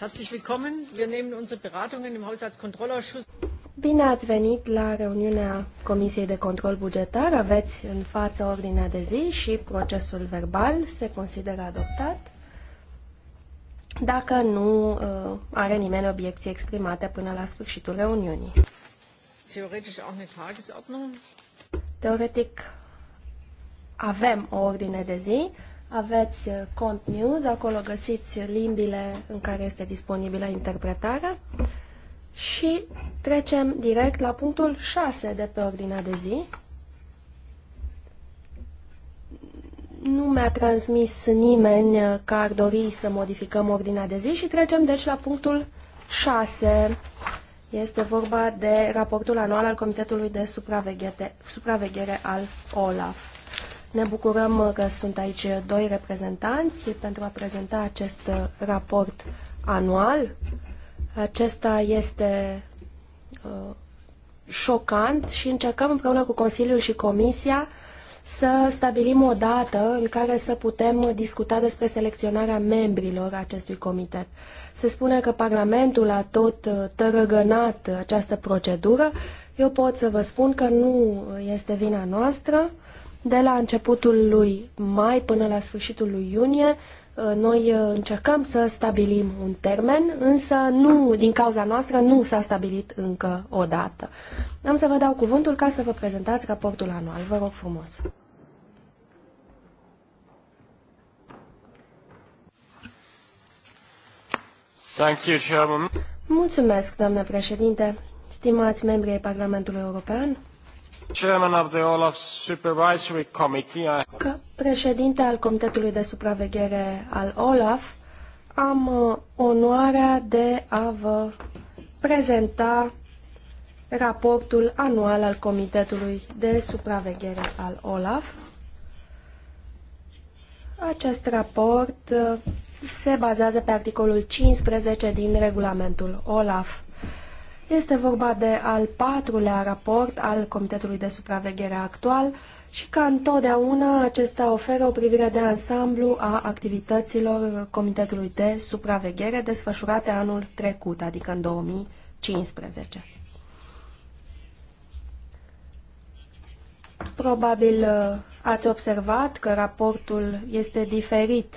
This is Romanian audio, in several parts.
Herzlich willkommen. Wir nehmen unsere Beratungen im Haushaltskontrollausschuss. Bine ați venit la reuniunea Comisiei de Control Bugetar. Aveți în față ordinea de zi și procesul verbal se consideră adoptat dacă nu uh, are nimeni obiecții exprimate până la sfârșitul reuniunii. Teoretic avem o ordine de zi. Aveți uh, Cont News, acolo găsiți limbile în care este disponibilă interpretarea. Și trecem direct la punctul 6 de pe ordinea de zi. Nu mi-a transmis nimeni uh, că ar dori să modificăm ordinea de zi și trecem deci la punctul 6. Este vorba de raportul anual al Comitetului de Supraveghere, supraveghere al OLAF. Ne bucurăm uh, că sunt aici uh, doi reprezentanți pentru a prezenta acest uh, raport anual. Acesta este uh, șocant și încercăm împreună cu Consiliul și Comisia să stabilim o dată în care să putem discuta despre selecționarea membrilor acestui comitet. Se spune că Parlamentul a tot tărăgănat această procedură. Eu pot să vă spun că nu este vina noastră. De la începutul lui mai până la sfârșitul lui iunie, uh, noi uh, încercăm să stabilim un termen, însă nu, din cauza noastră nu s-a stabilit încă o dată. Am să vă dau cuvântul ca să vă prezentați raportul anual. Vă rog frumos. Thank you, Mulțumesc, doamnă președinte, stimați membrii Parlamentului European. Ca președinte al Comitetului de Supraveghere al OLAF, am uh, onoarea de a vă prezenta raportul anual al Comitetului de Supraveghere al OLAF. Acest raport uh, se bazează pe articolul 15 din regulamentul OLAF. Este vorba de al patrulea raport al Comitetului de Supraveghere actual și ca întotdeauna acesta oferă o privire de ansamblu a activităților Comitetului de Supraveghere desfășurate anul trecut, adică în 2015. Probabil uh, ați observat că raportul este diferit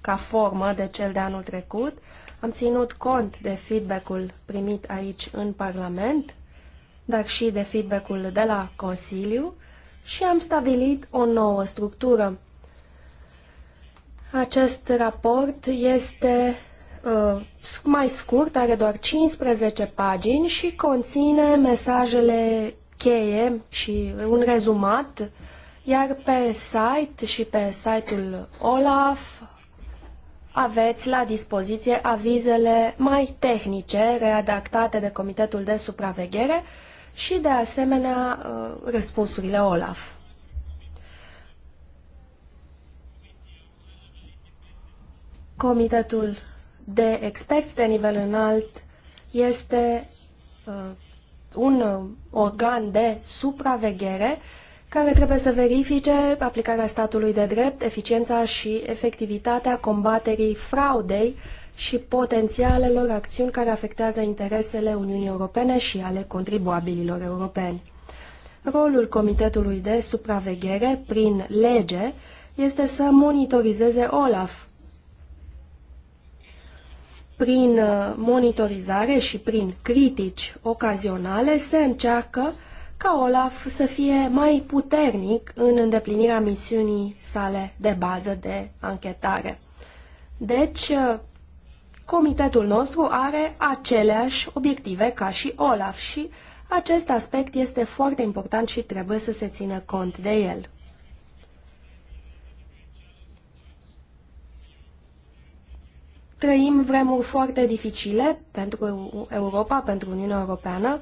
ca formă de cel de anul trecut, am ținut cont de feedback-ul primit aici în Parlament, dar și de feedback-ul de la Consiliu și am stabilit o nouă structură. Acest raport este uh, mai scurt, are doar 15 pagini și conține mesajele cheie și un rezumat, iar pe site și pe site-ul OLAF aveți la dispoziție avizele mai tehnice readaptate de Comitetul de Supraveghere și, de asemenea, uh, răspunsurile OLAF. Comitetul de experți de nivel înalt este uh, un uh, organ de supraveghere care trebuie să verifice aplicarea statului de drept, eficiența și efectivitatea combaterii fraudei și potențialelor acțiuni care afectează interesele Uniunii Europene și ale contribuabililor europeni. Rolul Comitetului de Supraveghere, prin lege, este să monitorizeze OLAF. Prin uh, monitorizare și prin critici ocazionale se încearcă ca Olaf să fie mai puternic în îndeplinirea misiunii sale de bază de anchetare. Deci, comitetul nostru are aceleași obiective ca și Olaf și acest aspect este foarte important și trebuie să se țină cont de el. Trăim vremuri foarte dificile pentru Europa, pentru Uniunea Europeană,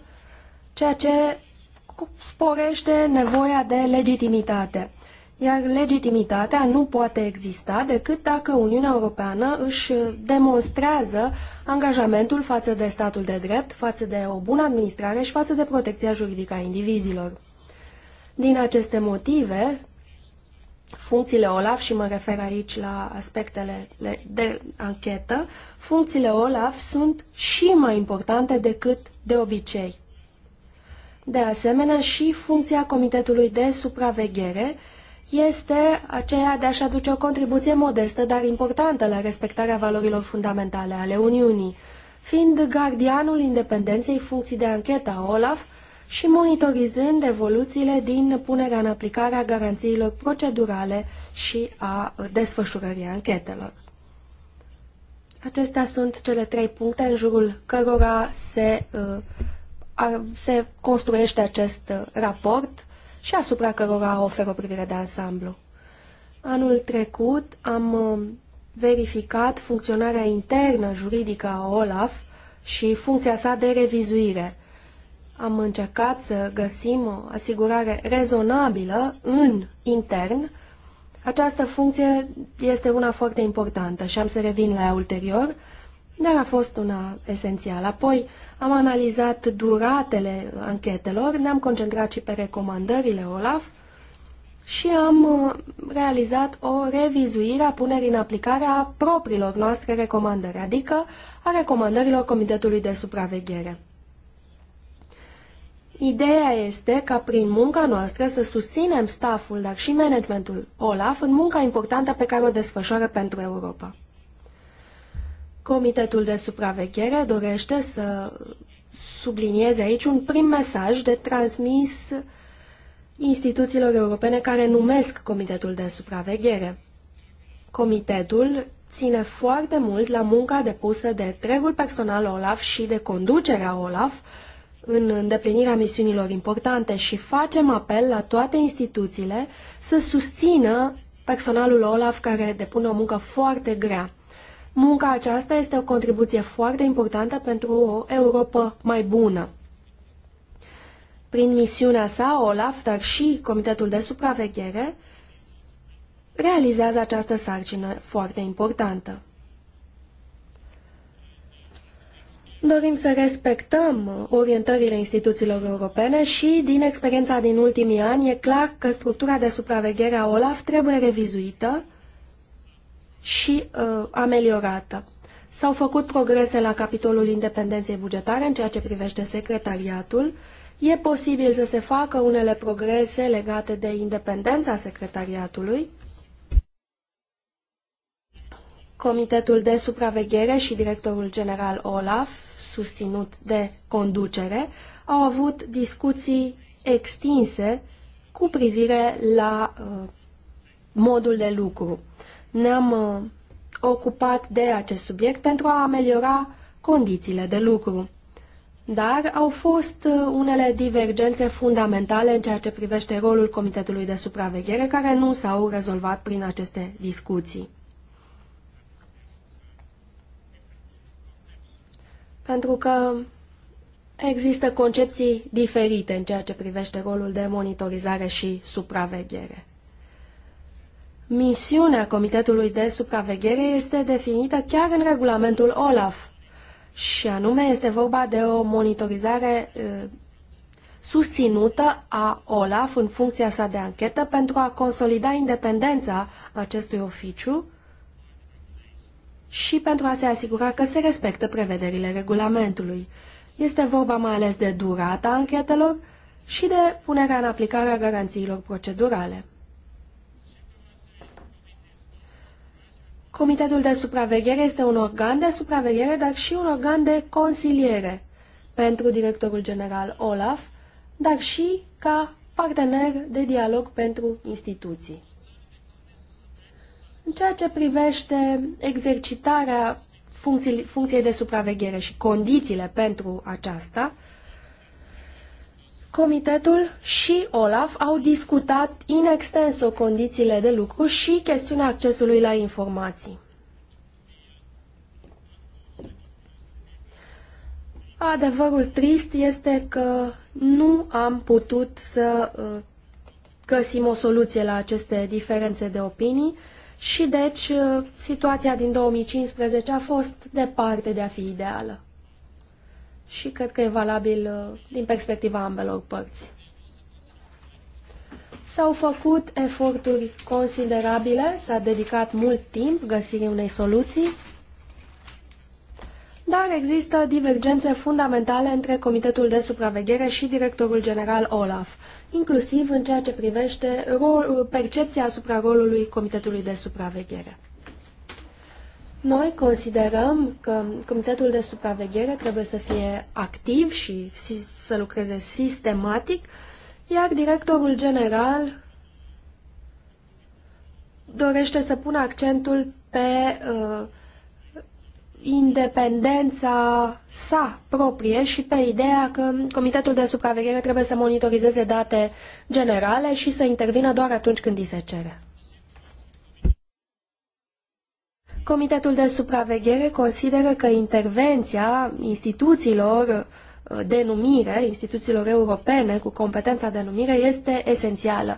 ceea ce sporește nevoia de legitimitate. Iar legitimitatea nu poate exista decât dacă Uniunea Europeană își demonstrează angajamentul față de statul de drept, față de o bună administrare și față de protecția juridică a indivizilor. Din aceste motive, funcțiile OLAF, și mă refer aici la aspectele de anchetă, funcțiile OLAF sunt și mai importante decât de obicei. De asemenea, și funcția Comitetului de Supraveghere este aceea de a-și aduce o contribuție modestă, dar importantă la respectarea valorilor fundamentale ale Uniunii, fiind gardianul independenței funcții de anchetă a OLAF și monitorizând evoluțiile din punerea în aplicare a garanțiilor procedurale și a desfășurării anchetelor. Acestea sunt cele trei puncte în jurul cărora se uh, se construiește acest uh, raport și asupra cărora ofer o privire de ansamblu. Anul trecut am uh, verificat funcționarea internă juridică a OLAF și funcția sa de revizuire. Am încercat să găsim o asigurare rezonabilă în intern. Această funcție este una foarte importantă și am să revin la ea ulterior dar a fost una esențială. Apoi am analizat duratele anchetelor, ne-am concentrat și pe recomandările OLAF și am uh, realizat o revizuire a punerii în aplicare a propriilor noastre recomandări, adică a recomandărilor Comitetului de Supraveghere. Ideea este ca prin munca noastră să susținem stafful, dar și managementul OLAF în munca importantă pe care o desfășoară pentru Europa. Comitetul de supraveghere dorește să sublinieze aici un prim mesaj de transmis instituțiilor europene care numesc Comitetul de supraveghere. Comitetul ține foarte mult la munca depusă de întregul personal OLAF și de conducerea OLAF în îndeplinirea misiunilor importante și facem apel la toate instituțiile să susțină personalul OLAF care depune o muncă foarte grea. Munca aceasta este o contribuție foarte importantă pentru o Europa mai bună. Prin misiunea sa, OLAF, dar și Comitetul de Supraveghere, realizează această sarcină foarte importantă. Dorim să respectăm orientările instituțiilor europene și, din experiența din ultimii ani, e clar că structura de supraveghere a OLAF trebuie revizuită și uh, ameliorată. S-au făcut progrese la capitolul independenței bugetare în ceea ce privește secretariatul. E posibil să se facă unele progrese legate de independența secretariatului. Comitetul de supraveghere și directorul general Olaf, susținut de conducere, au avut discuții extinse cu privire la uh, modul de lucru ne-am uh, ocupat de acest subiect pentru a ameliora condițiile de lucru. Dar au fost uh, unele divergențe fundamentale în ceea ce privește rolul Comitetului de Supraveghere, care nu s-au rezolvat prin aceste discuții. Pentru că există concepții diferite în ceea ce privește rolul de monitorizare și supraveghere. Misiunea Comitetului de Supraveghere este definită chiar în regulamentul OLAF și anume este vorba de o monitorizare susținută a OLAF în funcția sa de anchetă pentru a consolida independența acestui oficiu și pentru a se asigura că se respectă prevederile regulamentului. Este vorba mai ales de durata anchetelor și de punerea în aplicare a garanțiilor procedurale. Comitetul de supraveghere este un organ de supraveghere, dar și un organ de consiliere pentru directorul general Olaf, dar și ca partener de dialog pentru instituții. În ceea ce privește exercitarea funcției de supraveghere și condițiile pentru aceasta, Comitetul și OLAF au discutat in extenso condițiile de lucru și chestiunea accesului la informații. Adevărul trist este că nu am putut să uh, găsim o soluție la aceste diferențe de opinii și deci uh, situația din 2015 a fost departe de a fi ideală și cred că e valabil uh, din perspectiva ambelor părți. S-au făcut eforturi considerabile, s-a dedicat mult timp găsirii unei soluții, dar există divergențe fundamentale între Comitetul de Supraveghere și Directorul General Olaf, inclusiv în ceea ce privește rol, percepția asupra rolului Comitetului de Supraveghere. Noi considerăm că Comitetul de Supraveghere trebuie să fie activ și să lucreze sistematic, iar directorul general dorește să pună accentul pe uh, independența sa proprie și pe ideea că Comitetul de Supraveghere trebuie să monitorizeze date generale și să intervină doar atunci când îi se cere. Comitetul de supraveghere consideră că intervenția instituțiilor uh, de numire, instituțiilor europene cu competența de numire este esențială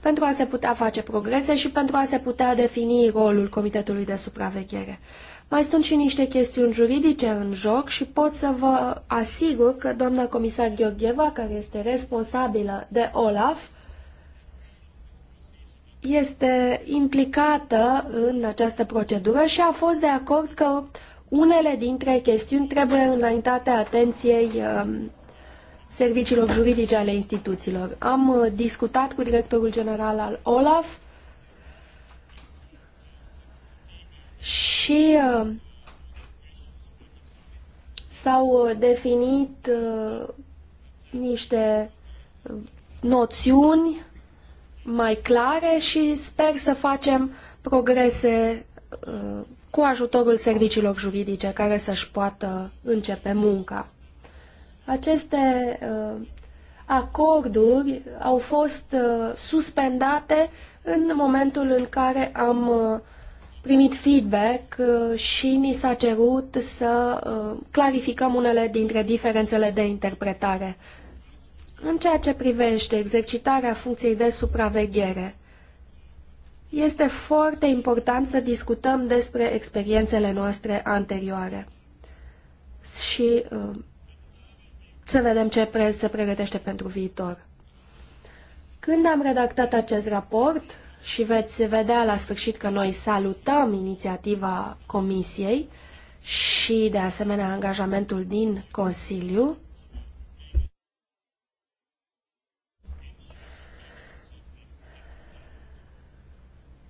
pentru a se putea face progrese și pentru a se putea defini rolul Comitetului de supraveghere. Mai sunt și niște chestiuni juridice în joc și pot să vă asigur că doamna comisar Gheorgheva, care este responsabilă de OLAF, este implicată în această procedură și a fost de acord că unele dintre chestiuni trebuie înaintate atenției um, serviciilor juridice ale instituțiilor. Am uh, discutat cu directorul general al OLAF și uh, s-au uh, definit niște noțiuni mai clare și sper să facem progrese uh, cu ajutorul serviciilor juridice care să-și poată începe munca. Aceste uh, acorduri au fost uh, suspendate în momentul în care am primit feedback și ni s-a cerut să clarificăm unele dintre diferențele de interpretare în ceea ce privește exercitarea funcției de supraveghere, este foarte important să discutăm despre experiențele noastre anterioare și uh, să vedem ce preț se pregătește pentru viitor. Când am redactat acest raport și veți vedea la sfârșit că noi salutăm inițiativa Comisiei și, de asemenea, angajamentul din Consiliu,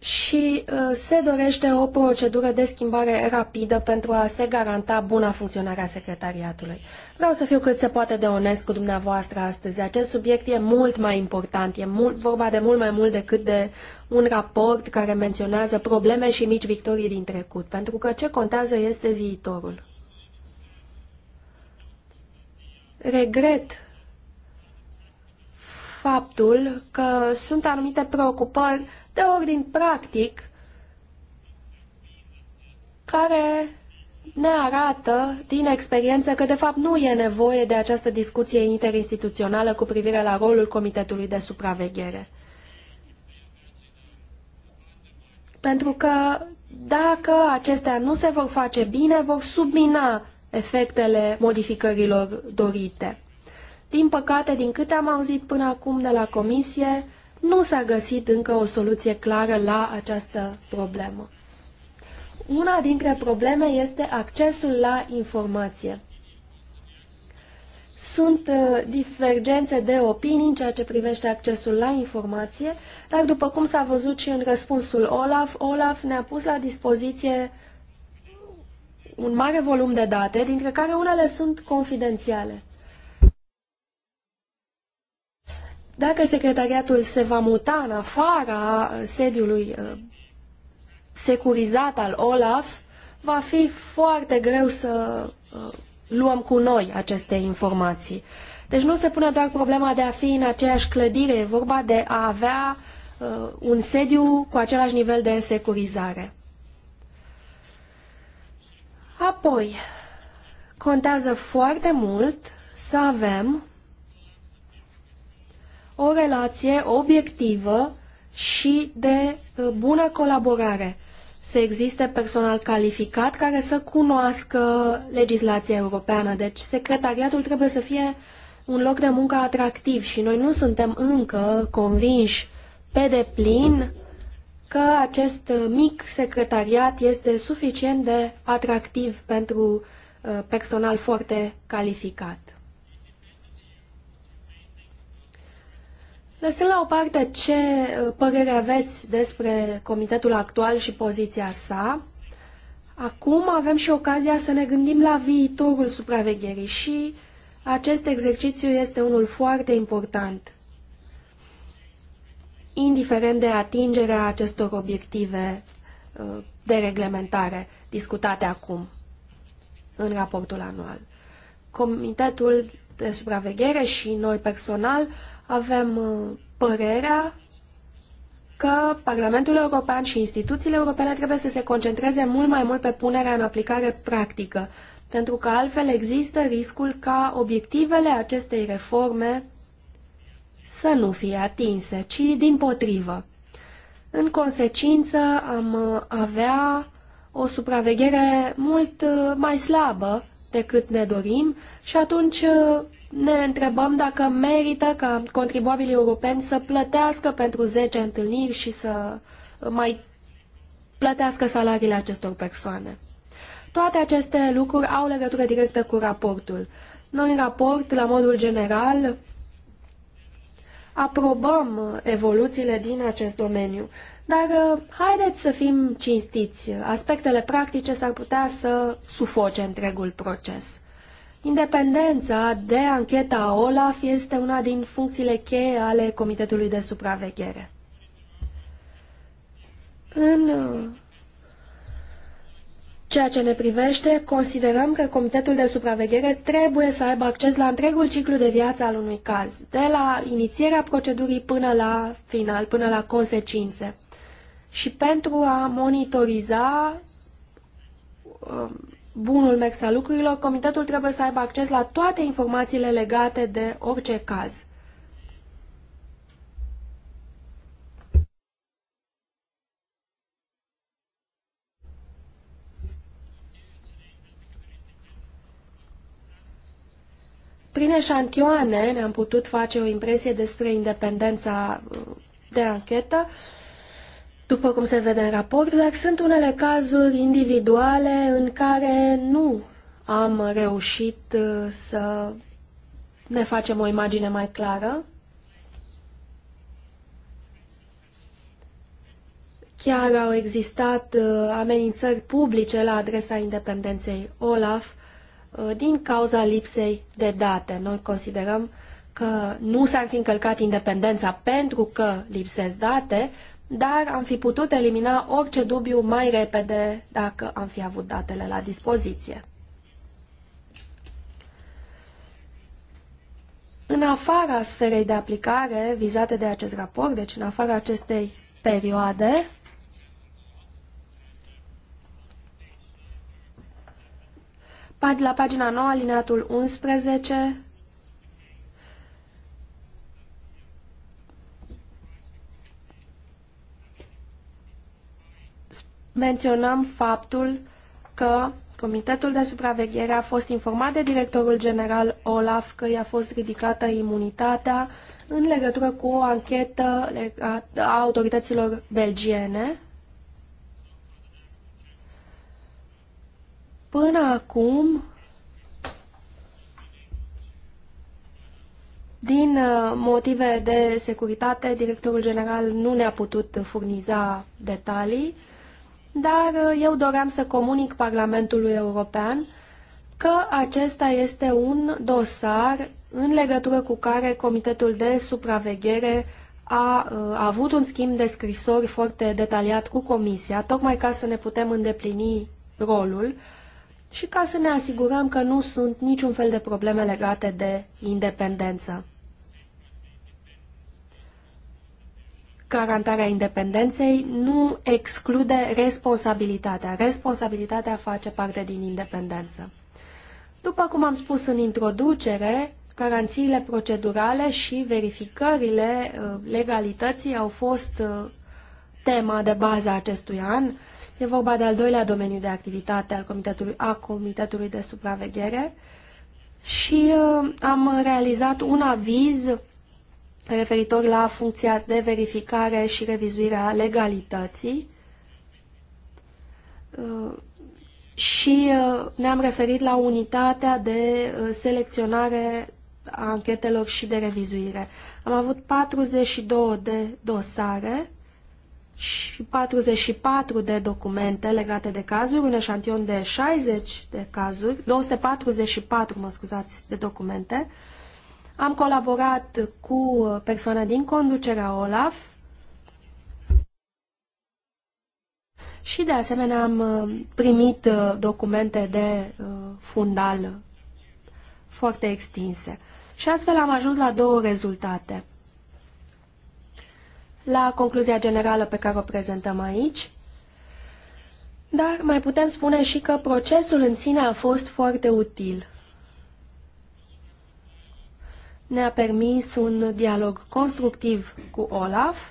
și uh, se dorește o procedură de schimbare rapidă pentru a se garanta buna funcționare a secretariatului. Vreau să fiu cât se poate de onest cu dumneavoastră astăzi. Acest subiect e mult mai important, e mult, vorba de mult mai mult decât de un raport care menționează probleme și mici victorii din trecut, pentru că ce contează este viitorul. Regret faptul că sunt anumite preocupări de ordin practic care ne arată din experiență că de fapt nu e nevoie de această discuție interinstituțională cu privire la rolul Comitetului de Supraveghere. Pentru că dacă acestea nu se vor face bine, vor submina efectele modificărilor dorite. Din păcate, din câte am auzit până acum de la Comisie, nu s-a găsit încă o soluție clară la această problemă. Una dintre probleme este accesul la informație. Sunt uh, divergențe de opinii în ceea ce privește accesul la informație, dar după cum s-a văzut și în răspunsul Olaf, Olaf ne-a pus la dispoziție un mare volum de date, dintre care unele sunt confidențiale. Dacă secretariatul se va muta în afara sediului uh, securizat al OLAF, va fi foarte greu să uh, luăm cu noi aceste informații. Deci nu se pune doar problema de a fi în aceeași clădire, e vorba de a avea uh, un sediu cu același nivel de securizare. Apoi, contează foarte mult să avem o relație obiectivă și de uh, bună colaborare. Să existe personal calificat care să cunoască legislația europeană. Deci secretariatul trebuie să fie un loc de muncă atractiv și noi nu suntem încă convinși pe deplin că acest uh, mic secretariat este suficient de atractiv pentru uh, personal foarte calificat. Lăsând la o parte ce uh, părere aveți despre comitetul actual și poziția sa, acum avem și ocazia să ne gândim la viitorul supravegherii și acest exercițiu este unul foarte important, indiferent de atingerea acestor obiective uh, de reglementare discutate acum în raportul anual. Comitetul de supraveghere și noi personal avem uh, părerea că Parlamentul European și instituțiile europene trebuie să se concentreze mult mai mult pe punerea în aplicare practică, pentru că altfel există riscul ca obiectivele acestei reforme să nu fie atinse, ci din potrivă. În consecință, am uh, avea o supraveghere mult uh, mai slabă decât ne dorim și atunci ne întrebăm dacă merită ca contribuabilii europeni să plătească pentru 10 întâlniri și să mai plătească salariile acestor persoane. Toate aceste lucruri au legătură directă cu raportul. Noi în raport, la modul general, aprobăm evoluțiile din acest domeniu. Dar uh, haideți să fim cinstiți. Aspectele practice s-ar putea să sufoce întregul proces. Independența de ancheta OLAF este una din funcțiile cheie ale Comitetului de Supraveghere. În uh, ceea ce ne privește, considerăm că Comitetul de Supraveghere trebuie să aibă acces la întregul ciclu de viață al unui caz, de la inițierea procedurii până la final, până la consecințe. Și pentru a monitoriza um, bunul mers al lucrurilor, comitetul trebuie să aibă acces la toate informațiile legate de orice caz. Prin eșantioane ne-am putut face o impresie despre independența uh, de anchetă după cum se vede în raport, dar sunt unele cazuri individuale în care nu am reușit uh, să ne facem o imagine mai clară. Chiar au existat uh, amenințări publice la adresa independenței OLAF uh, din cauza lipsei de date. Noi considerăm că nu s-ar fi încălcat independența pentru că lipsesc date, dar am fi putut elimina orice dubiu mai repede dacă am fi avut datele la dispoziție. În afara sferei de aplicare vizate de acest raport, deci în afara acestei perioade, la pagina 9, alineatul 11, menționăm faptul că Comitetul de supraveghere a fost informat de directorul general Olaf că i-a fost ridicată imunitatea în legătură cu o anchetă a autorităților belgiene. Până acum, din uh, motive de securitate, directorul general nu ne-a putut furniza detalii dar uh, eu doream să comunic Parlamentului European că acesta este un dosar în legătură cu care Comitetul de Supraveghere a, uh, a avut un schimb de scrisori foarte detaliat cu Comisia, tocmai ca să ne putem îndeplini rolul și ca să ne asigurăm că nu sunt niciun fel de probleme legate de independență. garantarea independenței nu exclude responsabilitatea. Responsabilitatea face parte din independență. După cum am spus în introducere, garanțiile procedurale și verificările uh, legalității au fost uh, tema de bază a acestui an. E vorba de al doilea domeniu de activitate al Comitetului, a Comitetului de Supraveghere și uh, am realizat un aviz referitor la funcția de verificare și a legalității uh, și uh, ne-am referit la unitatea de uh, selecționare a anchetelor și de revizuire. Am avut 42 de dosare și 44 de documente legate de cazuri, un eșantion de 60 de cazuri, 244, mă scuzați, de documente, am colaborat cu persoana din conducerea OLAF și de asemenea am uh, primit uh, documente de uh, fundal foarte extinse. Și astfel am ajuns la două rezultate. La concluzia generală pe care o prezentăm aici, dar mai putem spune și că procesul în sine a fost foarte util ne-a permis un dialog constructiv cu Olaf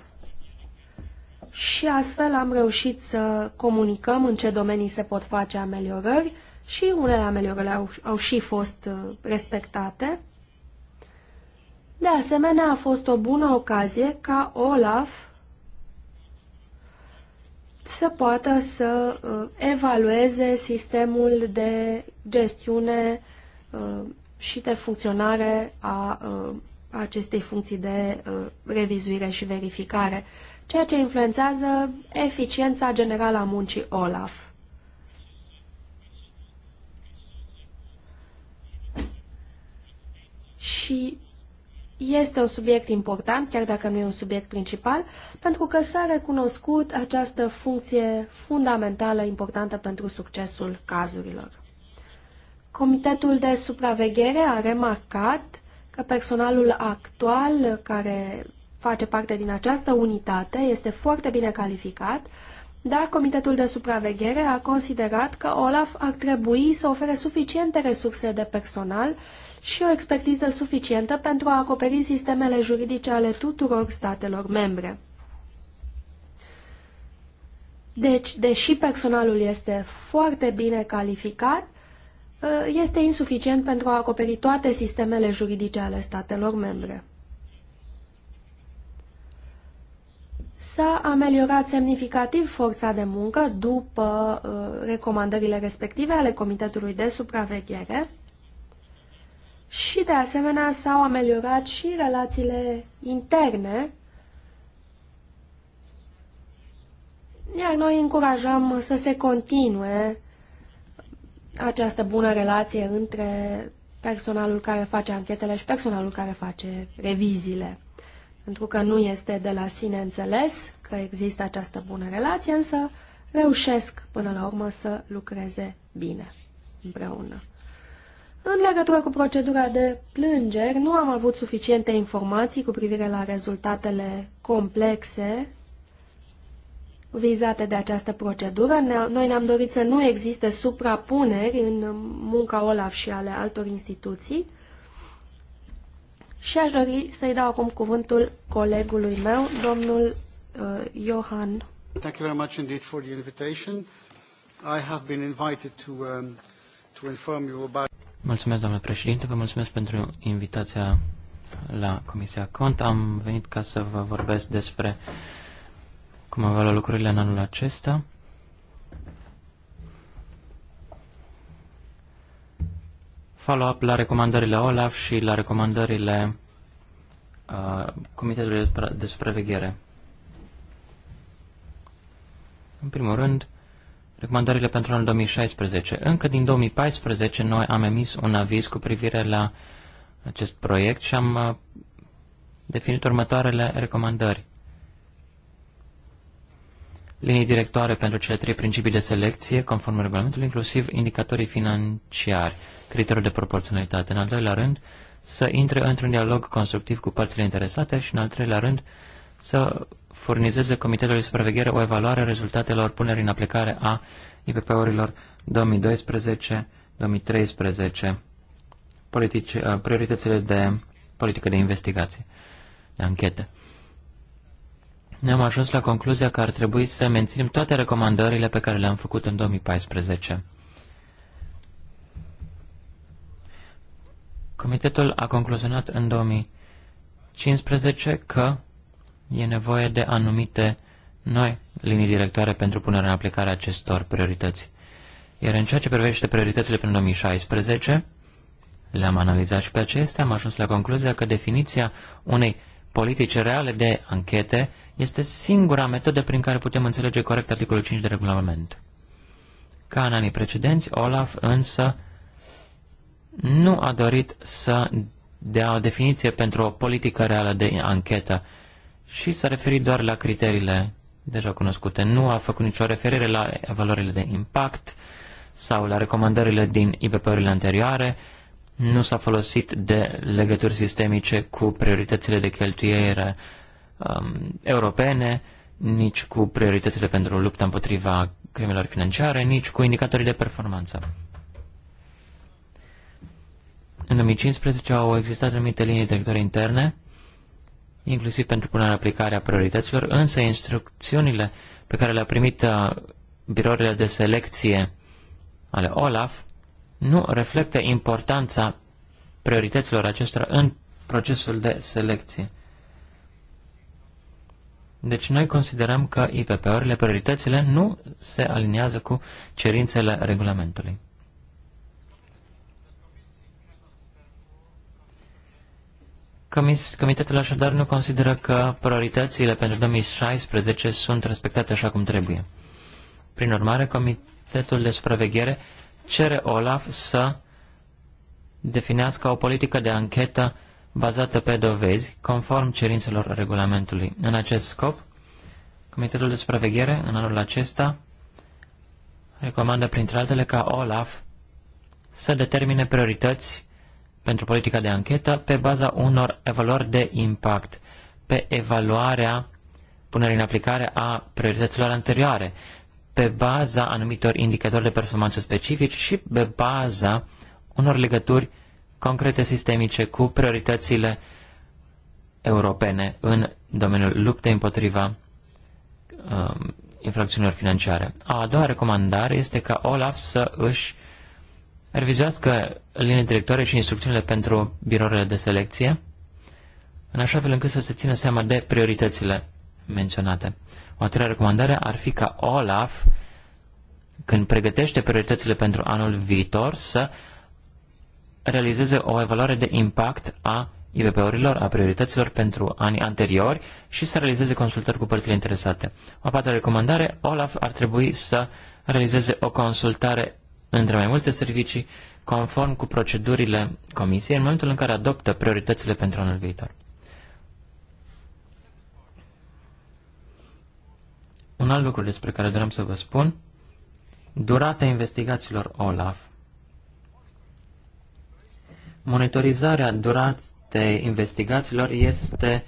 și astfel am reușit să comunicăm în ce domenii se pot face ameliorări și unele ameliorări au, au și fost uh, respectate. De asemenea, a fost o bună ocazie ca Olaf să poată să uh, evalueze sistemul de gestiune uh, și de funcționare a uh, acestei funcții de uh, revizuire și verificare, ceea ce influențează eficiența generală a muncii OLAF. Și este un subiect important, chiar dacă nu e un subiect principal, pentru că s-a recunoscut această funcție fundamentală importantă pentru succesul cazurilor. Comitetul de supraveghere a remarcat că personalul actual care face parte din această unitate este foarte bine calificat, dar Comitetul de supraveghere a considerat că OLAF ar trebui să ofere suficiente resurse de personal și o expertiză suficientă pentru a acoperi sistemele juridice ale tuturor statelor membre. Deci, deși personalul este foarte bine calificat, Uh, este insuficient pentru a acoperi toate sistemele juridice ale statelor membre. S-a ameliorat semnificativ forța de muncă după uh, recomandările respective ale Comitetului de Supraveghere și, de asemenea, s-au ameliorat și relațiile interne, iar noi încurajăm să se continue această bună relație între personalul care face anchetele și personalul care face reviziile. Pentru că nu este de la sine înțeles că există această bună relație, însă reușesc până la urmă să lucreze bine împreună. În legătură cu procedura de plângeri, nu am avut suficiente informații cu privire la rezultatele complexe vizate de această procedură. Noi ne-am dorit să nu existe suprapuneri în munca OLAF și ale altor instituții. Și aș dori să-i dau acum cuvântul colegului meu, domnul uh, Johan. Thank you very much indeed for the invitation. I have been invited to, um, to inform you about... Mulțumesc, domnule președinte, vă mulțumesc pentru invitația la Comisia Cont. Am venit ca să vă vorbesc despre uh, cum avea lucrurile în anul acesta. Follow-up la recomandările OLAF și la recomandările uh, Comitetului de Supraveghere. În primul rând, recomandările pentru anul 2016. Încă din 2014 noi am emis un aviz cu privire la acest proiect și am uh, definit următoarele recomandări linii directoare pentru cele trei principii de selecție, conform regulamentului, inclusiv indicatorii financiari, criteriul de proporționalitate. În al doilea rând, să intre într-un dialog constructiv cu părțile interesate și, în al treilea rând, să furnizeze Comitetului de Supraveghere o evaluare a rezultatelor punerii în aplicare a IPP-urilor 2012-2013, uh, prioritățile de politică de investigație, de anchetă ne am ajuns la concluzia că ar trebui să menținem toate recomandările pe care le-am făcut în 2014. Comitetul a concluzionat în 2015 că e nevoie de anumite noi linii directoare pentru punerea în aplicare a acestor priorități. Iar în ceea ce privește prioritățile prin 2016, le-am analizat și pe acestea, am ajuns la concluzia că definiția unei politici reale de anchete este singura metodă prin care putem înțelege corect articolul 5 de regulament. Ca în anii precedenți, Olaf însă nu a dorit să dea o definiție pentru o politică reală de anchetă și s-a referit doar la criteriile deja cunoscute. Nu a făcut nicio referire la valorile de impact sau la recomandările din IPP-urile anterioare nu s-a folosit de legături sistemice cu prioritățile de cheltuiere um, europene, nici cu prioritățile pentru lupta împotriva crimelor financiare, nici cu indicatorii de performanță. În 2015 au existat anumite linii directoare interne, inclusiv pentru punerea aplicare a priorităților, însă instrucțiunile pe care le-a primit uh, birourile de selecție ale OLAF nu reflectă importanța priorităților acestora în procesul de selecție. Deci noi considerăm că IPP-urile, prioritățile, nu se aliniază cu cerințele regulamentului. Comis, comitetul așadar nu consideră că prioritățile pentru 2016 sunt respectate așa cum trebuie. Prin urmare, Comitetul de Supraveghere cere Olaf să definească o politică de anchetă bazată pe dovezi, conform cerințelor regulamentului. În acest scop, Comitetul de Supraveghere, în anul acesta, recomandă, printre altele, ca Olaf să determine priorități pentru politica de anchetă pe baza unor evaluări de impact, pe evaluarea punerii în aplicare a priorităților anterioare, pe baza anumitor indicatori de performanță specifici și pe baza unor legături concrete sistemice cu prioritățile europene în domeniul luptei împotriva um, infracțiunilor financiare. A doua recomandare este ca OLAF să își revizuiască linii directoare și instrucțiunile pentru birourile de selecție, în așa fel încât să se țină seama de prioritățile menționate. O a treia recomandare ar fi ca Olaf, când pregătește prioritățile pentru anul viitor, să realizeze o evaluare de impact a IVP-urilor, a priorităților pentru anii anteriori și să realizeze consultări cu părțile interesate. O a patra recomandare, Olaf ar trebui să realizeze o consultare între mai multe servicii conform cu procedurile comisiei în momentul în care adoptă prioritățile pentru anul viitor. Un alt lucru despre care doream să vă spun, durata investigațiilor OLAF. Monitorizarea duratei investigațiilor este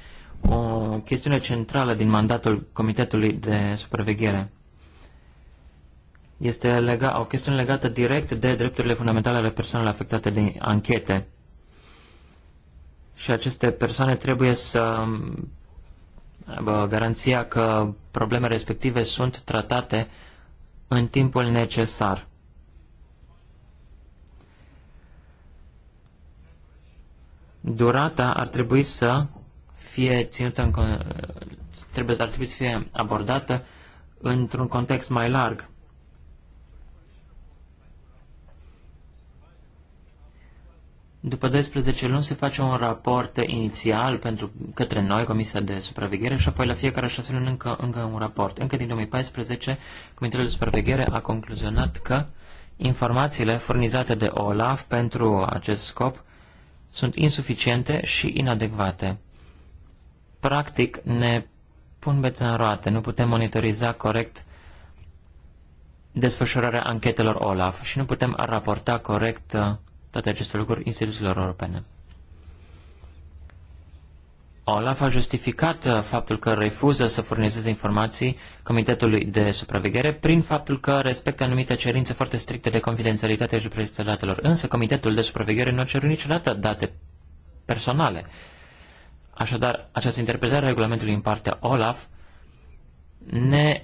o chestiune centrală din mandatul Comitetului de Supraveghere. Este lega, o chestiune legată direct de drepturile fundamentale ale persoanelor afectate de anchete. Și aceste persoane trebuie să garanția că problemele respective sunt tratate în timpul necesar. Durata ar trebui să fie ținută în, trebuie, ar trebui să fie abordată într-un context mai larg. După 12 luni se face un raport inițial pentru către noi, Comisia de Supraveghere, și apoi la fiecare șase luni încă, încă un raport. Încă din 2014, Comitetul de Supraveghere a concluzionat că informațiile furnizate de OLAF pentru acest scop sunt insuficiente și inadecvate. Practic, ne pun bețe în roate, nu putem monitoriza corect desfășurarea anchetelor OLAF și nu putem raporta corect uh, toate aceste lucruri instituțiilor europene. Olaf a justificat uh, faptul că refuză să furnizeze informații Comitetului de Supraveghere prin faptul că respectă anumite cerințe foarte stricte de confidențialitate și protecția datelor. Însă Comitetul de Supraveghere nu a cerut niciodată date personale. Așadar, această interpretare a regulamentului în partea Olaf ne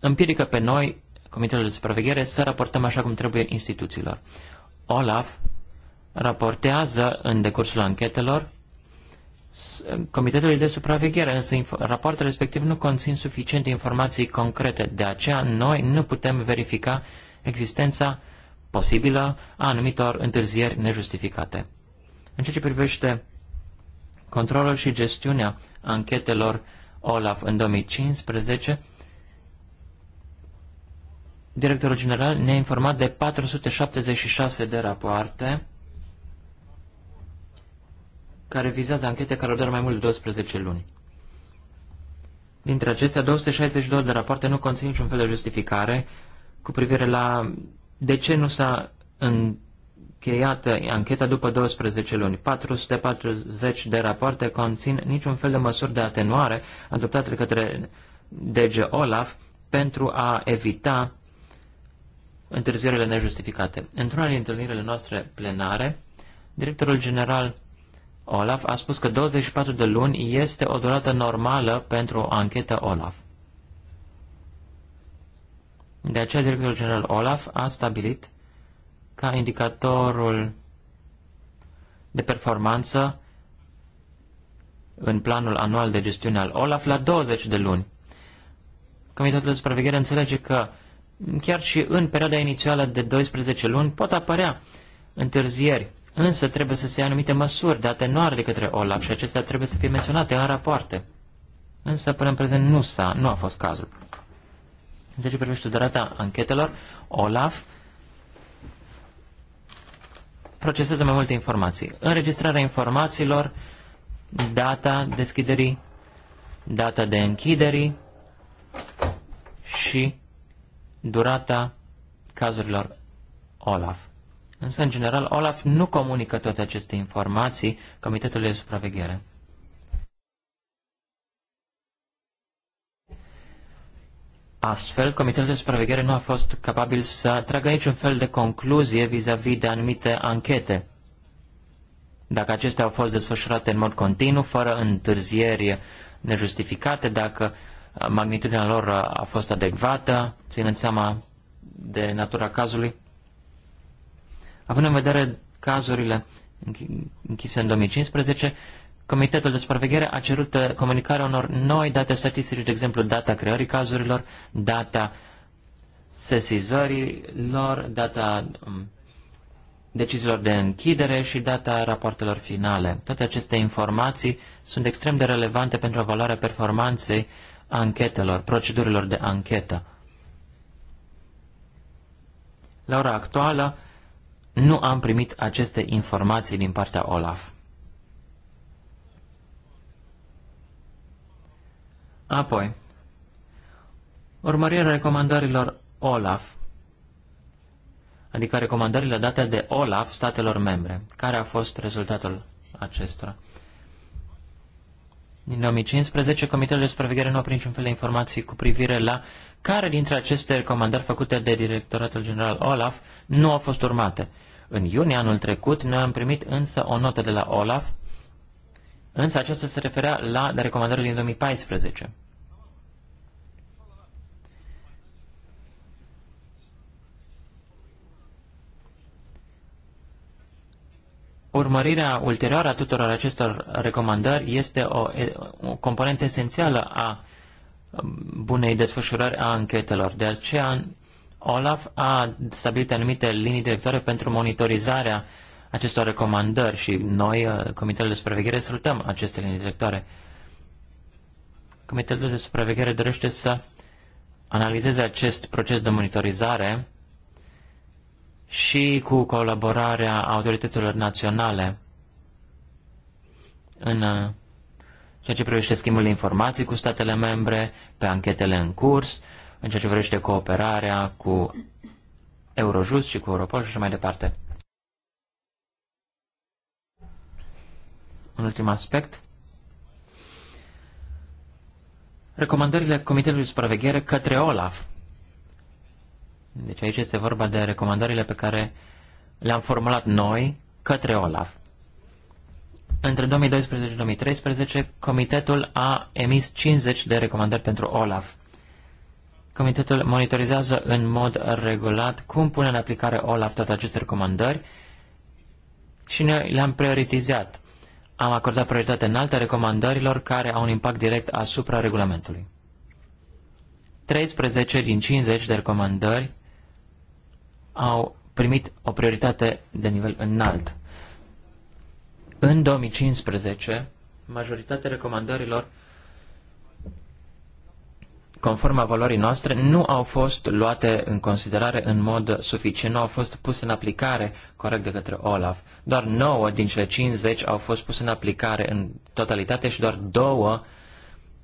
împiedică pe noi, Comitetul de Supraveghere, să raportăm așa cum trebuie instituțiilor. Olaf raportează în decursul anchetelor Comitetului de Supraveghere, însă rapoartele respectiv nu conțin suficiente informații concrete, de aceea noi nu putem verifica existența posibilă a anumitor întârzieri nejustificate. În ceea ce privește controlul și gestiunea anchetelor OLAF în 2015, directorul general ne-a informat de 476 de rapoarte care vizează anchete care au doar mai mult de 12 luni. Dintre acestea, 262 de rapoarte nu conțin niciun fel de justificare cu privire la de ce nu s-a încheiat ancheta după 12 luni. 440 de rapoarte conțin niciun fel de măsuri de atenuare adoptate către DG Olaf pentru a evita întârzierile nejustificate. Într-una din întâlnirile noastre plenare, directorul general Olaf a spus că 24 de luni este o durată normală pentru o anchetă Olaf. De aceea, directorul general Olaf a stabilit ca indicatorul de performanță în planul anual de gestiune al Olaf la 20 de luni. Comitetul de supraveghere înțelege că chiar și în perioada inițială de 12 luni pot apărea întârzieri Însă trebuie să se ia anumite măsuri date în de către OLAF și acestea trebuie să fie menționate în rapoarte. Însă până în prezent nu, s-a, nu a fost cazul. În ce privește durata anchetelor, OLAF procesează mai multe informații. Înregistrarea informațiilor, data deschiderii, data de închiderii și durata cazurilor OLAF. Însă, în general, Olaf nu comunică toate aceste informații Comitetului de Supraveghere. Astfel, Comitetul de Supraveghere nu a fost capabil să tragă niciun fel de concluzie vis-a-vis -vis de anumite anchete. Dacă acestea au fost desfășurate în mod continuu, fără întârzieri nejustificate, dacă magnitudinea lor a fost adecvată, ținând seama de natura cazului. Având în vedere cazurile închise în 2015, Comitetul de supraveghere a cerut uh, comunicarea unor noi date statistice, de exemplu data creării cazurilor, data sesizării lor, data um, deciziilor de închidere și data rapoartelor finale. Toate aceste informații sunt extrem de relevante pentru evaluarea performanței anchetelor, procedurilor de anchetă. La ora actuală, nu am primit aceste informații din partea Olaf. Apoi, urmărirea recomandărilor Olaf, adică recomandările date de Olaf statelor membre. Care a fost rezultatul acestora? Din 2015, Comitetul de Supraveghere nu a primit niciun fel de informații cu privire la care dintre aceste recomandări făcute de Directoratul General Olaf nu au fost urmate. În iunie anul trecut, noi am primit însă o notă de la Olaf, însă aceasta se referea la recomandările din 2014. Urmărirea ulterioară a tuturor acestor recomandări este o, o componentă esențială a bunei desfășurări a anchetelor. De aceea Olaf a stabilit anumite linii directoare pentru monitorizarea acestor recomandări și noi, uh, Comitetul de Supraveghere, salutăm aceste linii directoare. Comitetul de Supraveghere dorește să analizeze acest proces de monitorizare și cu colaborarea autorităților naționale în uh, ceea ce privește schimbul de informații cu statele membre, pe anchetele în curs, în ceea ce vrește cooperarea cu Eurojust și cu Europol și așa mai departe. Un ultim aspect. Recomandările Comitetului de Supraveghere către OLAF. Deci aici este vorba de recomandările pe care le-am formulat noi către OLAF. Între 2012 și 2013, Comitetul a emis 50 de recomandări pentru OLAF. Comitetul monitorizează în mod regulat cum pune în aplicare OLAF toate aceste recomandări și noi le-am prioritizat. Am acordat prioritate în alte recomandărilor care au un impact direct asupra regulamentului. 13 din 50 de recomandări au primit o prioritate de nivel înalt. În 2015, majoritatea recomandărilor conform valorii noastre, nu au fost luate în considerare în mod suficient, nu au fost puse în aplicare corect de către Olaf. Doar 9 din cele 50 au fost puse în aplicare în totalitate și doar două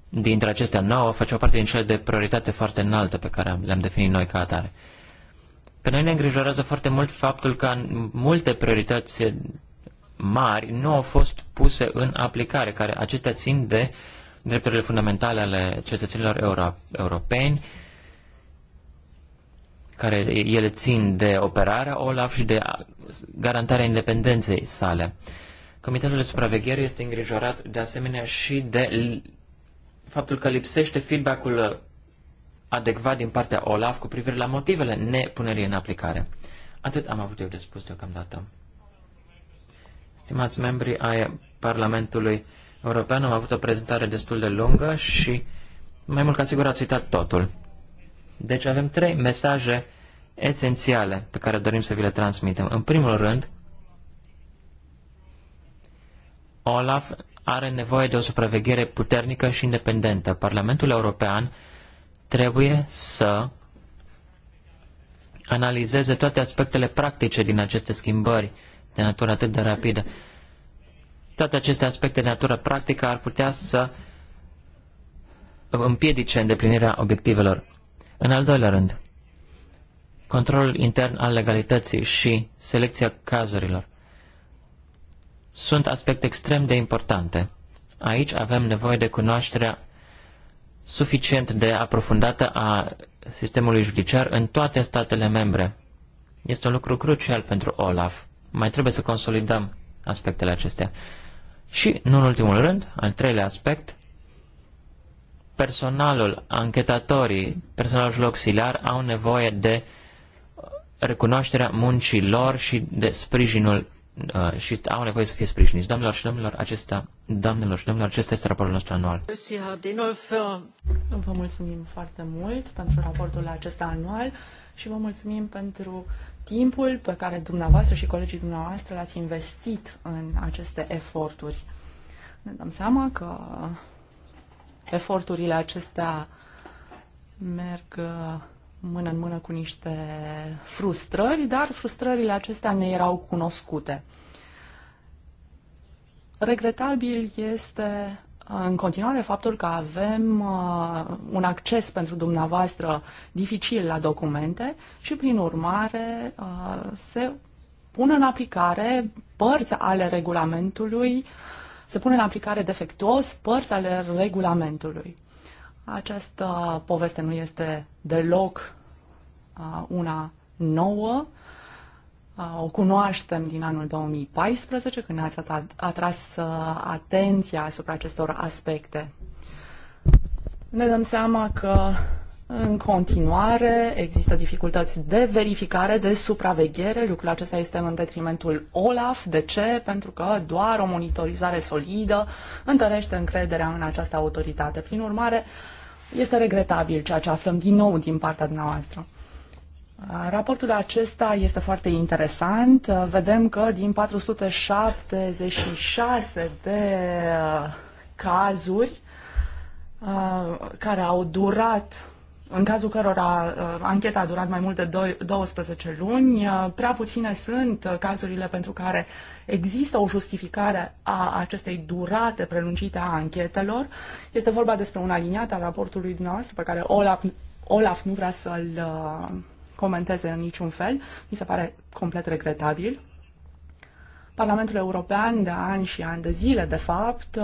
dintre acestea 9 făceau parte din cele de prioritate foarte înaltă pe care le-am definit noi ca atare. Pe noi ne îngrijorează foarte mult faptul că multe priorități mari nu au fost puse în aplicare, care acestea țin de uh, drepturile fundamentale ale cetățenilor euro- europeni, care ele țin de operarea OLAF și de garantarea independenței sale. Comitetul de supraveghere este îngrijorat de asemenea și de faptul că lipsește feedback-ul adecvat din partea OLAF cu privire la motivele nepunerii în aplicare. Atât am avut eu de spus deocamdată. Stimați membri ai Parlamentului European am avut o prezentare destul de lungă și mai mult ca sigur ați uitat totul. Deci avem trei mesaje esențiale pe care dorim să vi le transmitem. În primul rând, Olaf are nevoie de o supraveghere puternică și independentă. Parlamentul European trebuie să analizeze toate aspectele practice din aceste schimbări de natură atât de rapidă. Toate aceste aspecte de natură practică ar putea să împiedice îndeplinirea obiectivelor. În al doilea rând, controlul intern al legalității și selecția cazurilor sunt aspecte extrem de importante. Aici avem nevoie de cunoașterea suficient de aprofundată a sistemului judiciar în toate statele membre. Este un lucru crucial pentru Olaf. Mai trebuie să consolidăm aspectele acestea. Și, nu în ultimul rând, al treilea aspect, personalul, anchetatorii, personalul auxiliar au nevoie de recunoașterea muncii lor și de sprijinul uh, și au nevoie să fie sprijiniți. Doamnelor și domnilor, acesta, doamnelor și domnilor, acesta este raportul nostru anual. Vă mulțumim foarte mult pentru raportul acesta anual și vă mulțumim pentru timpul pe care dumneavoastră și colegii dumneavoastră l-ați investit în aceste eforturi. Ne dăm seama că eforturile acestea merg mână în mână cu niște frustrări, dar frustrările acestea ne erau cunoscute. Regretabil este în continuare faptul că avem uh, un acces pentru dumneavoastră dificil la documente și, prin urmare, uh, se pun în aplicare părți ale regulamentului, se pun în aplicare defectuos părți ale regulamentului. Această poveste nu este deloc uh, una nouă. Uh, Uh, o cunoaștem din anul 2014, când ați atras uh, atenția asupra acestor aspecte. Ne dăm seama că în continuare există dificultăți de verificare, de supraveghere. Lucrul acesta este în detrimentul OLAF. De ce? Pentru că doar o monitorizare solidă întărește încrederea în această autoritate. Prin urmare, este regretabil ceea ce aflăm din nou din partea dumneavoastră. Raportul acesta este foarte interesant. Vedem că din 476 de uh, cazuri uh, care au durat, în cazul cărora uh, ancheta a durat mai mult de 12 luni, prea puține sunt cazurile pentru care există o justificare a acestei durate prelungite a anchetelor. Este vorba despre un aliniat al raportului dumneavoastră pe care Olaf, Olaf nu vrea să-l comenteze în niciun fel. Mi se pare complet regretabil. Parlamentul European de ani și ani de zile, de fapt, uh,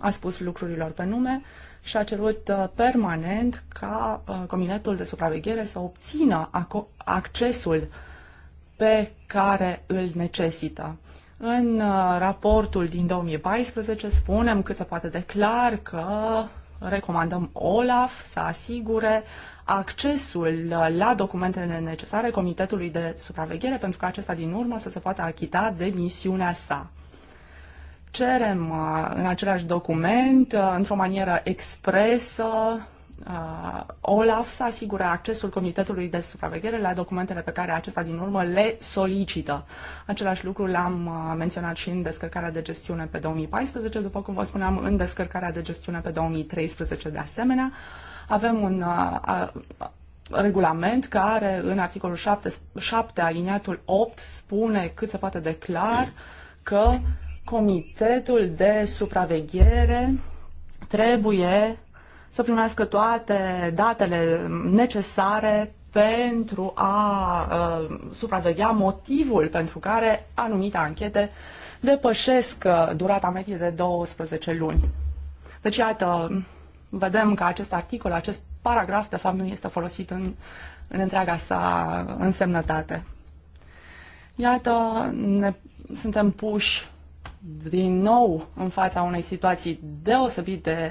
a spus lucrurilor pe nume și a cerut uh, permanent ca uh, Cominetul de Supraveghere să obțină accesul pe care îl necesită. În raportul din 2014 spunem cât se poate de clar că recomandăm OLAF să asigure uh, accesul uh, la documentele necesare Comitetului de Supraveghere pentru că acesta din urmă să se poată achita de misiunea sa. Cerem uh, în același document, uh, într-o manieră expresă, Olaf să asigure accesul Comitetului de Supraveghere la documentele pe care acesta din urmă le solicită. Același lucru l-am menționat și în descărcarea de gestiune pe 2014, după cum vă spuneam, în descărcarea de gestiune pe 2013 de asemenea. Avem un a, a, regulament care în articolul 7, 7 aliniatul 8 spune cât se poate declar că comitetul de supraveghere trebuie să primească toate datele necesare pentru a uh, supraveghea motivul pentru care anumite anchete depășesc durata medie de 12 luni. Deci, iată, vedem că acest articol, acest paragraf, de fapt, nu este folosit în, în întreaga sa însemnătate. Iată, ne, suntem puși din nou în fața unei situații deosebit de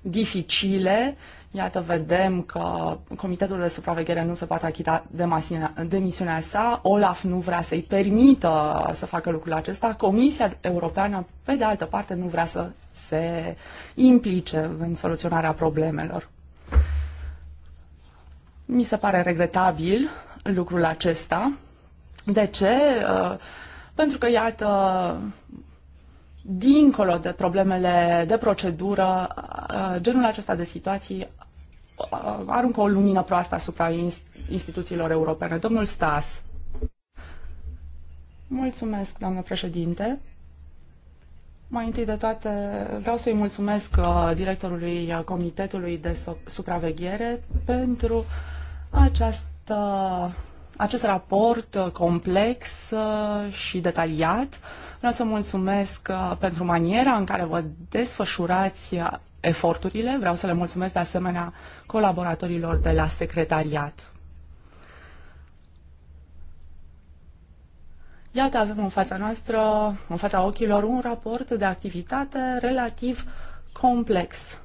dificile. Iată, vedem că Comitetul de Supraveghere nu se poate achita de, masina, de misiunea sa, Olaf nu vrea să-i permită să facă lucrul acesta, Comisia Europeană, pe de altă parte, nu vrea să se implice în soluționarea problemelor. Mi se pare regretabil lucrul acesta. De ce? Uh, pentru că, iată, dincolo de problemele de procedură, uh, genul acesta de situații uh, aruncă o lumină proastă asupra instituțiilor europene. Domnul Stas. Mulțumesc, doamnă președinte. Mai întâi de toate, vreau să-i mulțumesc uh, directorului uh, Comitetului de Supraveghere pentru această, acest raport uh, complex și detaliat. Vreau să mulțumesc pentru maniera în care vă desfășurați eforturile. Vreau să le mulțumesc de asemenea colaboratorilor de la secretariat. Iată, avem în fața noastră, în fața ochilor, un raport de activitate relativ complex.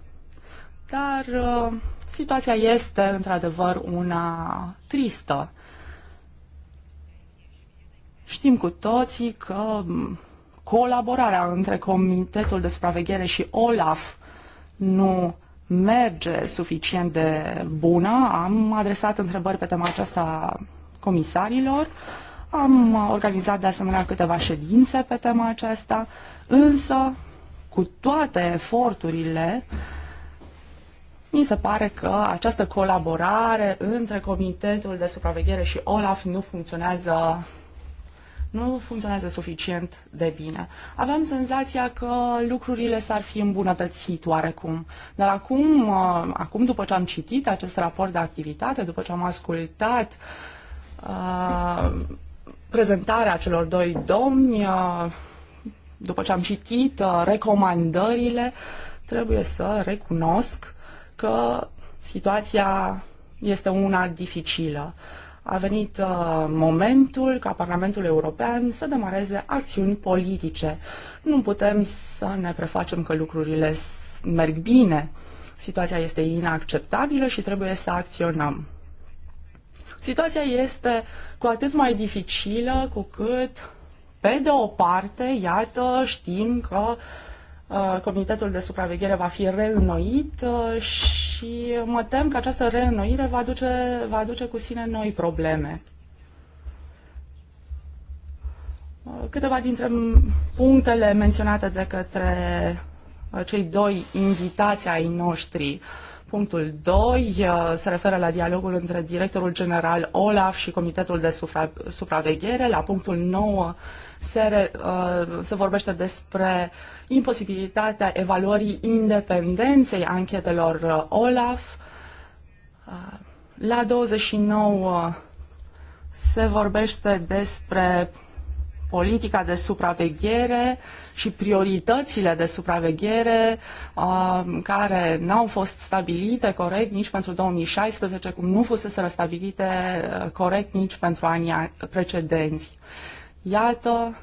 Dar uh, situația este, într-adevăr, una tristă. Știm cu toții că mm, colaborarea între Comitetul de Supraveghere și OLAF nu merge suficient de bună. Am adresat întrebări pe tema aceasta comisarilor. Uh, am organizat de asemenea câteva ședințe pe tema aceasta, însă cu toate eforturile, mi se pare că această colaborare între Comitetul de Supraveghere și OLAF nu funcționează nu funcționează suficient de bine. Aveam senzația că lucrurile s-ar fi îmbunătățit oarecum. Dar acum, uh, acum, după ce am citit acest raport de activitate, după ce am ascultat uh, prezentarea celor doi domni, uh, după ce am citit uh, recomandările, trebuie să recunosc că situația este una dificilă. A venit uh, momentul ca Parlamentul European să demareze acțiuni politice. Nu putem să ne prefacem că lucrurile merg bine. Situația este inacceptabilă și trebuie să acționăm. Situația este cu atât mai dificilă cu cât, pe de o parte, iată, știm că uh, Comitetul de supraveghere va fi reînnoit uh, și mă tem că această reînnoire va aduce, va aduce cu sine noi probleme. Uh, câteva dintre punctele menționate de către cei doi invitați ai noștri uh, Punctul 2 uh, se referă la dialogul între directorul general Olaf și Comitetul de Supra Supraveghere. La punctul 9 se, re, uh, se vorbește despre imposibilitatea evaluării independenței anchetelor uh, Olaf. La 29 se vorbește despre politica de supraveghere și prioritățile de supraveghere uh, care n-au fost stabilite corect nici pentru 2016, cum nu fusese stabilite uh, corect nici pentru anii precedenți. Iată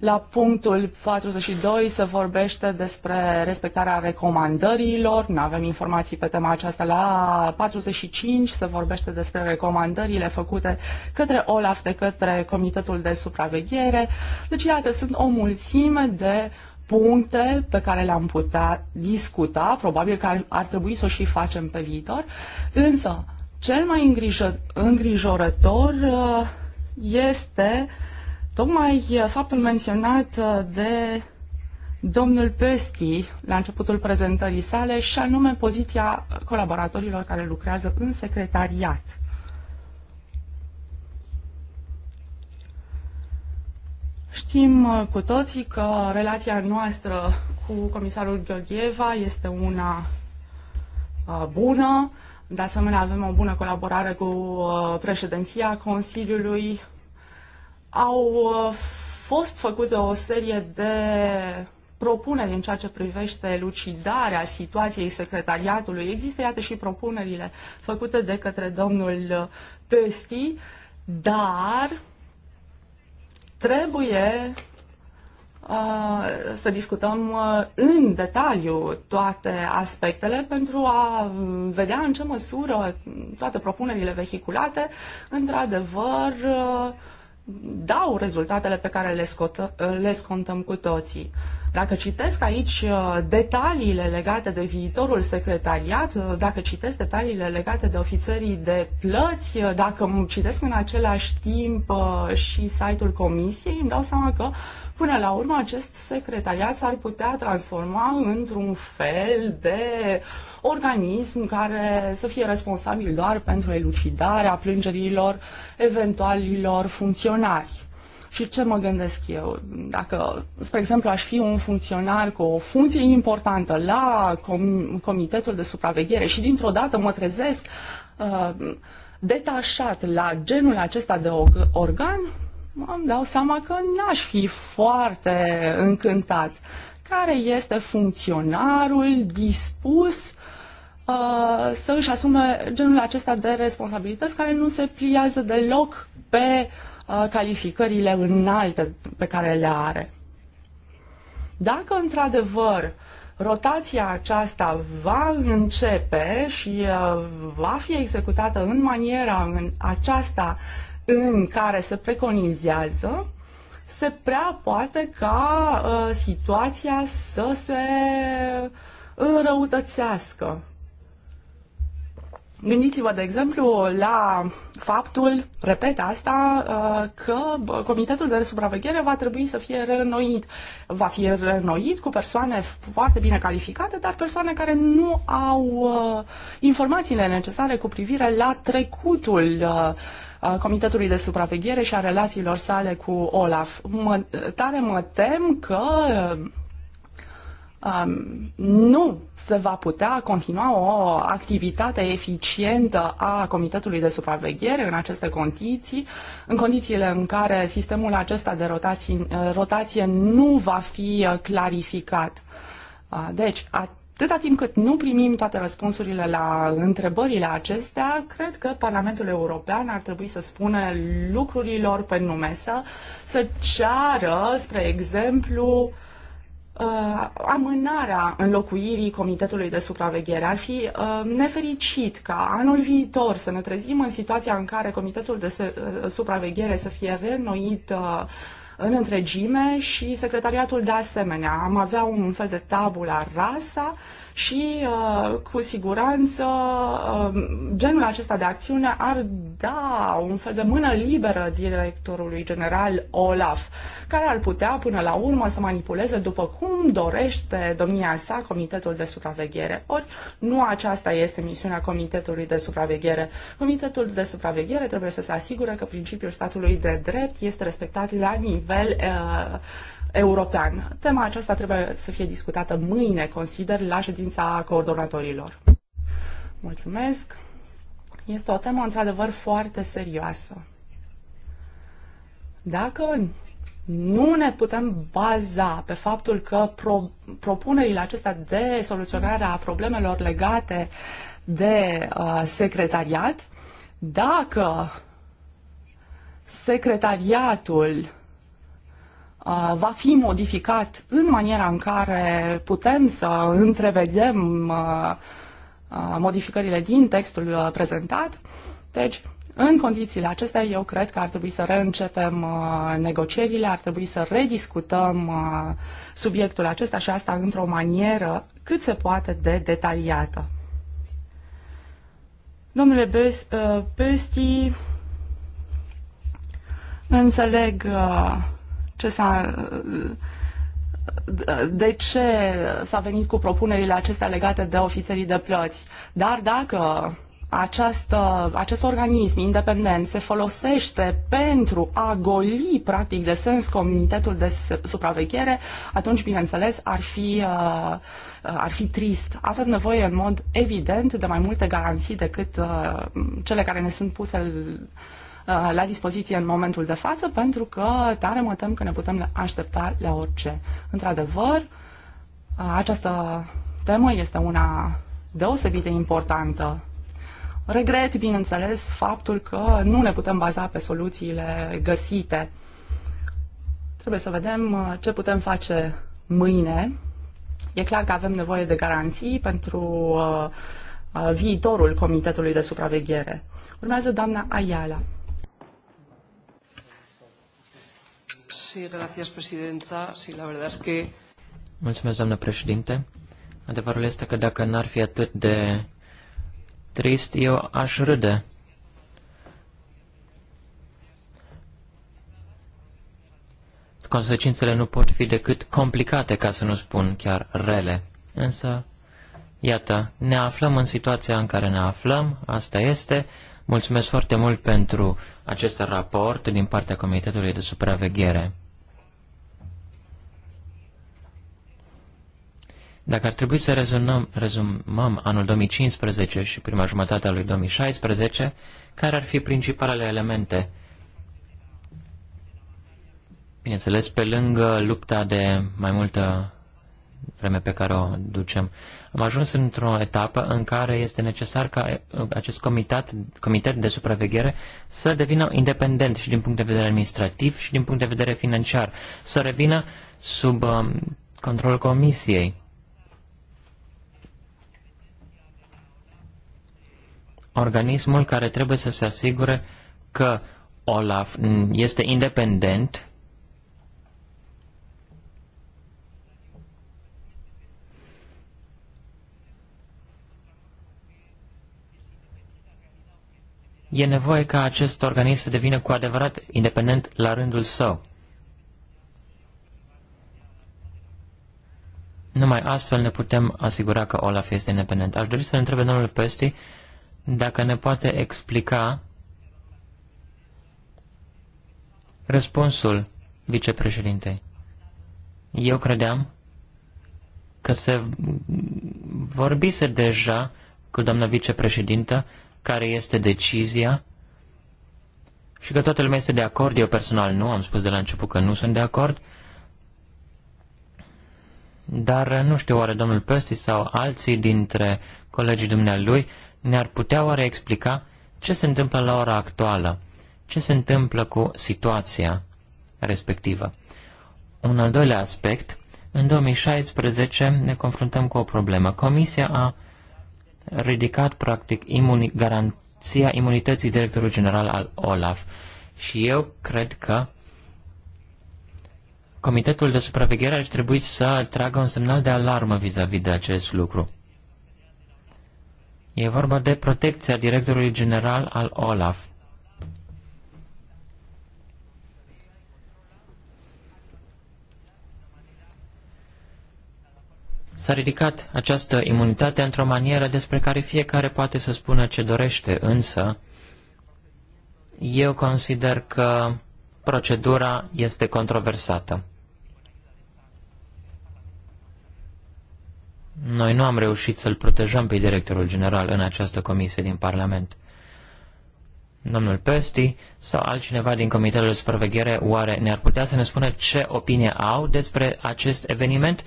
la punctul 42 se vorbește despre respectarea recomandărilor, nu avem informații pe tema aceasta. La 45 se vorbește despre recomandările făcute către OLAF, de către Comitetul de Supraveghere. Deci, iată, sunt o mulțime de puncte pe care le-am putea discuta, probabil că ar, ar trebui să o și facem pe viitor, însă cel mai îngrijă, îngrijorător uh, este uh, Tocmai uh, faptul menționat uh, de domnul Pesti la începutul prezentării sale și anume poziția colaboratorilor care lucrează în secretariat. Știm uh, cu toții că relația noastră cu comisarul Gheorgheva este una bună. De asemenea, avem o bună colaborare cu președinția Consiliului au uh, fost făcute o serie de propuneri în ceea ce privește lucidarea situației secretariatului. Există, iată, și propunerile făcute de către domnul Pesti, dar trebuie uh, să discutăm uh, în detaliu toate aspectele pentru a vedea în ce măsură toate propunerile vehiculate într-adevăr dau rezultatele pe care le, scotă, le scontăm cu toții. Dacă citesc aici uh, detaliile legate de viitorul secretariat, uh, dacă citesc detaliile legate de ofițerii de plăți, uh, dacă citesc în același timp și site-ul comisiei, îmi dau seama că Până la urmă, acest secretariat s-ar putea transforma într-un fel de organism care să fie responsabil doar pentru elucidarea plângerilor eventualilor funcționari. Și ce mă gândesc eu? Dacă, spre exemplu, aș fi un funcționar cu o funcție importantă la com- comitetul de supraveghere și dintr-o dată mă trezesc uh, detașat la genul acesta de organ, îmi dau seama că n-aș fi foarte încântat. Care este funcționarul dispus uh, să își asume genul acesta de responsabilități care nu se pliază deloc pe uh, calificările înalte pe care le are? Dacă într-adevăr rotația aceasta va începe și uh, va fi executată în maniera în aceasta în care se preconizează, se prea poate ca uh, situația să se înrăutățească. Gândiți-vă, de exemplu, la faptul, repet asta, uh, că Comitetul de Supraveghere va trebui să fie reînnoit. Va fi reînnoit cu persoane foarte bine calificate, dar persoane care nu au uh, informațiile necesare cu privire la trecutul uh, Comitetului de Supraveghere și a relațiilor sale cu Olaf. Mă, tare mă tem că um, nu se va putea continua o activitate eficientă a Comitetului de Supraveghere în aceste condiții, în condițiile în care sistemul acesta de rotații, rotație nu va fi uh, clarificat. Uh, deci, Atâta timp cât nu primim toate răspunsurile la întrebările acestea, cred că Parlamentul European ar trebui să spună lucrurilor pe nume, să, să ceară, spre exemplu, uh, amânarea înlocuirii Comitetului de Supraveghere. Ar fi uh, nefericit ca anul viitor să ne trezim în situația în care Comitetul de uh, Supraveghere să fie reînnoit uh, în întregime și secretariatul de asemenea. Am avea un fel de tabula rasa și uh, cu siguranță uh, genul acesta de acțiune ar da un fel de mână liberă directorului general Olaf, care ar putea până la urmă să manipuleze după cum dorește domnia sa Comitetul de Supraveghere. Ori nu aceasta este misiunea Comitetului de Supraveghere. Comitetul de Supraveghere trebuie să se asigure că principiul statului de drept este respectat la nivel uh, european. Tema aceasta trebuie să fie discutată mâine, consider, la ședința coordonatorilor. Mulțumesc. Este o temă, într-adevăr, foarte serioasă. Dacă nu ne putem baza pe faptul că pro, propunerile acestea de soluționare a problemelor legate de uh, secretariat, dacă secretariatul Uh, va fi modificat în maniera în care putem să întrevedem uh, uh, modificările din textul prezentat. Deci, în condițiile acestea, eu cred că ar trebui să reîncepem negocierile, ar trebui să rediscutăm subiectul acesta și asta într-o manieră cât se poate de detaliată. Domnule Pesti, înțeleg ce s-a de ce s-a venit cu propunerile acestea legate de ofițerii de plăți. Dar dacă această, acest organism independent se folosește pentru a goli, practic, de sens comunitetul de supraveghere, atunci, bineînțeles, ar fi, uh, ar fi trist. Avem nevoie, în mod evident, de mai multe garanții decât uh, cele care ne sunt puse Uh, la dispoziție în momentul de față, pentru că tare mă tem că ne putem aștepta la orice. Într-adevăr, uh, această temă este una deosebit de importantă. Regret, bineînțeles, faptul că nu ne putem baza pe soluțiile găsite. Trebuie să vedem uh, ce putem face mâine. E clar că avem nevoie de garanții pentru viitorul Comitetului de Supraveghere. Urmează doamna Ayala. Sí, gracias, presidenta. Sí, la verdad es que... Mulțumesc, doamnă președinte. Adevărul este că dacă n-ar fi atât de trist, eu aș râde. Consecințele nu pot fi decât complicate, ca să nu spun chiar rele. Însă, iată, ne aflăm în situația în care ne aflăm, asta este. Mulțumesc foarte mult pentru acest raport din partea Comitetului de Supraveghere. Dacă ar trebui să rezumăm, rezumăm anul 2015 și prima jumătate a lui 2016, care ar fi principalele elemente? Bineînțeles, pe lângă lupta de mai multă vreme pe care o ducem. Am ajuns într-o etapă în care este necesar ca acest comitat, comitet de supraveghere să devină independent și din punct de vedere administrativ și din punct de vedere financiar, să revină sub um, controlul comisiei. organismul care trebuie să se asigure că Olaf este independent E nevoie ca acest organism să devină cu adevărat independent la rândul său. Numai astfel ne putem asigura că Olaf este independent. Aș dori să-l întrebe domnul Pesti dacă ne poate explica răspunsul vicepreședintei. Eu credeam că se vorbise deja cu doamna vicepreședintă care este decizia și că toată lumea este de acord. Eu personal nu, am spus de la început că nu sunt de acord. Dar nu știu, oare domnul Pesti sau alții dintre colegii dumnealui ne-ar putea oare explica ce se întâmplă la ora actuală, ce se întâmplă cu situația respectivă. Un al doilea aspect, în 2016 ne confruntăm cu o problemă. Comisia a ridicat practic imuni- garanția imunității directorului general al OLAF și eu cred că Comitetul de supraveghere ar trebui să tragă un semnal de alarmă vis-a-vis -vis de acest lucru. E vorba de protecția directorului general al OLAF. S-a ridicat această imunitate într-o manieră despre care fiecare poate să spună ce dorește, însă eu consider că procedura este controversată. Noi nu am reușit să-l protejăm pe directorul general în această comisie din Parlament. Domnul Pesti sau altcineva din comitetul de supraveghere, oare ne-ar putea să ne spună ce opinie au despre acest eveniment?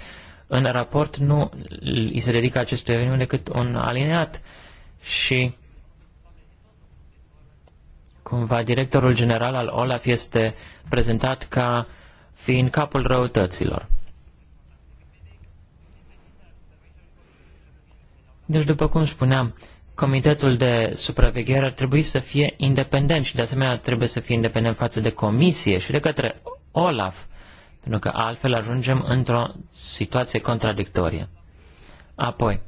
În raport nu îi se dedică acestui eveniment decât un alineat și cumva directorul general al OLAF este prezentat ca fiind capul răutăților. Deci, după cum spuneam, Comitetul de supraveghere ar trebui să fie independent și, de asemenea, trebuie să fie independent față de comisie și de către OLAF, pentru că altfel ajungem într-o situație contradictorie. Apoi,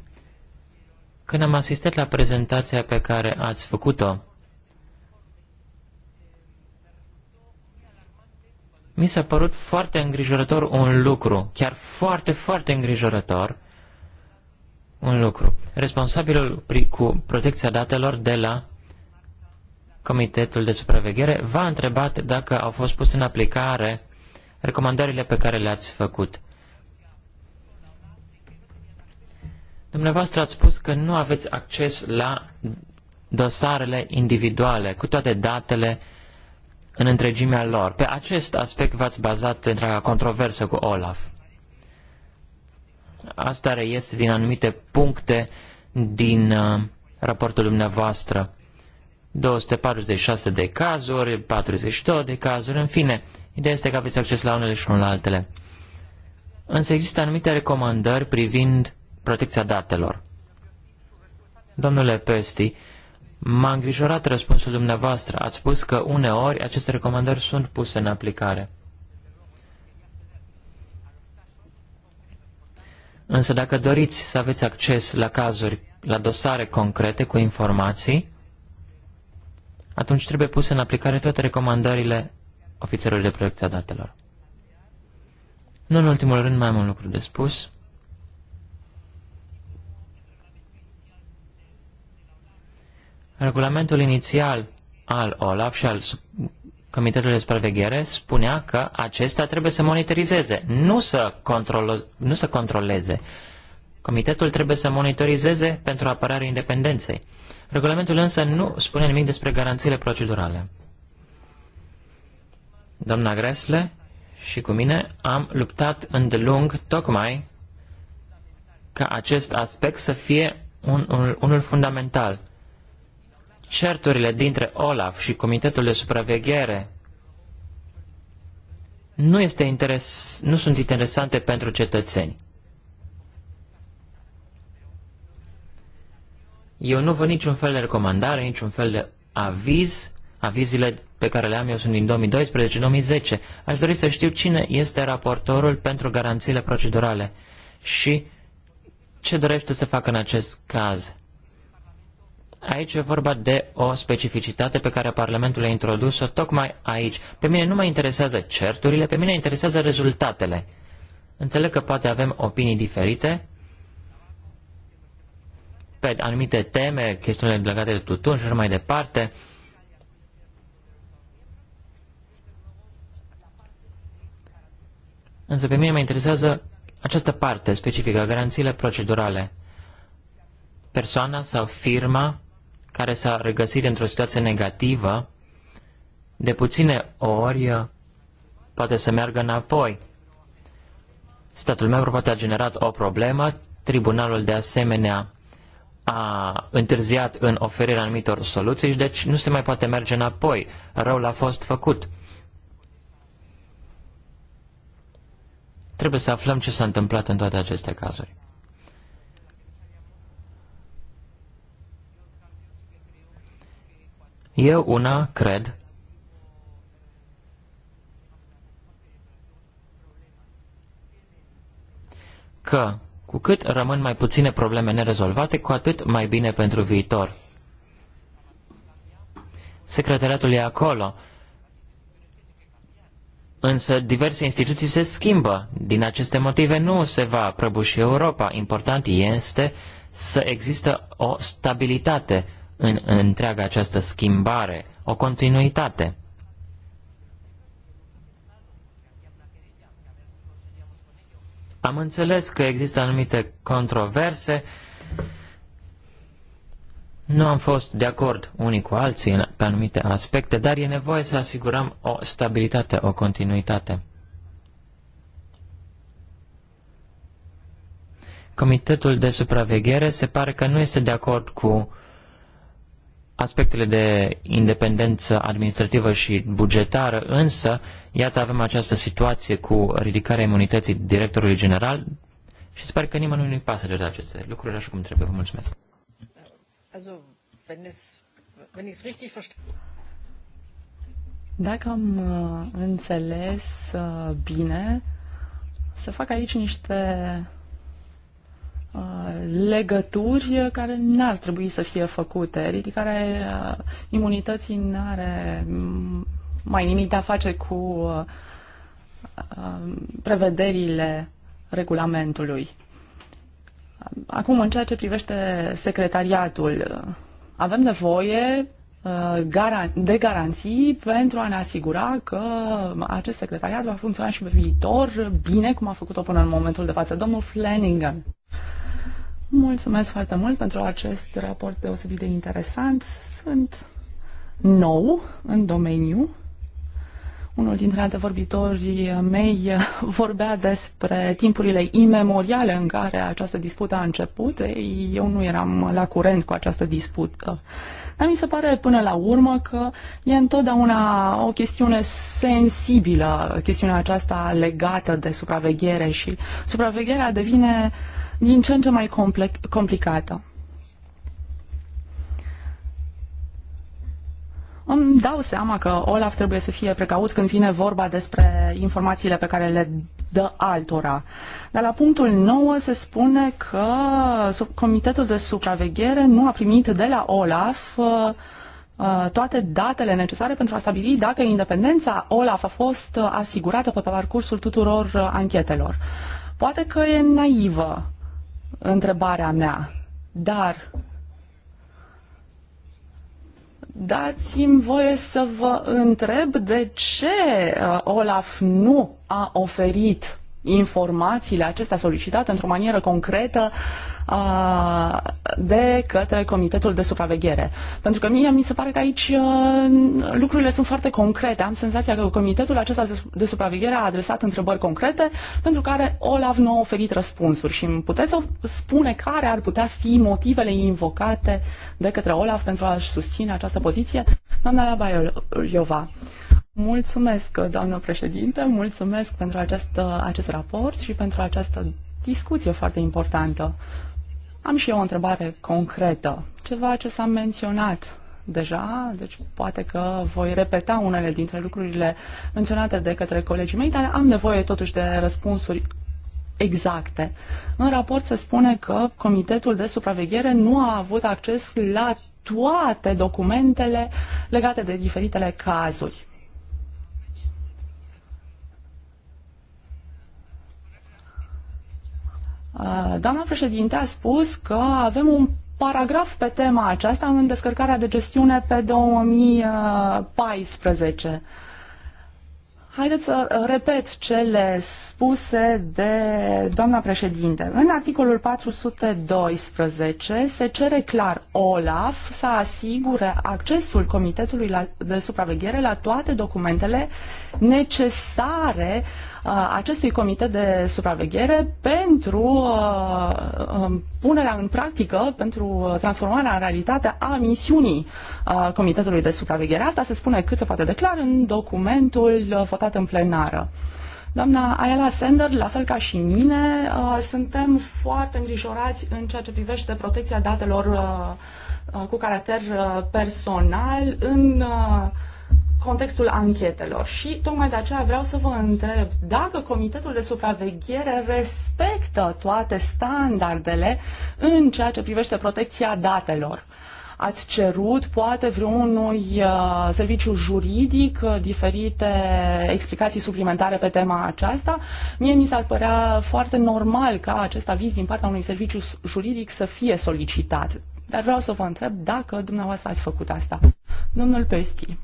când am asistat la prezentația pe care ați făcut-o, mi s-a părut foarte îngrijorător un lucru, chiar foarte, foarte îngrijorător, un lucru. Responsabilul cu protecția datelor de la Comitetul de Supraveghere v-a întrebat dacă au fost puse în aplicare recomandările pe care le-ați făcut. Dumneavoastră ați spus că nu aveți acces la dosarele individuale, cu toate datele în întregimea lor. Pe acest aspect v-ați bazat întreaga controversă cu Olaf. Asta reiese din anumite puncte din uh, raportul dumneavoastră. 246 de cazuri, 42 de cazuri, în fine. Ideea este că aveți acces la unele și nu la altele. Însă există anumite recomandări privind protecția datelor. Domnule Pesti, m-a îngrijorat răspunsul dumneavoastră. Ați spus că uneori aceste recomandări sunt puse în aplicare. Însă dacă doriți să aveți acces la cazuri, la dosare concrete cu informații, atunci trebuie puse în aplicare toate recomandările ofițerului de proiecție a datelor. Nu în ultimul rând, mai am un lucru de spus. Regulamentul inițial al OLAF și al Comitetul de Supraveghere spunea că acesta trebuie să monitorizeze, nu să, controlo- nu să controleze. Comitetul trebuie să monitorizeze pentru apărarea independenței. Regulamentul însă nu spune nimic despre garanțiile procedurale. Doamna Gresle și cu mine am luptat îndelung tocmai ca acest aspect să fie un, un, unul fundamental certurile dintre Olaf și Comitetul de Supraveghere nu, este interes, nu sunt interesante pentru cetățeni. Eu nu văd niciun fel de recomandare, niciun fel de aviz. Avizile pe care le am eu sunt din 2012-2010. Aș dori să știu cine este raportorul pentru garanțiile procedurale și ce dorește să facă în acest caz. Aici e vorba de o specificitate pe care Parlamentul a introdus-o tocmai aici. Pe mine nu mă interesează certurile, pe mine interesează rezultatele. Înțeleg că poate avem opinii diferite pe anumite teme, chestiunile legate de tutun și așa mai departe, Însă pe mine mă interesează această parte specifică, garanțiile procedurale. Persoana sau firma care s-a regăsit într-o situație negativă, de puține ori uh, poate să meargă înapoi. Statul membru poate a generat o problemă, tribunalul de asemenea a întârziat în oferirea anumitor soluții și deci nu se mai poate merge înapoi. Răul a fost făcut. Trebuie să aflăm ce s-a întâmplat în toate aceste cazuri. Eu una cred că cu cât rămân mai puține probleme nerezolvate, cu atât mai bine pentru viitor. Secretariatul e acolo, însă diverse instituții se schimbă. Din aceste motive nu se va prăbuși Europa. Important este să există o stabilitate în întreaga această schimbare, o continuitate. Am înțeles că există anumite controverse. Nu am fost de acord unii cu alții pe anumite aspecte, dar e nevoie să asigurăm o stabilitate, o continuitate. Comitetul de supraveghere se pare că nu este de acord cu aspectele de independență administrativă și bugetară, însă, iată, avem această situație cu ridicarea imunității directorului general și sper că nimănui nu-i pasă de aceste lucruri așa cum trebuie. Vă mulțumesc. Dacă am uh, înțeles uh, bine, se fac aici niște Uh, legături care n-ar trebui să fie făcute. Ridicarea uh, imunității nu are mm, mai nimic de a face cu uh, prevederile regulamentului. Acum, în ceea ce privește secretariatul, avem nevoie de garanții pentru a ne asigura că acest secretariat va funcționa și pe viitor bine, cum a făcut-o până în momentul de față domnul Flanagan. Mulțumesc foarte mult pentru acest raport deosebit de interesant. Sunt nou în domeniu. Unul dintre vorbitorii mei vorbea despre timpurile imemoriale în care această dispută a început. Eu nu eram la curent cu această dispută. Dar mi se pare până la urmă că e întotdeauna o chestiune sensibilă, chestiunea aceasta legată de supraveghere și supravegherea devine uh, din ce în ce mai complicată. Îmi dau seama că Olaf trebuie să fie precaut când vine vorba despre informațiile pe care le dă altora. Dar la punctul 9 se spune că Comitetul de Supraveghere nu a primit de la Olaf uh, uh, toate datele necesare pentru a stabili dacă independența Olaf a fost asigurată pe parcursul tuturor uh, anchetelor. Poate că e naivă, întrebarea mea, dar dați-mi voie să vă întreb de ce uh, Olaf nu a oferit informațiile acestea solicitate într-o manieră concretă uh, de către Comitetul de Supraveghere. Pentru că mie mi se pare că aici lucrurile sunt foarte concrete. Am senzația că Comitetul acesta de Supraveghere a adresat întrebări concrete pentru care Olaf nu a oferit răspunsuri și îmi puteți spune care ar putea fi motivele invocate de către Olaf pentru a-și susține această poziție? Doamna Labaiova, Mulțumesc, doamnă președinte, mulțumesc pentru acest, acest raport și pentru această discuție foarte importantă. Am și eu o întrebare concretă, ceva ce s-a menționat deja, deci poate că voi repeta unele dintre lucrurile menționate de către colegii mei, dar am nevoie totuși de răspunsuri exacte. În raport se spune că Comitetul de Supraveghere nu a avut acces la toate documentele legate de diferitele cazuri. Uh, doamna președinte a spus că avem un paragraf pe tema aceasta în descărcarea de gestiune pe 2014. Haideți să repet cele spuse de doamna președinte. În articolul 412 se cere clar OLAF să asigure accesul Comitetului de Supraveghere la toate documentele necesare uh, Uh, acestui comitet de supraveghere pentru uh, um, punerea în practică, pentru transformarea în realitate a misiunii uh, comitetului de supraveghere. Asta se spune cât se poate clar în documentul votat în plenară. Doamna Ayala Sender, la fel ca și mine, suntem foarte îngrijorați în ceea ce privește protecția datelor cu caracter personal în uh, contextul anchetelor și tocmai de aceea vreau să vă întreb dacă Comitetul de Supraveghere respectă toate standardele în ceea ce privește protecția datelor. Ați cerut poate vreunui uh, serviciu juridic uh, diferite explicații suplimentare pe tema aceasta. Mie mi s-ar părea foarte normal ca acest aviz din partea unui serviciu juridic să fie solicitat. Dar vreau să vă întreb dacă dumneavoastră ați făcut asta. Domnul Pesti.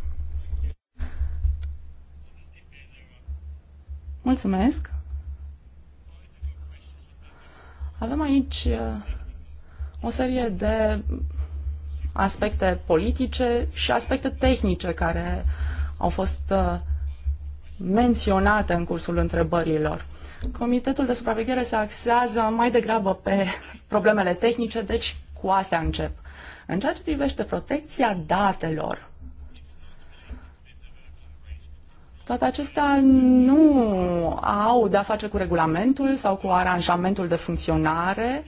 Mulțumesc. Avem aici uh, o serie de aspecte politice și aspecte tehnice care au fost uh, menționate în cursul întrebărilor. Comitetul de supraveghere se axează mai degrabă pe problemele tehnice, deci cu astea încep. În ceea ce privește protecția datelor, Toate acestea nu au de-a face cu regulamentul sau cu aranjamentul de funcționare.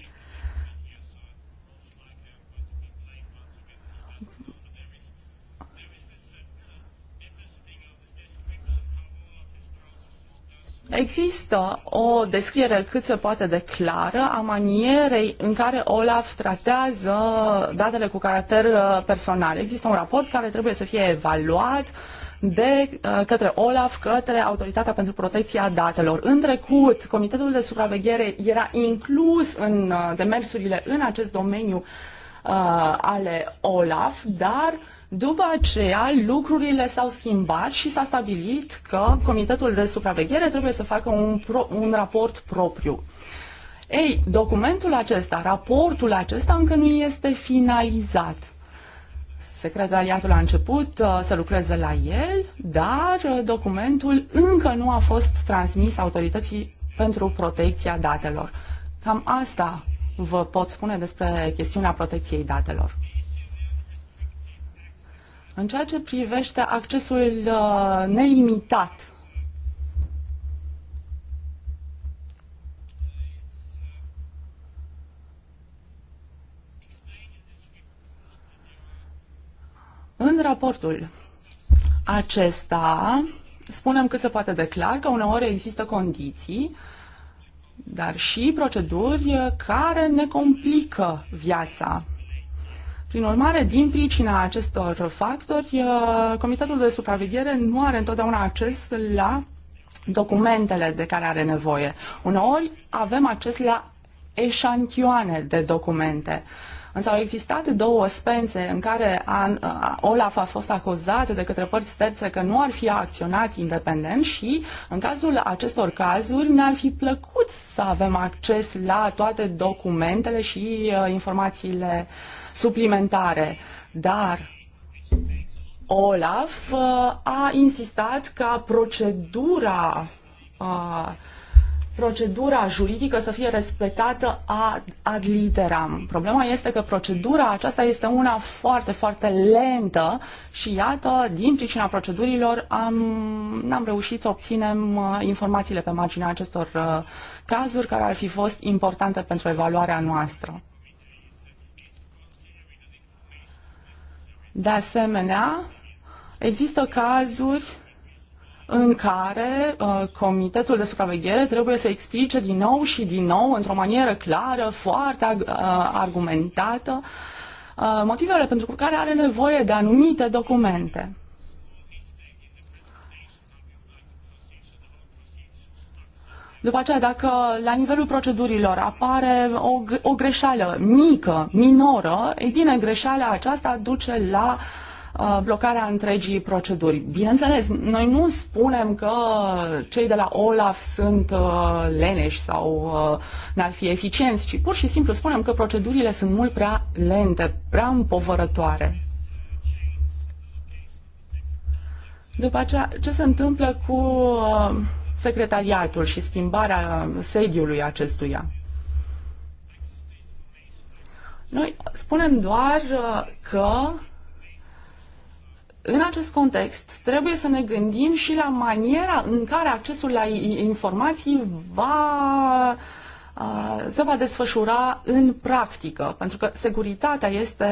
Există o descriere cât se poate de clară a manierei în care OLAF tratează datele cu caracter uh, personal. Există un raport care trebuie să fie evaluat, uh, de uh, către OLAF, către Autoritatea pentru Protecția Datelor. În trecut, Comitetul de Supraveghere era inclus în uh, demersurile în acest domeniu uh, ale OLAF, dar după aceea lucrurile s-au schimbat și s-a stabilit că Comitetul de Supraveghere trebuie să facă un, pro- un raport propriu. Ei, documentul acesta, raportul acesta încă nu este finalizat. Secretariatul a început uh, să lucreze la el, dar uh, documentul încă nu a fost transmis autorității pentru protecția datelor. Cam asta vă pot spune despre chestiunea protecției datelor. În ceea ce privește accesul uh, nelimitat În raportul acesta spunem cât se poate declar că uneori există condiții, dar și proceduri care ne complică viața. Prin urmare, din pricina acestor factori, uh, Comitetul de Supraveghere nu are întotdeauna acces la documentele de care are nevoie. Uneori avem acces la eșantioane de documente. Însă au existat două spențe în care an, Olaf a fost acuzat de către părți terțe că nu ar fi acționat independent și, în cazul acestor cazuri, ne-ar fi plăcut să avem acces la toate documentele și uh, informațiile suplimentare. Dar Olaf uh, a insistat ca procedura uh, procedura juridică să fie respectată ad, ad literam. Problema este că procedura aceasta este una foarte, foarte lentă și iată, din pricina procedurilor am, n-am reușit să obținem uh, informațiile pe marginea acestor uh, cazuri care ar fi fost importante pentru evaluarea noastră. De asemenea, există cazuri în care uh, Comitetul de Supraveghere trebuie să explice din nou și din nou, într-o manieră clară, foarte uh, argumentată, uh, motivele pentru care are nevoie de anumite documente. După aceea, dacă la nivelul procedurilor apare o, o greșeală mică, minoră, e bine, greșeala aceasta duce la uh, Uh, blocarea întregii proceduri. Bineînțeles, noi nu spunem că cei de la OLAF sunt uh, leneși sau uh, n-ar fi eficienți, ci pur și simplu spunem că procedurile sunt mult prea lente, prea împovărătoare. După aceea, ce se întâmplă cu secretariatul și schimbarea sediului acestuia? Noi spunem doar că în acest context, trebuie să ne gândim și la maniera în care accesul la informații va, se va desfășura în practică, pentru că securitatea este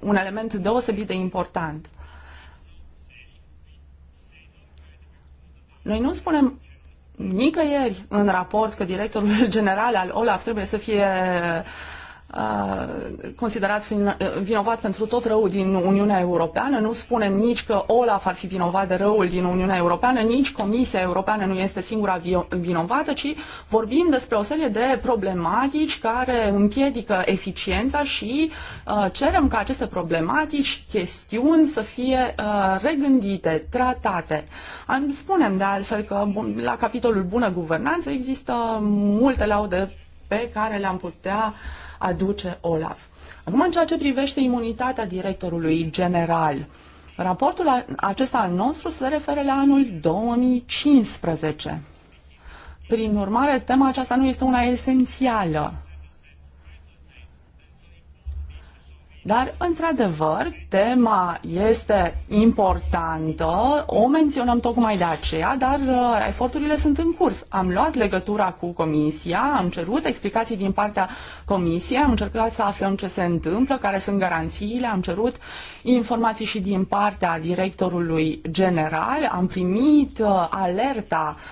un element deosebit de important. Noi nu spunem nicăieri în raport că directorul general al OLAF trebuie să fie uh, considerat vinovat pentru tot răul din Uniunea Europeană. Nu spunem nici că Olaf ar fi vinovat de răul din Uniunea Europeană, nici Comisia Europeană nu este singura vinovată, ci vorbim despre o serie de problematici care împiedică eficiența și cerem ca aceste problematici, chestiuni să fie regândite, tratate. Am spunem de altfel că la capitolul bună guvernanță există multe laude pe care le-am putea uh, aduce OLAF. Acum, în ceea ce privește imunitatea directorului general, raportul acesta al nostru se referă la anul 2015. Prin urmare, tema aceasta nu este una esențială. Dar, într-adevăr, tema este importantă, o menționăm tocmai de aceea, dar uh, eforturile sunt în curs. Am luat legătura cu Comisia, am cerut explicații din partea Comisiei, am încercat să aflăm ce se întâmplă, care sunt garanțiile, am cerut informații și din partea directorului general, am primit uh, alerta uh,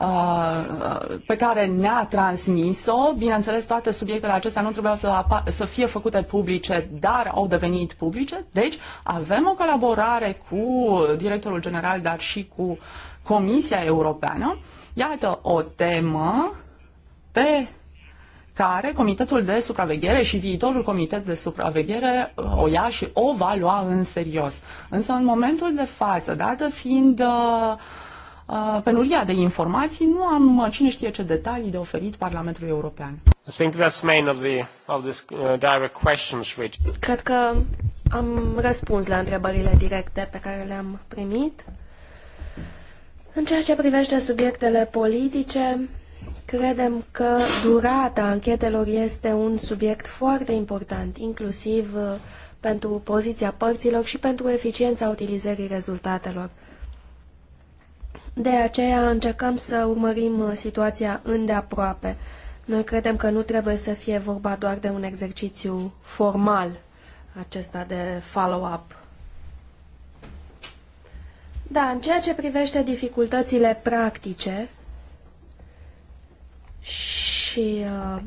Uh, pe care ne-a transmis-o. Bineînțeles, toate subiectele acestea nu trebuiau să, să fie făcute publice, dar au devenit publice. Deci, avem o colaborare cu directorul general, dar și cu Comisia Europeană. Iată o temă pe care Comitetul de Supraveghere și viitorul Comitet de Supraveghere uh, o ia și o va lua în serios. Însă, în momentul de față, dată fiind uh, Uh, penuria de informații, nu am uh, cine știe ce detalii de oferit Parlamentului European. Uh, Cred că am răspuns la întrebările directe pe care le-am primit. În ceea ce privește subiectele politice, credem că durata anchetelor este un subiect foarte important, inclusiv pentru poziția părților și pentru eficiența utilizării rezultatelor. De aceea încercăm să urmărim uh, situația îndeaproape. Noi credem că nu trebuie să fie vorba doar de un exercițiu formal acesta de follow-up. Da, în ceea ce privește dificultățile practice și uh,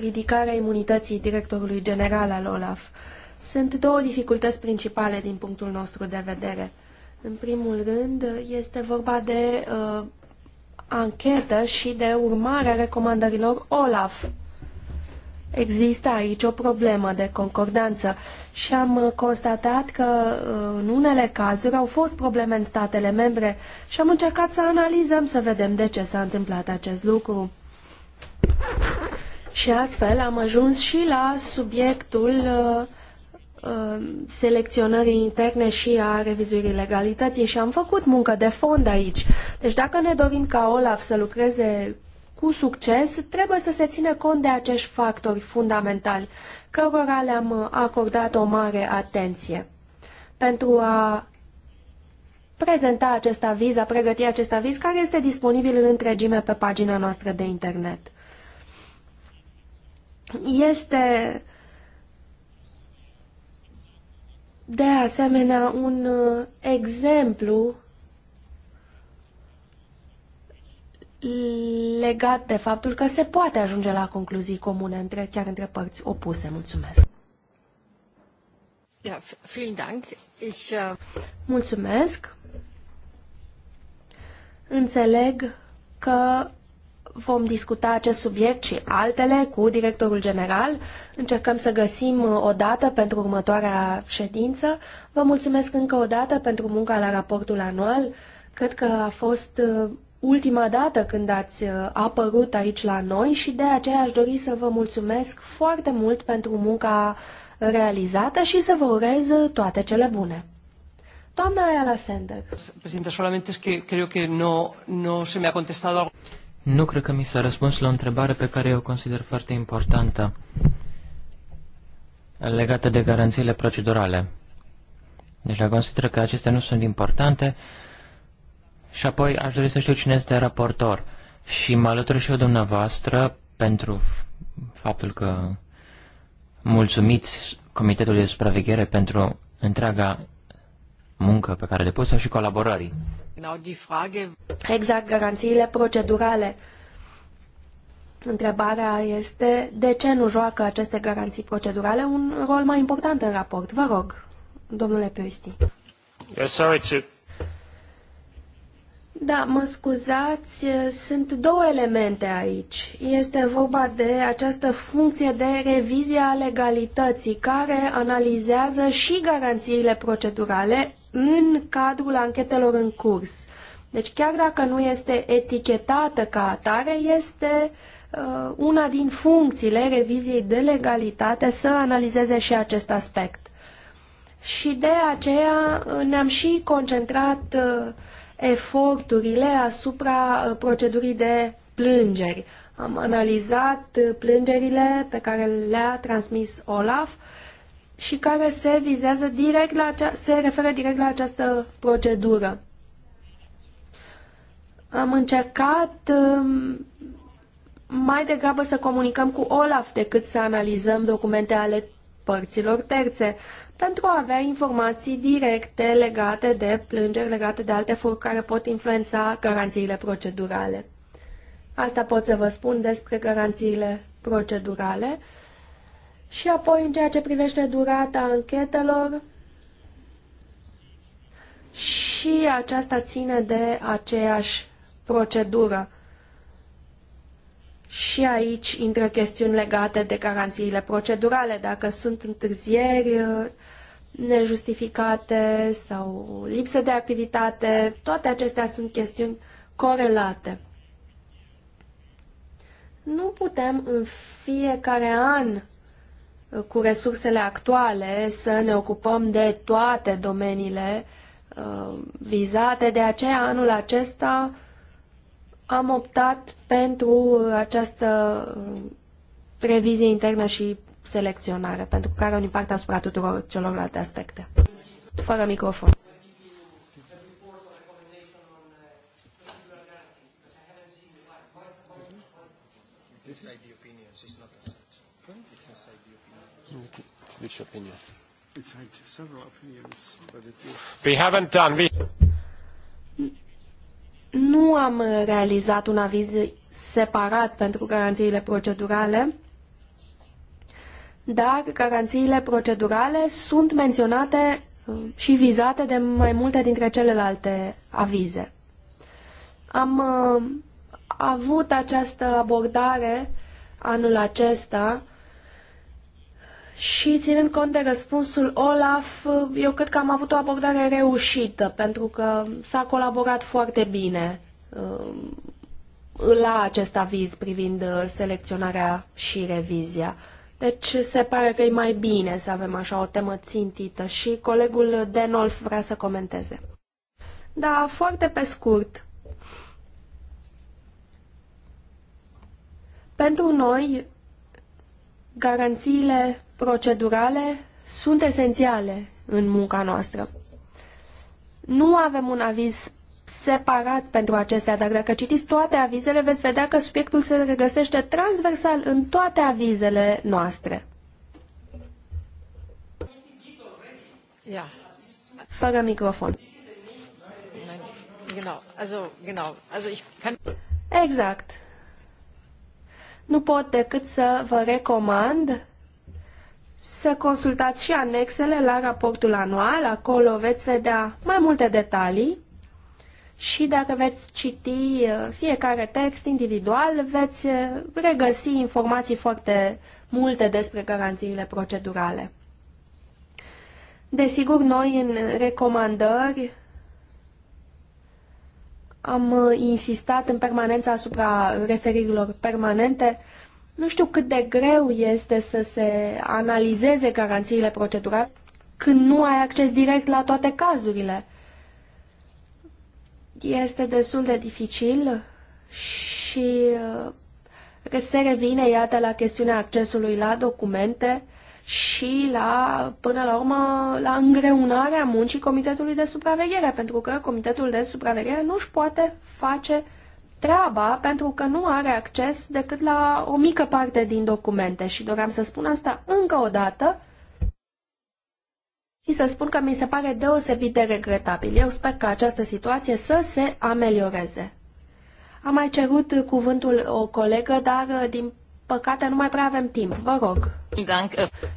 ridicarea imunității directorului general al OLAF, sunt două dificultăți principale din punctul nostru de vedere – în primul rând, este vorba de uh, anchetă și de a recomandărilor OLAF. Există aici o problemă de concordanță și am uh, constatat că uh, în unele cazuri au fost probleme în statele membre și am încercat să analizăm să vedem de ce s-a întâmplat acest lucru. Și astfel am ajuns și la subiectul uh, Uh, selecționării interne și a revizuirii legalității și am făcut muncă de fond aici. Deci dacă ne dorim ca Olaf să lucreze cu succes, trebuie să se țină cont de acești factori fundamentali, cărora le-am acordat o mare atenție. Pentru a prezenta acest aviz, a pregăti acest aviz, care este disponibil în întregime pe pagina noastră de internet. Este de asemenea un uh, exemplu legat de faptul că se poate ajunge la concluzii comune între, chiar între părți opuse. Mulțumesc! Uh, Mulțumesc! Înțeleg că vom discuta acest subiect și altele cu directorul general. Încercăm să găsim uh, o dată pentru următoarea ședință. Vă mulțumesc încă o dată pentru munca la raportul anual. Cred că a fost uh, ultima dată când ați uh, apărut aici la noi și de aceea aș dori să vă mulțumesc foarte mult pentru munca realizată și să vă urez toate cele bune. Doamna Ayala Sender. Presidenta, solamente es que creo que no, no se me ha contestado algo. Nu cred că mi s-a răspuns la o întrebare pe care eu o consider foarte importantă, legată de garanțiile procedurale. Deci la consider că acestea nu sunt importante și apoi aș dori să știu cine este raportor. Și mă alătur și eu dumneavoastră pentru faptul că mulțumiți Comitetului de Supraveghere pentru întreaga muncă pe care depusă și colaborării. Exact, garanțiile procedurale. Întrebarea este de ce nu joacă aceste garanții procedurale un rol mai important în raport? Vă rog, domnule Peusti. Yes, sorry to... Da, mă scuzați, sunt două elemente aici. Este vorba de această funcție de revizie a legalității care analizează și garanțiile procedurale în cadrul anchetelor în curs. Deci chiar dacă nu este etichetată ca atare, este uh, una din funcțiile reviziei de legalitate să analizeze și acest aspect. Și de aceea uh, ne-am și concentrat uh, eforturile asupra uh, procedurii de plângeri. Am analizat uh, plângerile pe care le-a transmis Olaf uh, și care se vizează direct la acea, se referă direct la această procedură. Am încercat um, mai degrabă să comunicăm cu Olaf decât să analizăm documente ale părților terțe, pentru a avea informații directe legate de plângeri, legate de alte fururi care pot influența garanțiile procedurale. Asta pot să vă spun despre garanțiile procedurale și apoi, în ceea ce privește durata anchetelor, și aceasta ține de aceeași procedură. Și aici intră chestiuni legate de garanțiile procedurale, dacă sunt întârzieri uh, nejustificate sau lipsă de activitate, toate acestea sunt chestiuni corelate. Nu putem în fiecare an cu resursele actuale să ne ocupăm de toate domeniile uh, vizate. De aceea, anul acesta am optat pentru această uh, revizie internă și selecționare, pentru că are un impact asupra tuturor celorlalte aspecte. Fără microfon. each deci opinion. We haven't done. We... Nu am realizat un aviz separat pentru garanțiile procedurale, dar garanțiile procedurale sunt menționate uh, și vizate de mai multe dintre celelalte avize. Am uh, avut această abordare anul acesta și ținând cont de răspunsul Olaf, eu cred că am avut o abordare reușită, pentru că s-a colaborat foarte bine um, la acest aviz privind uh, selecționarea și revizia. Deci se pare că e mai bine să avem așa o temă țintită și colegul Denolf vrea să comenteze. Da, foarte pe scurt. Pentru noi, garanțiile procedurale sunt esențiale în munca noastră. Nu avem un aviz separat pentru acestea, dar dacă citiți toate avizele, veți vedea că subiectul se regăsește transversal în toate avizele noastre. Yeah. Fără microfon. Exact. Nu pot decât să vă recomand să consultați și anexele la raportul anual, acolo veți vedea mai multe detalii și dacă veți citi uh, fiecare text individual, veți uh, regăsi informații foarte multe despre garanțiile procedurale. Desigur, noi în recomandări am uh, insistat în permanență asupra referirilor permanente nu știu cât de greu este să se analizeze garanțiile procedurale când nu ai acces direct la toate cazurile. Este destul de dificil și uh, se revine, iată, la chestiunea accesului la documente și la, până la urmă, la îngreunarea muncii Comitetului de Supraveghere, pentru că Comitetul de Supraveghere nu își poate face treaba pentru că nu are acces decât la o mică parte din documente și doream să spun asta încă o dată și să spun că mi se pare deosebit de regretabil. Eu sper că această situație să se amelioreze. Am mai cerut cuvântul o colegă, dar din păcate nu mai prea avem timp. Vă rog.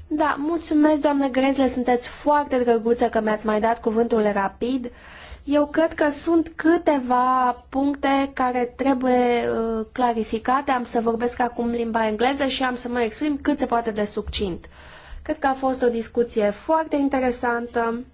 Da, mulțumesc, doamnă Grezle, sunteți foarte drăguță că mi-ați mai dat cuvântul rapid. Eu cred că sunt câteva puncte care trebuie uh, clarificate. Am să vorbesc acum limba engleză și am să mă exprim cât se poate de succint. Cred că a fost o discuție foarte interesantă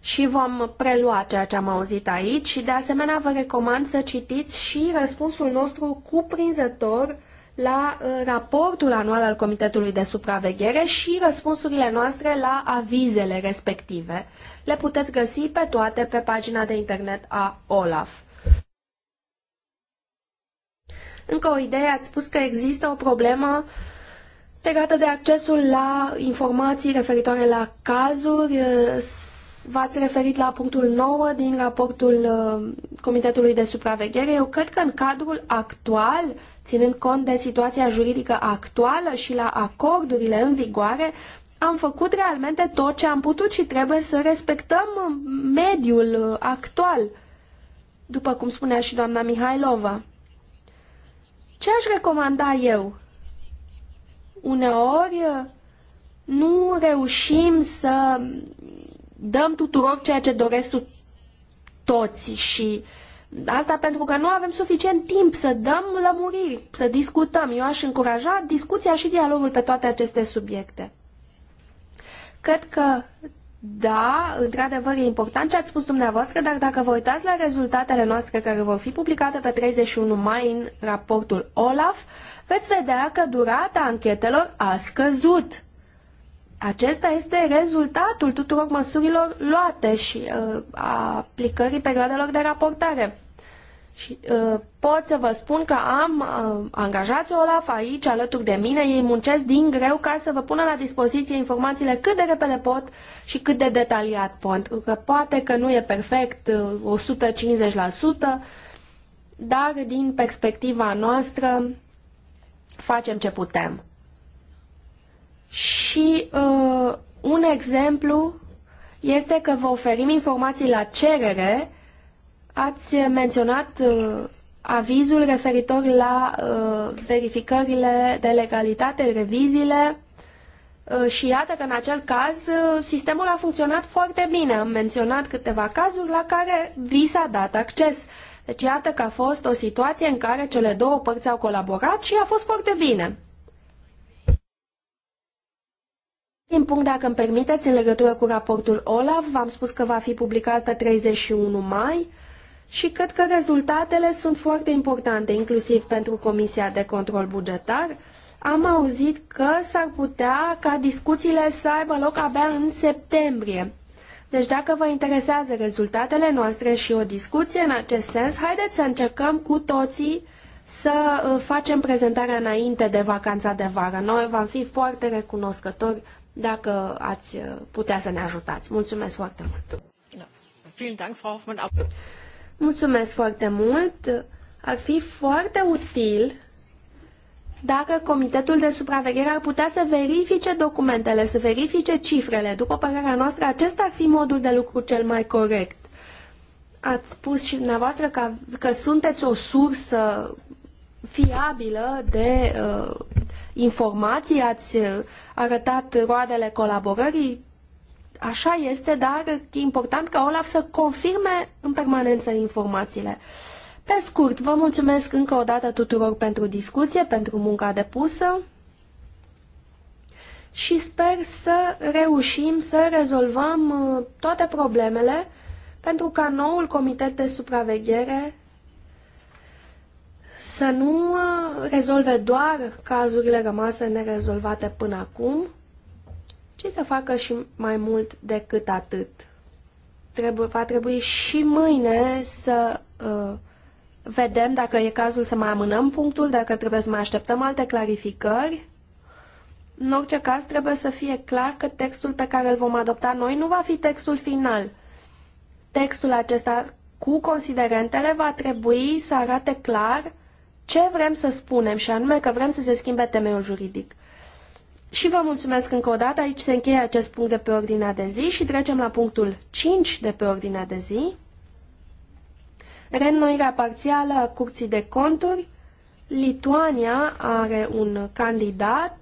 și vom prelua ceea ce am auzit aici. De asemenea, vă recomand să citiți și răspunsul nostru cuprinzător la uh, raportul anual al Comitetului de Supraveghere și răspunsurile noastre la avizele respective. Le puteți găsi pe toate pe pagina de internet a OLAF. Încă o idee, ați spus că există o problemă legată de accesul la informații referitoare la cazuri. Uh, v-ați referit la punctul 9 din raportul uh, Comitetului de Supraveghere. Eu cred că în cadrul actual Ținând cont de situația juridică actuală și la acordurile în vigoare, am făcut realmente tot ce am putut și trebuie să respectăm mediul actual, după cum spunea și doamna Mihailova. Ce aș recomanda eu? Uneori uh, nu reușim să dăm tuturor ceea ce doresc toți și uh, Asta pentru că nu avem suficient timp să dăm lămuriri, să discutăm. Eu aș încuraja discuția și dialogul pe toate aceste subiecte. Cred că da, într-adevăr e important ce ați spus dumneavoastră, dar dacă vă uitați la rezultatele noastre care vor fi publicate pe 31 mai în raportul OLAF, veți vedea că durata anchetelor a scăzut. Acesta este rezultatul tuturor măsurilor luate și uh, a aplicării perioadelor de raportare. Și uh, pot să vă spun că am uh, angajați Olaf aici alături de mine, ei muncesc din greu ca să vă pună la dispoziție informațiile cât de repede pot și cât de detaliat pot, pentru că poate că nu e perfect uh, 150%, dar din perspectiva noastră facem ce putem. Și uh, un exemplu este că vă oferim informații la cerere Ați menționat uh, avizul referitor la uh, verificările de legalitate, reviziile uh, și iată că în acel caz sistemul a funcționat foarte bine. Am menționat câteva cazuri la care vi s-a dat acces. Deci iată că a fost o situație în care cele două părți au colaborat și a fost foarte bine. Din punct, dacă îmi permiteți, în legătură cu raportul OLAF, v-am spus că va fi publicat pe 31 mai și cred că rezultatele sunt foarte importante, inclusiv pentru Comisia de Control Bugetar. Am auzit că s-ar putea ca discuțiile să aibă loc abia în septembrie. Deci dacă vă interesează rezultatele noastre și o discuție în acest sens, haideți să încercăm cu toții să uh, facem prezentarea înainte de vacanța de vară. Noi vom fi foarte recunoscători dacă ați uh, putea să ne ajutați. Mulțumesc foarte mult! Mulțumesc foarte mult. Ar fi foarte util dacă Comitetul de Supraveghere ar putea să verifice documentele, să verifice cifrele. După părerea noastră, acesta ar fi modul de lucru cel mai corect. Ați spus și dumneavoastră că, că sunteți o sursă fiabilă de uh, informații, ați uh, arătat roadele colaborării așa este, dar e important ca Olaf să confirme în permanență informațiile. Pe scurt, vă mulțumesc încă o dată tuturor pentru discuție, pentru munca depusă și sper să reușim să rezolvăm uh, toate problemele pentru ca noul comitet de supraveghere să nu uh, rezolve doar cazurile rămase nerezolvate până acum, ce să facă și mai mult decât atât. Trebu- va trebui și mâine să uh, vedem dacă e cazul să mai amânăm punctul, dacă trebuie să mai așteptăm alte clarificări. În orice caz, trebuie să fie clar că textul pe care îl vom adopta noi nu va fi textul final. Textul acesta cu considerentele va trebui să arate clar ce vrem să spunem și anume că vrem să se schimbe temeiul juridic. Și vă mulțumesc încă o dată. Aici se încheie acest punct de pe ordinea de zi și trecem la punctul 5 de pe ordinea de zi. Reînnoirea parțială a Curții de Conturi. Lituania are un candidat,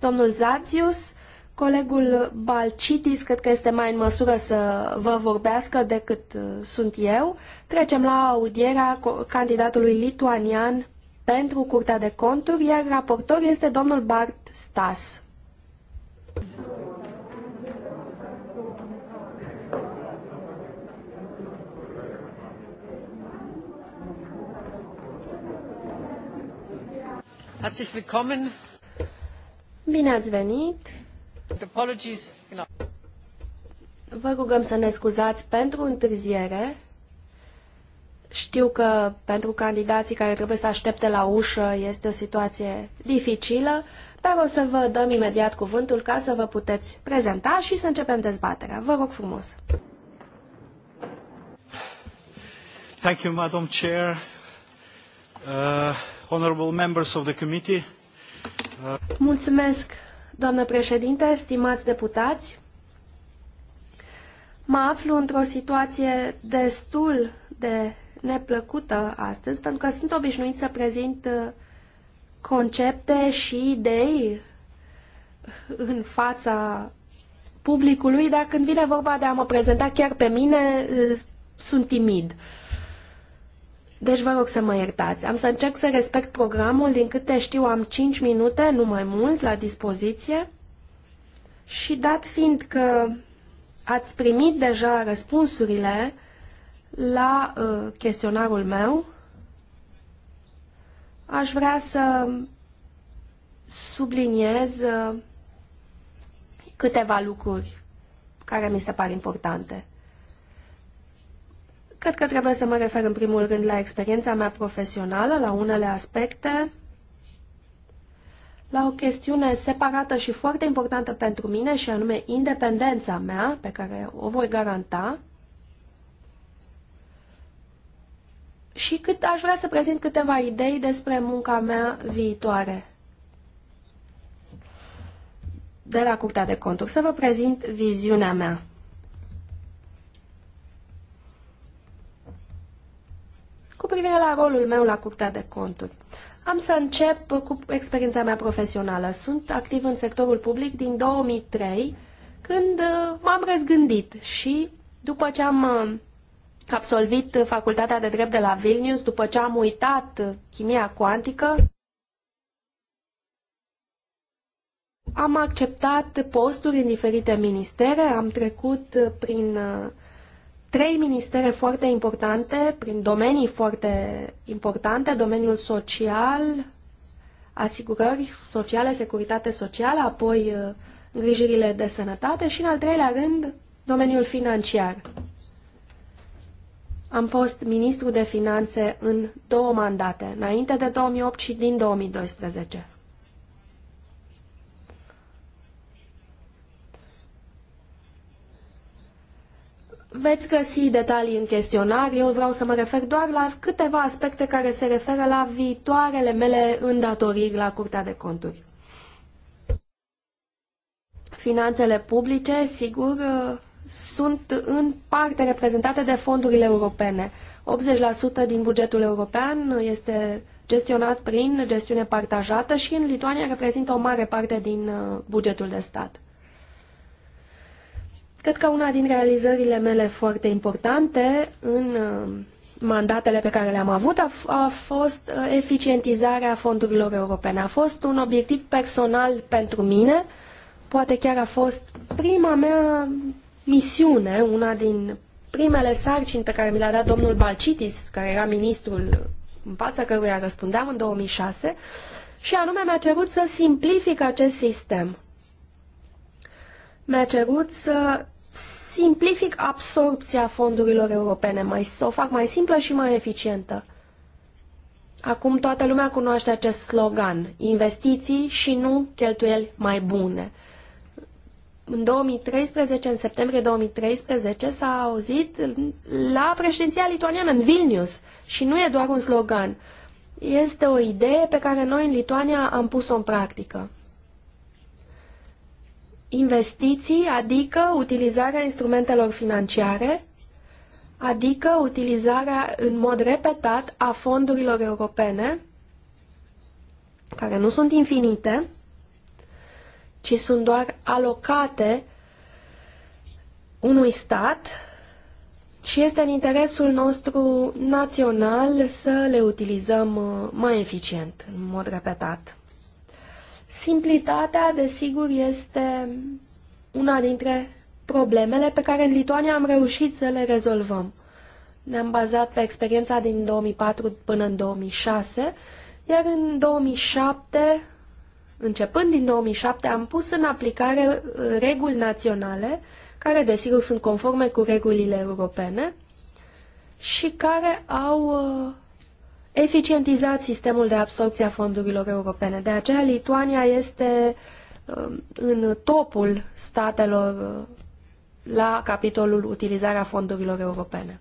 domnul Zazius. Colegul Balcitis cred că este mai în măsură să vă vorbească decât uh, sunt eu. Trecem la audierea candidatului lituanian pentru Curtea de Conturi, iar raportor este domnul Bart Stas. Herzlich willkommen. Bine ați venit. Apologies. Vă rugăm să ne scuzați pentru întârziere. Știu că pentru candidații care trebuie să aștepte la ușă este o situație dificilă, dar o să vă dăm imediat cuvântul ca să vă puteți prezenta și să începem dezbaterea. Vă rog frumos! Thank you, Madam Chair. Uh, honorable members of the committee. Uh... Mulțumesc, doamnă președinte, stimați deputați. Mă aflu într-o situație destul de neplăcută astăzi, pentru că sunt obișnuit să prezint uh, concepte și idei în fața publicului, dar când vine vorba de a mă prezenta chiar pe mine, uh, sunt timid. Deci vă rog să mă iertați. Am să încerc să respect programul. Din câte știu, am 5 minute, nu mai mult, la dispoziție. Și dat fiind că ați primit deja răspunsurile, la uh, chestionarul meu, aș vrea să subliniez uh, câteva lucruri care mi se par importante. Cred că trebuie să mă refer în primul rând la experiența mea profesională, la unele aspecte, la o chestiune separată și foarte importantă pentru mine și anume independența mea pe care o voi garanta, și cât aș vrea să prezint câteva idei despre munca mea viitoare de la Curtea de Conturi, să vă prezint viziunea mea. Cu privire la rolul meu la Curtea de Conturi, am să încep cu experiența mea profesională. Sunt activ în sectorul public din 2003, când uh, m-am răzgândit și după ce am uh, absolvit facultatea de drept de la Vilnius după ce am uitat chimia cuantică. Am acceptat posturi în diferite ministere, am trecut prin uh, trei ministere foarte importante, prin domenii foarte importante, domeniul social, asigurări sociale, securitate socială, apoi uh, îngrijirile de sănătate și, în al treilea rând, domeniul financiar. Am fost ministru de finanțe în două mandate, înainte de 2008 și din 2012. Veți găsi detalii în chestionar, eu vreau să mă refer doar la câteva aspecte care se referă la viitoarele mele îndatoriri la Curtea de Conturi. Finanțele publice, sigur, sunt în parte reprezentate de fondurile europene. 80% din bugetul european este gestionat prin gestiune partajată și în Lituania reprezintă o mare parte din uh, bugetul de stat. Cred că una din realizările mele foarte importante în uh, mandatele pe care le-am avut a, a fost uh, eficientizarea fondurilor europene. A fost un obiectiv personal pentru mine, poate chiar a fost prima mea misiune, una din primele sarcini pe care mi le-a dat domnul Balcitis, care era ministrul în fața căruia răspundeam în 2006, și anume mi-a cerut să simplific acest sistem. Mi-a cerut să simplific absorpția fondurilor europene, mai, să o fac mai simplă și mai eficientă. Acum toată lumea cunoaște acest slogan, investiții și nu cheltuieli mai bune în 2013, în septembrie 2013, s-a auzit la președinția lituaniană în Vilnius și nu e doar un slogan. Este o idee pe care noi în Lituania am pus-o în practică. Investiții, adică utilizarea instrumentelor financiare, adică utilizarea în mod repetat a fondurilor europene, care nu sunt infinite, ci sunt doar alocate unui stat și este în interesul nostru național să le utilizăm uh, mai eficient, în mod repetat. Simplitatea, desigur, este una dintre problemele pe care în Lituania am reușit să le rezolvăm. Ne-am bazat pe experiența din 2004 până în 2006, iar în 2007 Începând din 2007 am pus în aplicare uh, reguli naționale, care desigur sunt conforme cu regulile europene și care au uh, eficientizat sistemul de absorpție a fondurilor europene. De aceea Lituania este um, în topul statelor uh, la capitolul utilizarea fondurilor europene.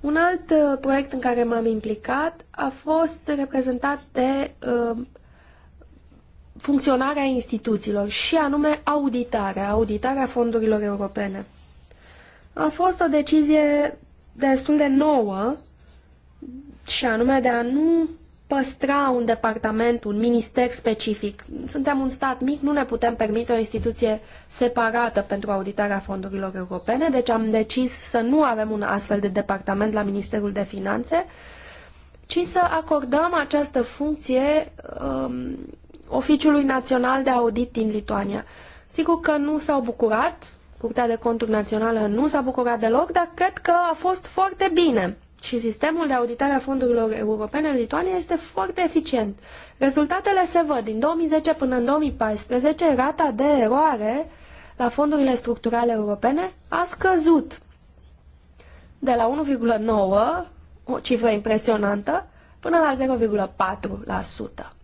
Un alt proiect în care m-am implicat a fost reprezentat de funcționarea instituțiilor și anume auditarea, auditarea fondurilor europene. A fost o decizie destul de nouă și anume de a nu păstra un departament, un minister specific. Suntem un stat mic, nu ne putem permite o instituție separată pentru auditarea fondurilor europene, deci am decis să nu avem un astfel de departament la Ministerul de Finanțe, ci să acordăm această funcție um, Oficiului Național de Audit din Lituania. Sigur că nu s-au bucurat, Curtea de Conturi Națională nu s-a bucurat deloc, dar cred că a fost foarte bine. Și sistemul de auditare a fondurilor europene în Lituania este foarte eficient. Rezultatele se văd. Din 2010 până în 2014, rata de eroare la fondurile structurale europene a scăzut de la 1,9, o cifră impresionantă, până la 0,4%.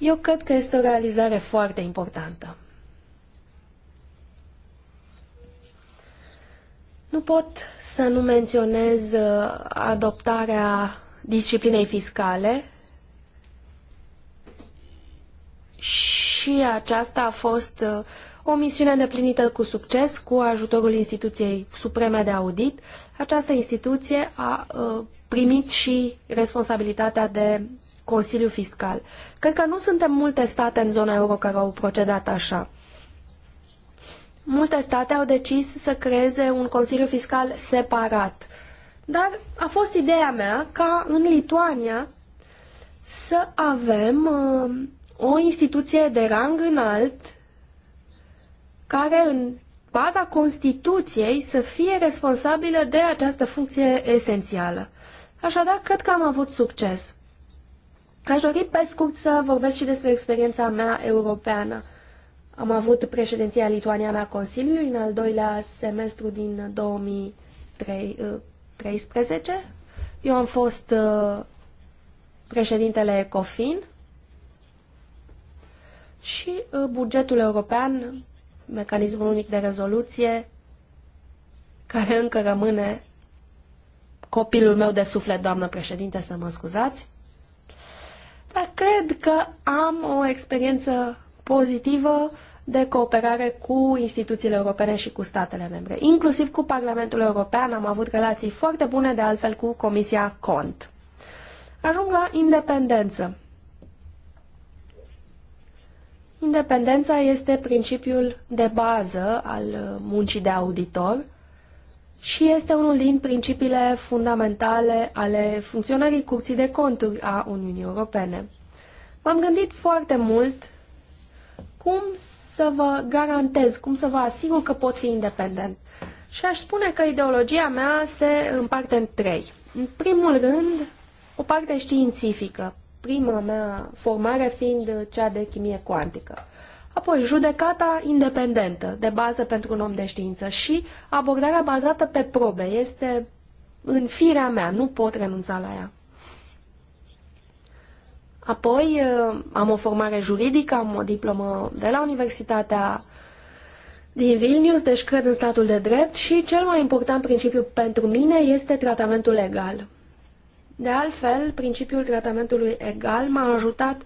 Eu cred că este o realizare foarte importantă. Nu pot să nu menționez uh, adoptarea disciplinei fiscale și aceasta a fost uh, o misiune îndeplinită cu succes cu ajutorul instituției supreme de audit. Această instituție a ă, primit și responsabilitatea de Consiliu Fiscal. Cred că nu suntem multe state în zona euro care au procedat așa. Multe state au decis să creeze un Consiliu Fiscal separat. Dar a fost ideea mea ca în Lituania să avem ă, o instituție de rang înalt care în baza Constituției să fie responsabilă de această funcție esențială. Așadar, cred că am avut succes. Aș dori pe scurt să vorbesc și despre experiența mea europeană. Am avut președinția lituaniană a Consiliului în al doilea semestru din 2013. Uh, Eu am fost uh, președintele COFIN și uh, bugetul european mecanismul unic de rezoluție, care încă rămâne copilul meu de suflet, doamnă președinte, să mă scuzați. Dar cred că am o experiență pozitivă de cooperare cu instituțiile europene și cu statele membre. Inclusiv cu Parlamentul European am avut relații foarte bune, de altfel, cu Comisia Cont. Ajung la independență. Independența este principiul de bază al muncii de auditor și este unul din principiile fundamentale ale funcționării Curții de Conturi a Uniunii Europene. M-am gândit foarte mult cum să vă garantez, cum să vă asigur că pot fi independent. Și aș spune că ideologia mea se împarte în trei. În primul rând, o parte științifică, prima mea formare fiind cea de chimie cuantică. Apoi, judecata independentă, de bază pentru un om de știință și abordarea bazată pe probe. Este în firea mea, nu pot renunța la ea. Apoi, eh, am o formare juridică, am o diplomă de la Universitatea din Vilnius, deci cred în statul de drept și cel mai important principiu pentru mine este tratamentul legal. De altfel, principiul tratamentului egal m-a ajutat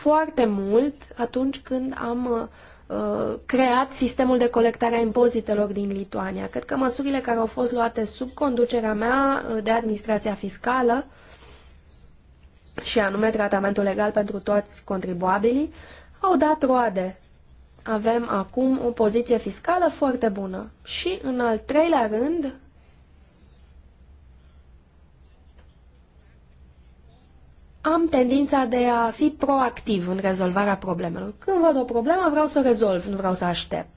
foarte mult atunci când am uh, creat sistemul de colectare a impozitelor din Lituania. Cred că măsurile care au fost luate sub conducerea mea uh, de administrația fiscală și anume tratamentul legal pentru toți contribuabilii, au dat roade. Avem acum o poziție fiscală foarte bună. Și, în al treilea rând, am tendința de a fi proactiv în rezolvarea problemelor. Când văd o problemă, vreau să o rezolv, nu vreau să aștept.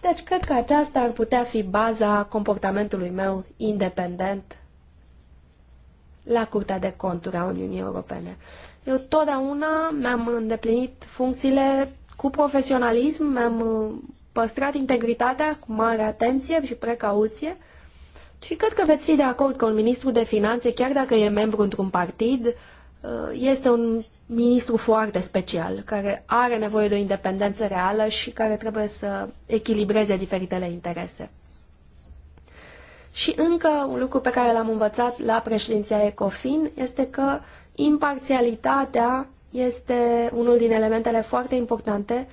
Deci, cred că aceasta ar putea fi baza comportamentului meu independent la Curtea de Conturi a Uniunii Europene. Eu totdeauna mi-am îndeplinit funcțiile cu profesionalism, mi-am uh, păstrat integritatea cu mare atenție și precauție și cred că veți fi de acord că un ministru de finanțe, chiar dacă e membru într-un partid, Uh, este un ministru foarte special, care are nevoie de o independență reală și care trebuie să echilibreze diferitele interese. Și încă un lucru pe care l-am învățat la președinția ECOFIN este că imparțialitatea este unul din elementele foarte importante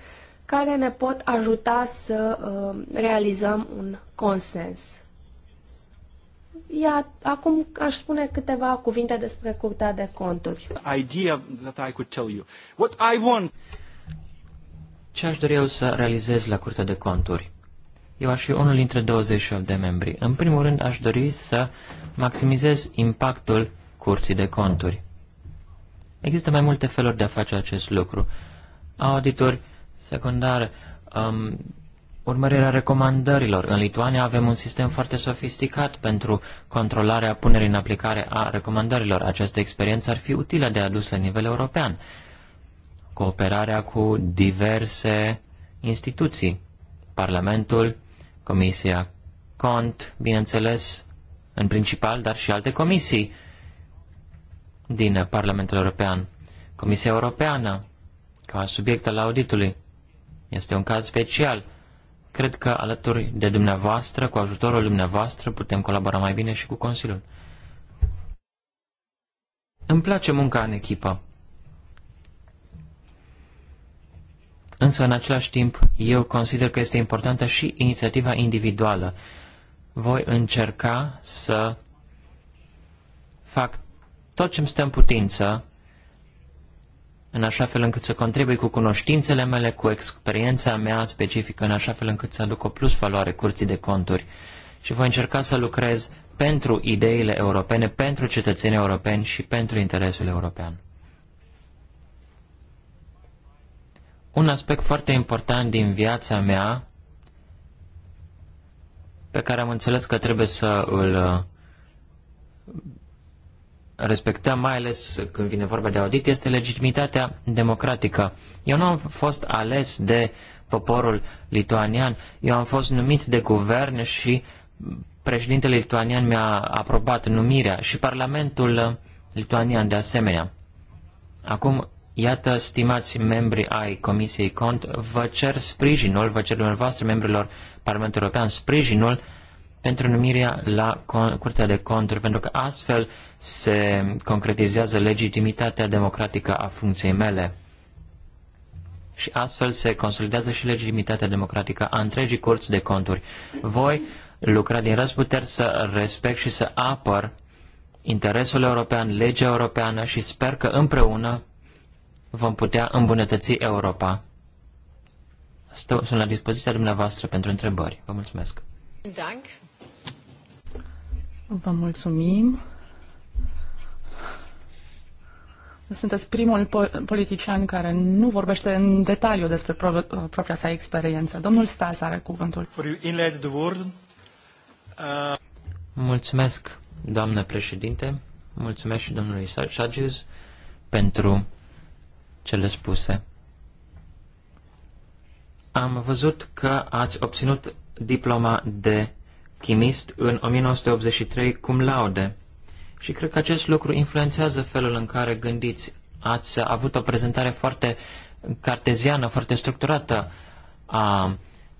care ne pot ajuta să uh, realizăm un consens. Ia, acum aș spune câteva cuvinte despre Curtea de Conturi. Idea that I could tell you. What I want... Ce aș dori eu să realizez la Curtea de Conturi? Eu aș fi unul dintre 28 de membri. În primul rând, aș dori să maximizez impactul Curții de Conturi. Există mai multe feluri de a face acest lucru. Auditori secundare, um, urmărirea recomandărilor. În Lituania avem un sistem foarte sofisticat pentru controlarea punerii în aplicare a recomandărilor. Această experiență ar fi utilă de adus la nivel european. Cooperarea cu diverse instituții, Parlamentul, Comisia Cont, bineînțeles, în principal, dar și alte comisii din Parlamentul European. Comisia Europeană, ca subiect al auditului, este un caz special Cred că alături de dumneavoastră, cu ajutorul dumneavoastră, putem colabora mai bine și cu Consiliul. Îmi place munca în echipă. Însă, în același timp, eu consider că este importantă și inițiativa individuală. Voi încerca să fac tot ce-mi stă în putință în așa fel încât să contribui cu cunoștințele mele, cu experiența mea specifică, în așa fel încât să aduc o plus valoare curții de conturi. Și voi încerca să lucrez pentru ideile europene, pentru cetățenii europeni și pentru interesul european. Un aspect foarte important din viața mea, pe care am înțeles că trebuie să îl respectăm, mai ales când vine vorba de audit, este legitimitatea democratică. Eu nu am fost ales de poporul lituanian, eu am fost numit de guvern și președintele lituanian mi-a aprobat numirea și Parlamentul lituanian de asemenea. Acum, iată, stimați membri ai Comisiei Cont, vă cer sprijinul, vă cer dumneavoastră membrilor Parlamentului European sprijinul pentru numirea la Curtea de Conturi, pentru că astfel se concretizează legitimitatea democratică a funcției mele. Și astfel se consolidează și legitimitatea democratică a întregii curți de conturi. Voi lucra din răzputeri să respect și să apăr interesul european, legea europeană și sper că împreună vom putea îmbunătăți Europa. Stau, sunt la dispoziția dumneavoastră pentru întrebări. Vă mulțumesc. Vă mulțumim. Sunteți primul politician care nu vorbește în detaliu despre pro propria sa experiență. Domnul Stas are cuvântul. Uh, Mulțumesc, doamnă președinte. Mulțumesc și domnului Sagius pentru cele spuse. Am văzut că ați obținut diploma de chimist în 1983 cum laude. Și cred că acest lucru influențează felul în care gândiți. Ați avut o prezentare foarte carteziană, foarte structurată a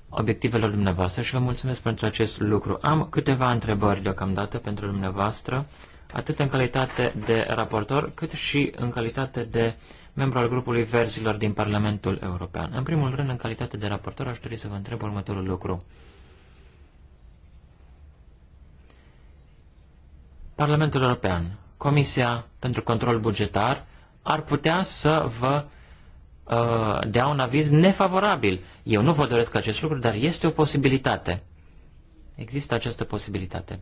obiectivelor dumneavoastră și vă mulțumesc pentru acest lucru. Am câteva întrebări deocamdată pentru dumneavoastră, atât în calitate de raportor, cât și în calitate de membru al grupului verzilor din Parlamentul European. În primul rând, în calitate de raportor, aș dori să vă întreb următorul lucru. Parlamentul European, Comisia pentru Control Bugetar, ar putea să vă uh, dea un aviz nefavorabil. Eu nu vă doresc acest lucru, dar este o posibilitate. Există această posibilitate.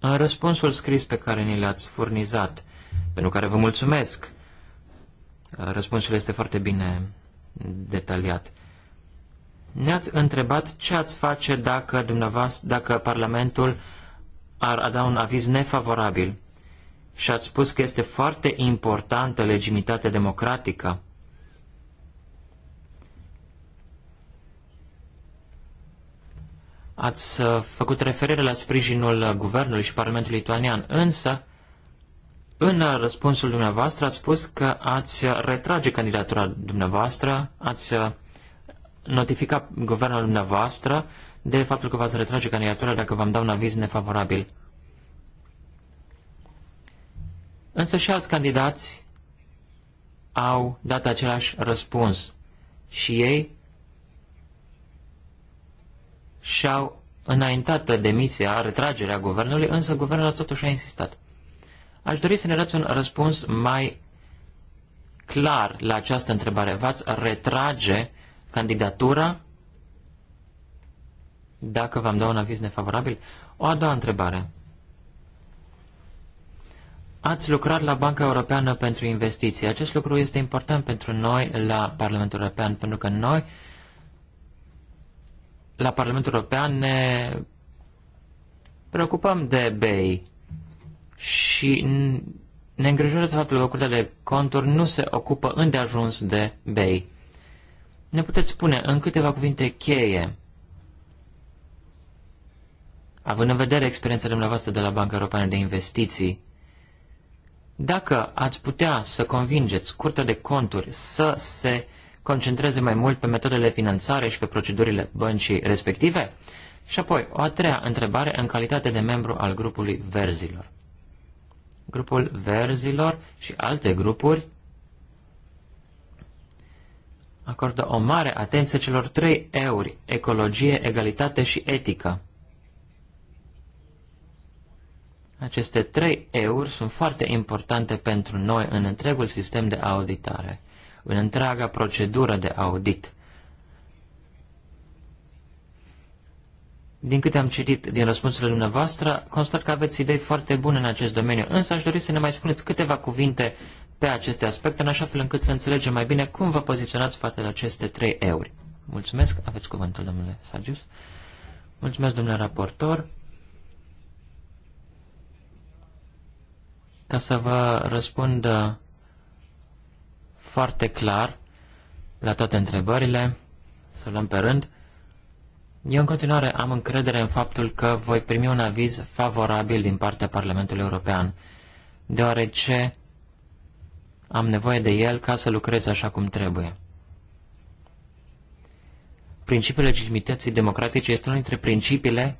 În răspunsul scris pe care ni l-ați furnizat, pentru care vă mulțumesc, uh, răspunsul este foarte bine detaliat. Ne-ați întrebat ce ați face dacă, dumneavoastră, dacă Parlamentul ar da un aviz nefavorabil și ați spus că este foarte importantă legitimitatea democratică. Ați uh, făcut referire la sprijinul uh, guvernului și Parlamentului lituanian, însă în uh, răspunsul dumneavoastră ați spus că ați retrage candidatura dumneavoastră, ați notifica guvernul dumneavoastră de faptul că v-ați retrage candidatura dacă v-am dat un aviz nefavorabil. Însă și alți candidați au dat același răspuns și ei și-au înaintat demisia, retragerea guvernului, însă guvernul totuși a insistat. Aș dori să ne dați un răspuns mai clar la această întrebare. V-ați retrage candidatura dacă v-am dat un aviz nefavorabil? O a doua întrebare. Ați lucrat la Banca Europeană pentru Investiții. Acest lucru este important pentru noi la Parlamentul European, pentru că noi la Parlamentul European ne preocupăm de BEI și ne îngrijorează faptul că Curtea de Conturi nu se ocupă îndeajuns de BEI. Ne puteți spune în câteva cuvinte cheie având în vedere experiența dumneavoastră de la Banca Europeană de Investiții, dacă ați putea să convingeți Curtea de Conturi să se concentreze mai mult pe metodele finanțare și pe procedurile băncii respective? Și apoi, o a treia întrebare în calitate de membru al grupului Verzilor. Grupul Verzilor și alte grupuri acordă o mare atenție celor trei euri, ecologie, egalitate și etică. Aceste trei euri sunt foarte importante pentru noi în întregul sistem de auditare, în întreaga procedură de audit. Din câte am citit din răspunsurile dumneavoastră, constat că aveți idei foarte bune în acest domeniu, însă aș dori să ne mai spuneți câteva cuvinte pe aceste aspecte, în așa fel încât să înțelegem mai bine cum vă poziționați față de aceste trei euri. Mulțumesc, aveți cuvântul, domnule Sargius. Mulțumesc, domnule raportor. Ca să vă răspund uh, foarte clar la toate întrebările, să luăm pe rând, eu în continuare am încredere în faptul că voi primi un aviz favorabil din partea Parlamentului European, deoarece am nevoie de el ca să lucrez așa cum trebuie. Principiul legitimității democratice este unul dintre principiile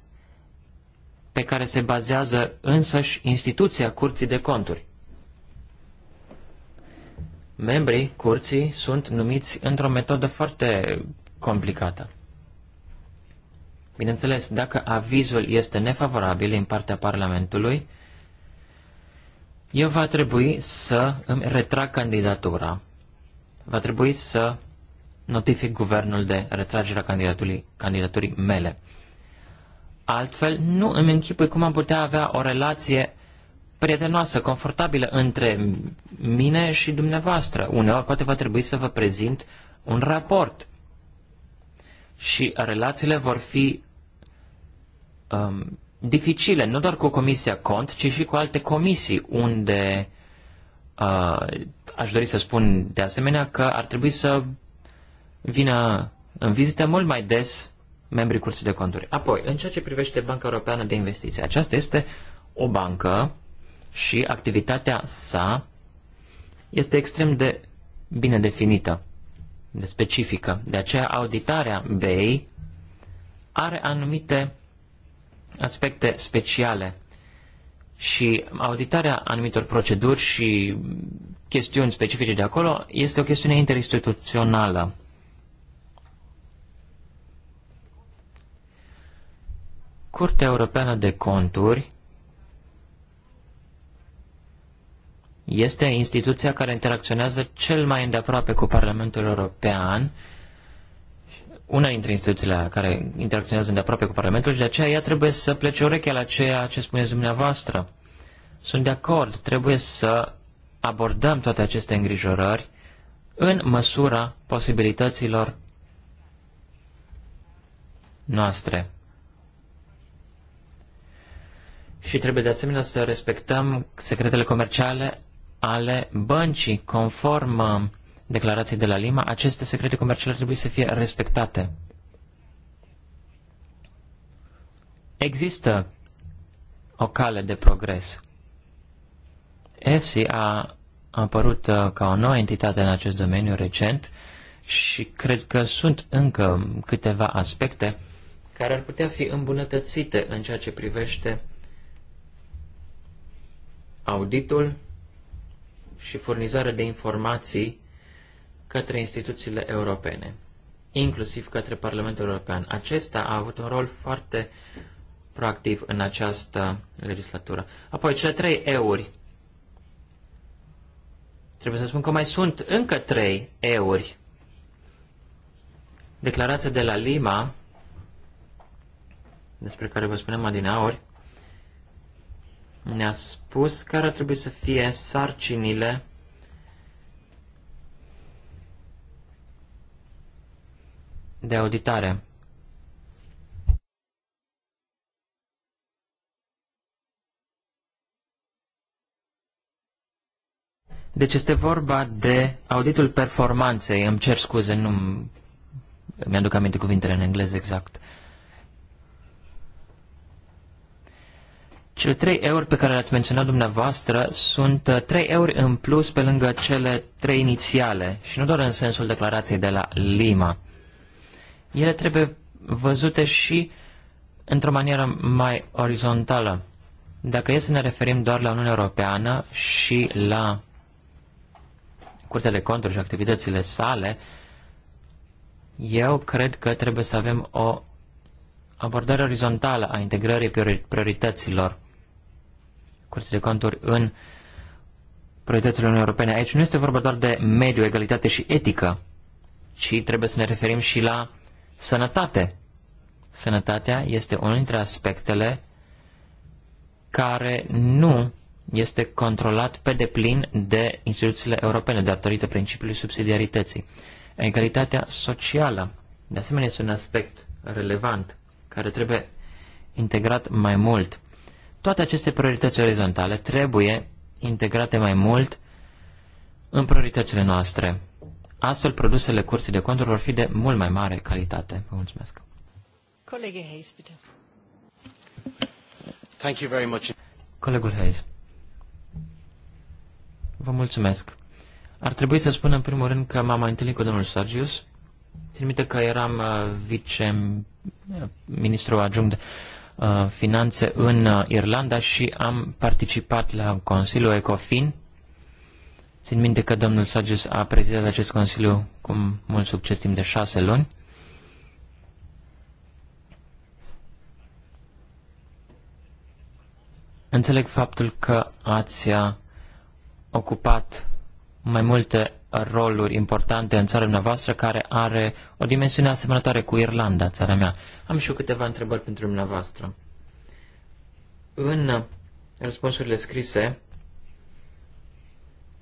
pe care se bazează însăși instituția Curții de Conturi. Membrii curții sunt numiți într-o metodă foarte complicată. Bineînțeles, dacă avizul este nefavorabil în partea Parlamentului, eu va trebui să îmi retrag candidatura. Va trebui să notific guvernul de retragerea candidaturii, candidaturii mele. Altfel, nu îmi închipui cum am putea avea o relație prietenoasă, confortabilă între mine și dumneavoastră. Uneori poate va trebui să vă prezint un raport. Și relațiile vor fi um, dificile, nu doar cu Comisia Cont, ci și cu alte comisii, unde uh, aș dori să spun de asemenea că ar trebui să vină în vizită mult mai des membrii Curții de Conturi. Apoi, în ceea ce privește Banca Europeană de Investiții, aceasta este o bancă și activitatea sa este extrem de bine definită, de specifică. De aceea, auditarea BEI are anumite aspecte speciale și auditarea anumitor proceduri și chestiuni specifice de acolo este o chestiune interinstituțională. Curtea Europeană de Conturi este instituția care interacționează cel mai îndeaproape cu Parlamentul European, una dintre instituțiile care interacționează îndeaproape cu Parlamentul și de aceea ea trebuie să plece urechea la ceea ce spuneți dumneavoastră. Sunt de acord, trebuie să abordăm toate aceste îngrijorări în măsura posibilităților noastre. Și trebuie de asemenea să respectăm secretele comerciale ale băncii. Conform uh, declarației de la Lima, aceste secrete comerciale trebuie să fie respectate. Există o cale de progres. EFSI a apărut uh, ca o nouă entitate în acest domeniu recent și cred că sunt încă câteva aspecte care ar putea fi îmbunătățite în ceea ce privește auditul și furnizarea de informații către instituțiile europene, inclusiv către Parlamentul European. Acesta a avut un rol foarte proactiv în această legislatură. Apoi, cele trei euri. Trebuie să spun că mai sunt încă trei euri. Declarația de la Lima, despre care vă spunem adineauri, ne-a spus care ar trebui să fie sarcinile de auditare. Deci este vorba de auditul performanței. Îmi cer scuze, nu mi-aduc aminte cuvintele în engleză exact. Cele 3 euro pe care le-ați menționat dumneavoastră sunt 3 uh, euro în plus pe lângă cele 3 inițiale și nu doar în sensul declarației de la Lima. Ele trebuie văzute și într-o manieră mai orizontală. Dacă e să ne referim doar la Uniunea Europeană și la curtele Conturi și activitățile sale, eu cred că trebuie să avem o abordare orizontală a integrării priorităților. Curții de Conturi în prioritățile Uniunii Europene. Aici nu este vorba doar de mediu, egalitate și etică, ci trebuie să ne referim și la sănătate. Sănătatea este unul dintre aspectele care nu este controlat pe deplin de instituțiile europene datorită principiului subsidiarității. Egalitatea socială, de asemenea, este un aspect relevant care trebuie integrat mai mult. Toate aceste priorități orizontale trebuie integrate mai mult în prioritățile noastre. Astfel, produsele cursii de conturi vor fi de mult mai mare calitate. Vă mulțumesc. Colegul Hayes, Thank you very much. Colegul Hayes. Vă mulțumesc. Ar trebui să spun în primul rând că m-am întâlnit cu domnul Sargius. Țin minte că eram uh, vice-ministru uh, adjunct Uh, finanțe în uh, Irlanda și am participat la Consiliul Ecofin. Țin minte că domnul Sages a prezidat acest Consiliu cu mult succes timp de șase luni. Înțeleg faptul că ați uh, ocupat mai multe roluri importante în țara dumneavoastră care are o dimensiune asemănătoare cu Irlanda, țara mea. Am și eu câteva întrebări pentru dumneavoastră. În răspunsurile scrise,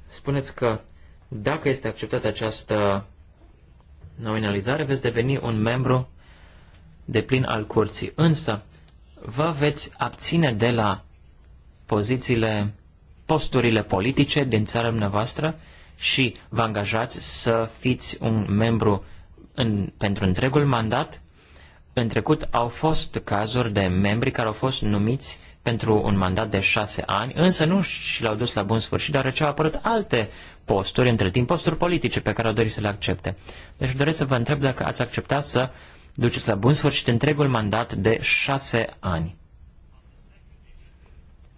spuneți că dacă este acceptată această nominalizare, veți deveni un membru de plin al curții. Însă, vă veți abține de la pozițiile, posturile politice din țara dumneavoastră și vă angajați să fiți un membru în, pentru întregul mandat. În trecut au fost cazuri de membri care au fost numiți pentru un mandat de șase ani, însă nu și l-au dus la bun sfârșit, deoarece au apărut alte posturi, între timp posturi politice pe care au dorit să le accepte. Deci doresc să vă întreb dacă ați acceptat să duceți la bun sfârșit întregul mandat de șase ani.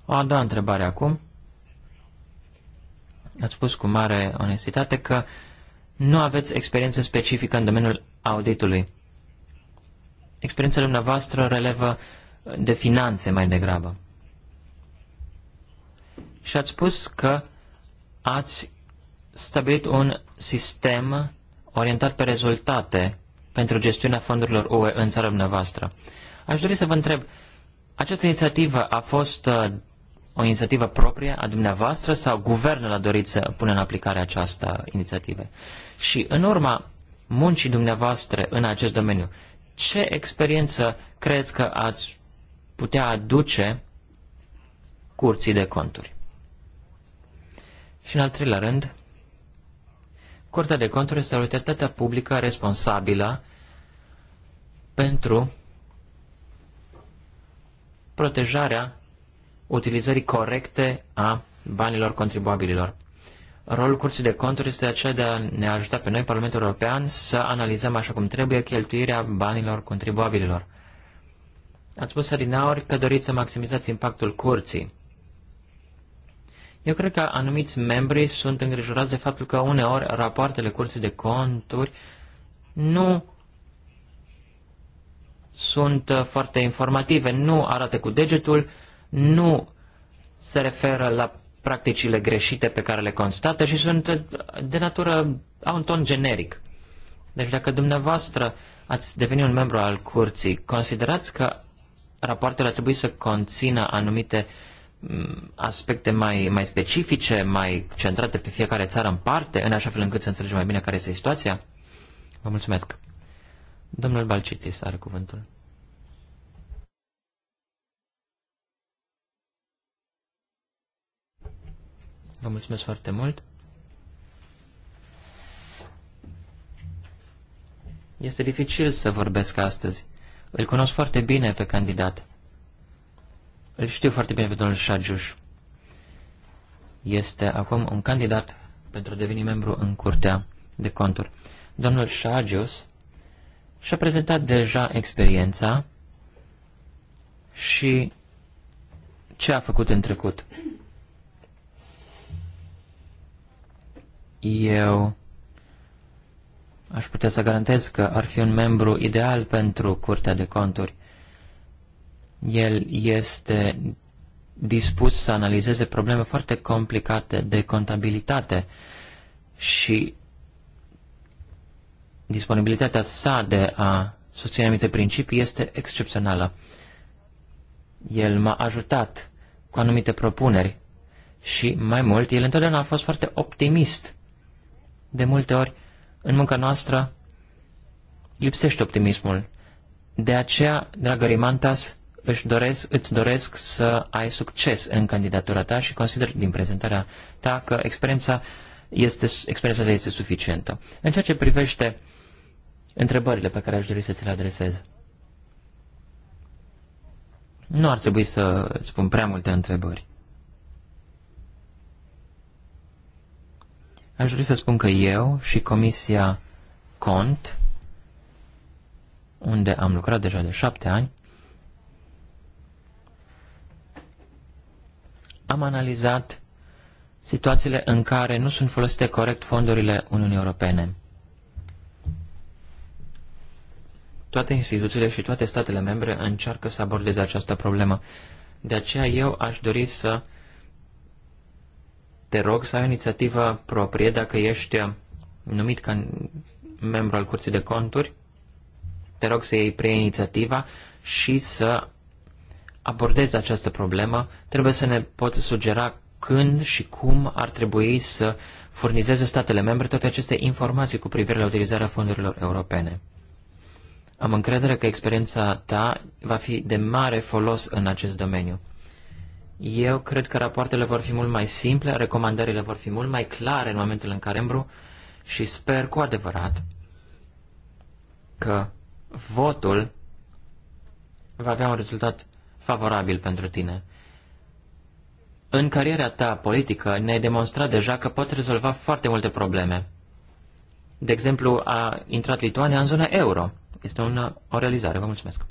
O a doua întrebare acum ați spus cu mare onestitate că nu aveți experiență specifică în domeniul auditului. Experiența dumneavoastră relevă de finanțe mai degrabă. Și ați spus că ați stabilit un sistem orientat pe rezultate pentru gestiunea fondurilor UE în țara dumneavoastră. Aș dori să vă întreb, această inițiativă a fost uh, o inițiativă proprie a dumneavoastră sau guvernul a dorit să pună în aplicare această inițiativă? Și în urma muncii dumneavoastră în acest domeniu, ce experiență crezi că ați putea aduce curții de conturi? Și în al treilea rând, Curtea de conturi este autoritatea publică responsabilă pentru protejarea utilizării corecte a banilor contribuabililor. Rolul Curții de Conturi este acela de a ne ajuta pe noi, Parlamentul European, să analizăm așa cum trebuie cheltuirea banilor contribuabililor. Ați spus adinaori că doriți să maximizați impactul curții. Eu cred că anumiți membri sunt îngrijorați de faptul că uneori rapoartele curții de conturi nu sunt uh, foarte informative, nu arată cu degetul nu se referă la practicile greșite pe care le constată și sunt de natură, au un ton generic. Deci dacă dumneavoastră ați devenit un membru al curții, considerați că rapoartele ar trebui să conțină anumite mm, aspecte mai, mai specifice, mai centrate pe fiecare țară în parte, în așa fel încât să înțelegem mai bine care este situația? Vă mulțumesc. Domnul Balcitis are cuvântul. Vă mulțumesc foarte mult. Este dificil să vorbesc astăzi. Îl cunosc foarte bine pe candidat. Îl știu foarte bine pe domnul Șagiuș. Este acum un candidat pentru a deveni membru în Curtea de Conturi. Domnul Șagius și-a prezentat deja experiența și ce a făcut în trecut. eu aș putea să garantez că ar fi un membru ideal pentru Curtea de Conturi. El este dispus să analizeze probleme foarte complicate de contabilitate și disponibilitatea sa de a susține anumite principii este excepțională. El m-a ajutat cu anumite propuneri și, mai mult, el întotdeauna a fost foarte optimist de multe ori, în munca noastră, lipsește optimismul. De aceea, dragă Rimantas, își doresc, îți doresc să ai succes în candidatura ta și consider din prezentarea ta că experiența, este, experiența ta este suficientă. În ceea ce privește întrebările pe care aș dori să ți le adresez, nu ar trebui să îți pun prea multe întrebări. Aș dori să spun că eu și Comisia Cont, unde am lucrat deja de șapte ani, am analizat situațiile în care nu sunt folosite corect fondurile Uniunii Europene. Toate instituțiile și toate statele membre încearcă să abordeze această problemă. De aceea eu aș dori să te rog să ai inițiativa proprie dacă ești uh, numit ca membru al Curții de Conturi, te rog să iei preiei inițiativa și să abordezi această problemă. Trebuie să ne poți sugera când și cum ar trebui să furnizeze statele membre toate aceste informații cu privire la utilizarea fondurilor europene. Am încredere că experiența ta va fi de mare folos în acest domeniu. Eu cred că rapoartele vor fi mult mai simple, recomandările vor fi mult mai clare în momentul în care îmbru și sper cu adevărat că votul va avea un rezultat favorabil pentru tine. În cariera ta politică ne-ai demonstrat deja că poți rezolva foarte multe probleme. De exemplu, a intrat Lituania în zona euro. Este o realizare. Vă mulțumesc.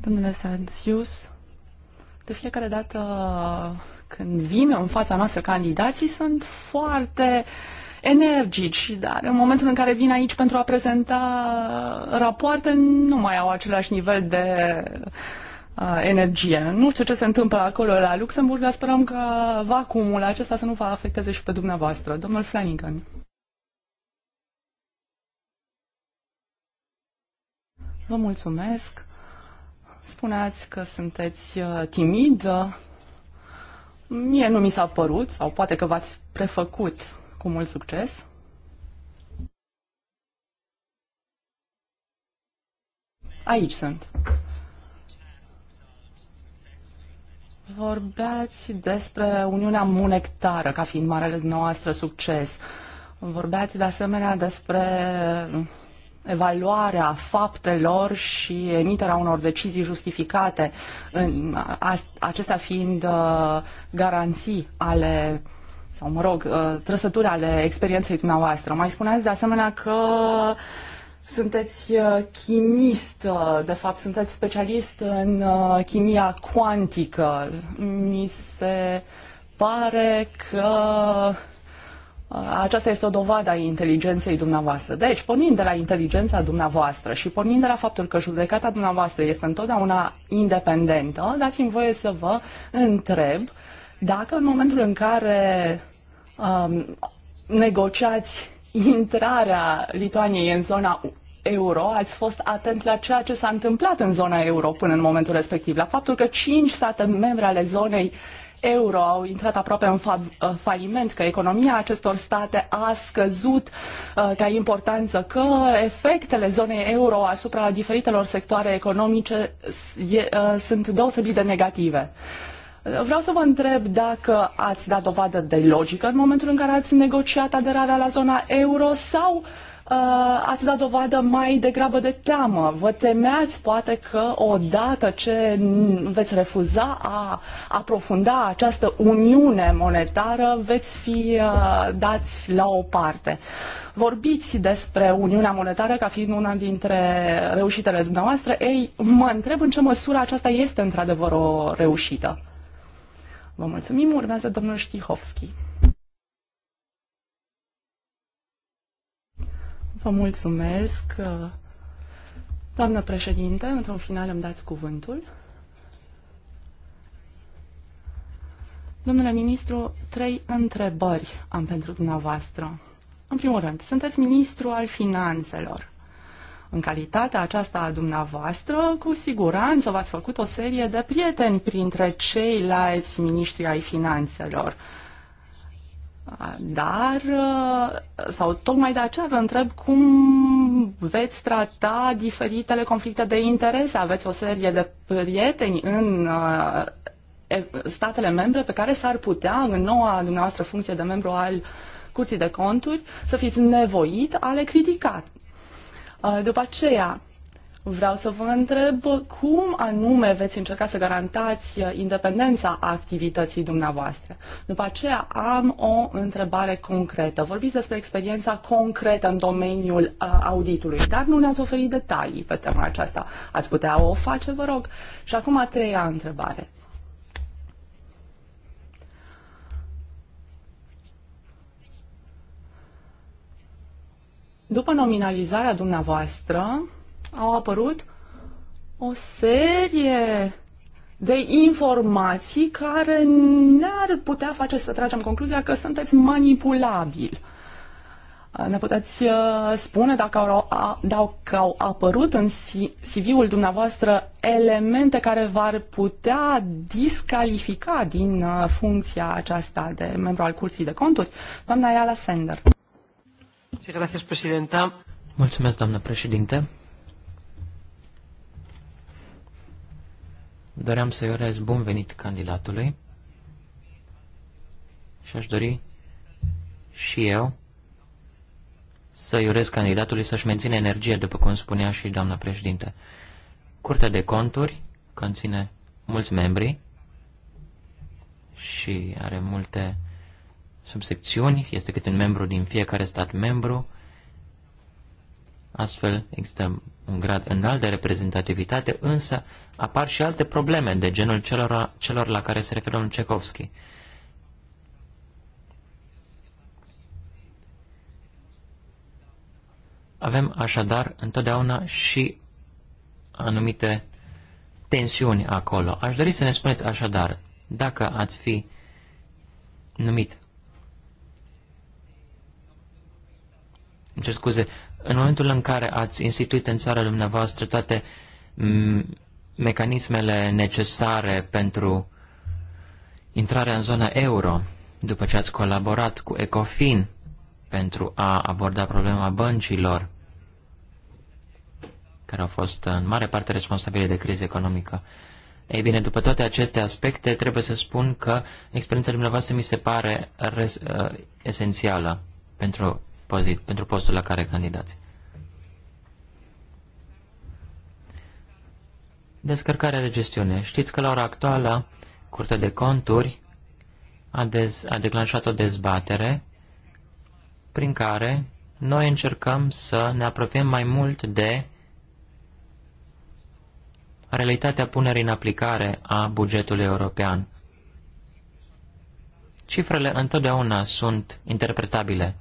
Domnule Sanțius, de fiecare dată când vin în fața noastră candidații, sunt foarte energici, dar în momentul în care vin aici pentru a prezenta rapoarte, nu mai au același nivel de uh, energie. Nu știu ce se întâmplă acolo la Luxemburg, dar sperăm că vacumul acesta să nu vă afecteze și pe dumneavoastră. Domnul Flanagan. Vă mulțumesc. Spuneați că sunteți uh, timidă. Mie nu mi s-a părut, sau poate că v-ați prefăcut cu mult succes. Aici sunt. Vorbeați despre Uniunea Munectară ca fiind marele noastră succes. Vorbeați de asemenea despre evaluarea faptelor și emiterea unor decizii justificate, în, a, acestea fiind uh, garanții ale sau, mă rog, uh, trăsături ale experienței dumneavoastră. Mai spuneați de asemenea că sunteți uh, chimist, uh, de fapt sunteți specialist în uh, chimia cuantică. Mi se pare că aceasta este o dovadă a inteligenței dumneavoastră. Deci, pornind de la inteligența dumneavoastră și pornind de la faptul că judecata dumneavoastră este întotdeauna independentă, dați-mi voie să vă întreb dacă în momentul în care um, negociați intrarea Lituaniei în zona euro, ați fost atent la ceea ce s-a întâmplat în zona euro până în momentul respectiv, la faptul că cinci state membre ale zonei euro au intrat aproape în fa- faliment, că economia acestor state a scăzut uh, ca importanță, că efectele zonei euro asupra diferitelor sectoare economice e, uh, sunt deosebit de negative. Uh, vreau să vă întreb dacă ați dat dovadă de logică în momentul în care ați negociat aderarea la zona euro sau uh, Uh, ați dat dovadă mai degrabă de teamă. Vă temeați poate că odată ce veți refuza a aprofunda această uniune monetară, veți fi uh, dați la o parte. Vorbiți despre Uniunea Monetară ca fiind una dintre reușitele dumneavoastră. Ei, mă întreb în ce măsură aceasta este într-adevăr o reușită. Vă mulțumim. Urmează domnul Știhovski. Vă mulțumesc. Doamnă președinte, într-un final îmi dați cuvântul. Domnule ministru, trei întrebări am pentru dumneavoastră. În primul rând, sunteți ministru al finanțelor. În calitatea aceasta a dumneavoastră, cu siguranță v-ați făcut o serie de prieteni printre ceilalți miniștri ai finanțelor. Dar, uh, sau tocmai de aceea vă întreb cum veți trata diferitele conflicte de interese. Aveți o serie de prieteni în uh, statele membre pe care s-ar putea, în noua dumneavoastră funcție de membru al Curții de Conturi, să fiți nevoit ale le critica. Uh, după aceea, Vreau să vă întreb cum anume veți încerca să garantați independența activității dumneavoastră. După aceea am o întrebare concretă. Vorbiți despre experiența concretă în domeniul uh, auditului, dar nu ne-ați oferit detalii pe tema aceasta. Ați putea o face, vă rog? Și acum a treia întrebare. După nominalizarea dumneavoastră, au apărut o serie de informații care ne-ar putea face să tragem concluzia că sunteți manipulabil. Ne puteți uh, spune dacă au, dacă au apărut în CV-ul dumneavoastră elemente care v-ar putea discalifica din uh, funcția aceasta de membru al Curții de Conturi? Doamna Iala Sender. Mulțumesc, doamnă președinte. Doream să-i urez bun venit candidatului și aș dori și eu să-i urez candidatului să-și menține energie, după cum spunea și doamna președinte. Curtea de conturi conține mulți membri și are multe subsecțiuni, este câte un membru din fiecare stat membru, astfel există un grad înalt de reprezentativitate, însă apar și alte probleme de genul celor, celor la care se referă un Cecovski. Avem așadar întotdeauna și anumite tensiuni acolo. Aș dori să ne spuneți așadar, dacă ați fi numit, îmi cer scuze, în momentul în care ați instituit în țara dumneavoastră toate mecanismele necesare pentru intrarea în zona euro, după ce ați colaborat cu Ecofin pentru a aborda problema băncilor, care au fost în mare parte responsabile de criză economică. Ei bine, după toate aceste aspecte, trebuie să spun că experiența dumneavoastră mi se pare uh, esențială pentru, pozit, pentru postul la care candidați. Descărcarea de gestiune. Știți că la ora actuală Curtea de Conturi a, dez, a declanșat o dezbatere prin care noi încercăm să ne apropiem mai mult de realitatea punerii în aplicare a bugetului european. Cifrele întotdeauna sunt interpretabile,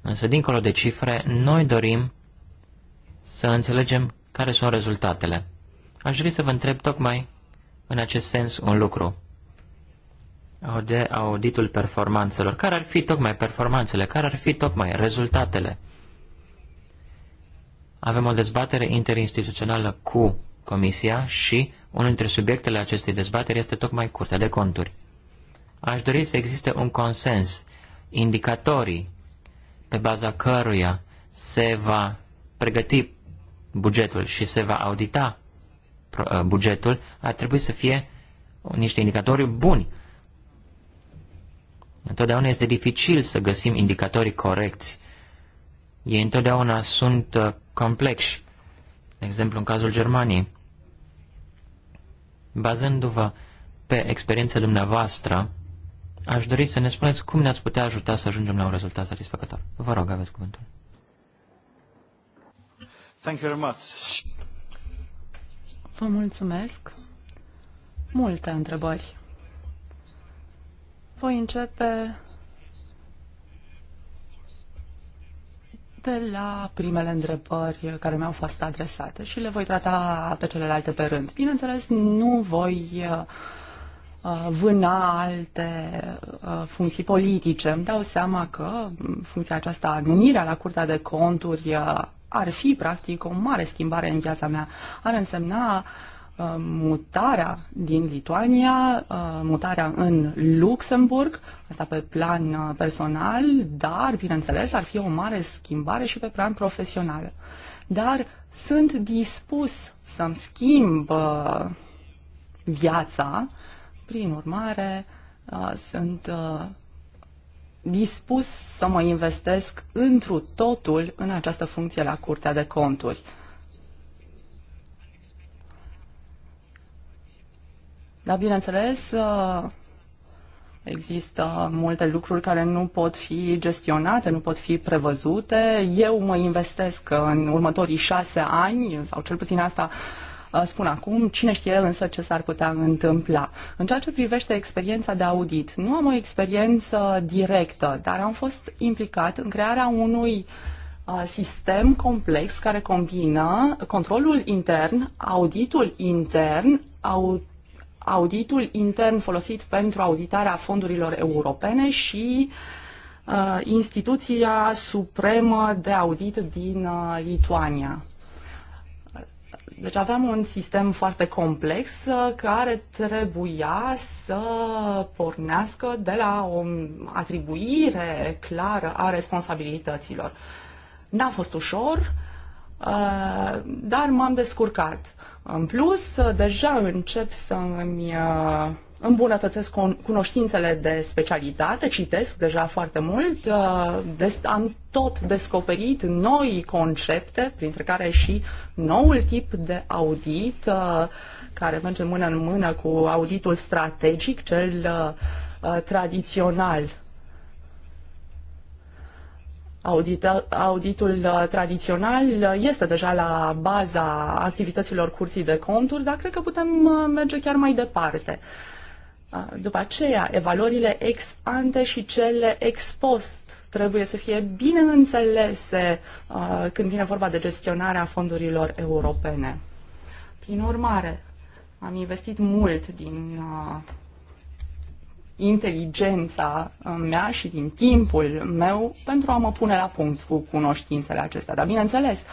însă dincolo de cifre, noi dorim să înțelegem care sunt rezultatele. Aș dori să vă întreb tocmai în acest sens un lucru. De auditul performanțelor. Care ar fi tocmai performanțele? Care ar fi tocmai rezultatele? Avem o dezbatere interinstituțională cu Comisia și unul dintre subiectele acestei dezbateri este tocmai Curtea de Conturi. Aș dori să existe un consens, indicatorii pe baza căruia se va pregăti bugetul și se va audita uh, bugetul, ar trebui să fie niște indicatori buni. Întotdeauna este dificil să găsim indicatorii corecți. Ei întotdeauna sunt uh, complexi. De exemplu, în cazul Germaniei. Bazându-vă pe experiența dumneavoastră, aș dori să ne spuneți cum ne-ați putea ajuta să ajungem la un rezultat satisfăcător. Vă rog, aveți cuvântul. Vă mulțumesc. Multe întrebări. Voi începe de la primele întrebări care mi-au fost adresate și le voi trata pe celelalte pe rând. Bineînțeles, nu voi uh, vâna alte uh, funcții politice. Îmi dau seama că funcția aceasta, numirea la Curtea de Conturi, uh, ar fi, practic, o mare schimbare în viața mea. Ar însemna uh, mutarea din Lituania, uh, mutarea în Luxemburg, asta pe plan uh, personal, dar, bineînțeles, ar fi o mare schimbare și pe plan profesional. Dar sunt dispus să-mi schimb viața, prin urmare, sunt dispus să mă investesc întru totul în această funcție la Curtea de Conturi. Dar, bineînțeles, uh, există multe lucruri care nu pot fi gestionate, nu pot fi prevăzute. Eu mă investesc în următorii șase ani, sau cel puțin asta uh, Uh, spun acum, cine știe însă ce s-ar putea întâmpla. În ceea ce privește experiența de audit, nu am o experiență directă, dar am fost implicat în crearea unui uh, sistem complex care combină controlul intern, auditul intern, auditul intern folosit pentru auditarea fondurilor europene și uh, instituția supremă de audit din uh, Lituania. Deci aveam un sistem foarte complex uh, care trebuia să pornească de la o atribuire clară a responsabilităților. N-a fost ușor, uh, dar m-am descurcat. În plus, uh, deja încep să mi îmbunătățesc cunoștințele de specialitate, citesc deja foarte mult, uh, am tot descoperit noi concepte, printre care și noul tip de audit, uh, care merge mână în mână cu auditul strategic, cel uh, tradițional. Audita, auditul tradițional este deja la baza activităților curții de conturi, dar cred că putem merge chiar mai departe. Uh, după aceea, evaluările ex ante și cele ex post trebuie să fie bine înțelese când vine vorba de gestionarea fondurilor europene. Prin urmare, am investit mult din inteligența mea și din timpul meu pentru a mă pune la punct cu cunoștințele acestea. Dar, bineînțeles,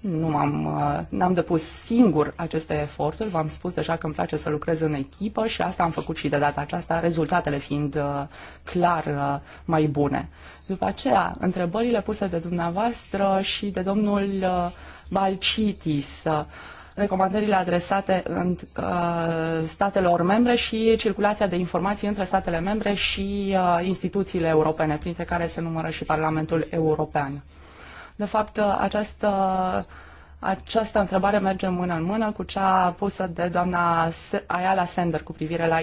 nu m-am, uh, n-am depus singur aceste eforturi, v-am spus deja că îmi place să lucrez în echipă și asta am făcut și de data aceasta, rezultatele fiind uh, clar uh, mai bune. După aceea, întrebările puse de dumneavoastră și de domnul Balcitis, recomandările adresate în, statelor membre și circulația de informații între statele membre și instituțiile europene, printre care se numără și Parlamentul European. De fapt, această, această întrebare merge mână în mână cu cea pusă de doamna Ayala Sender cu privire la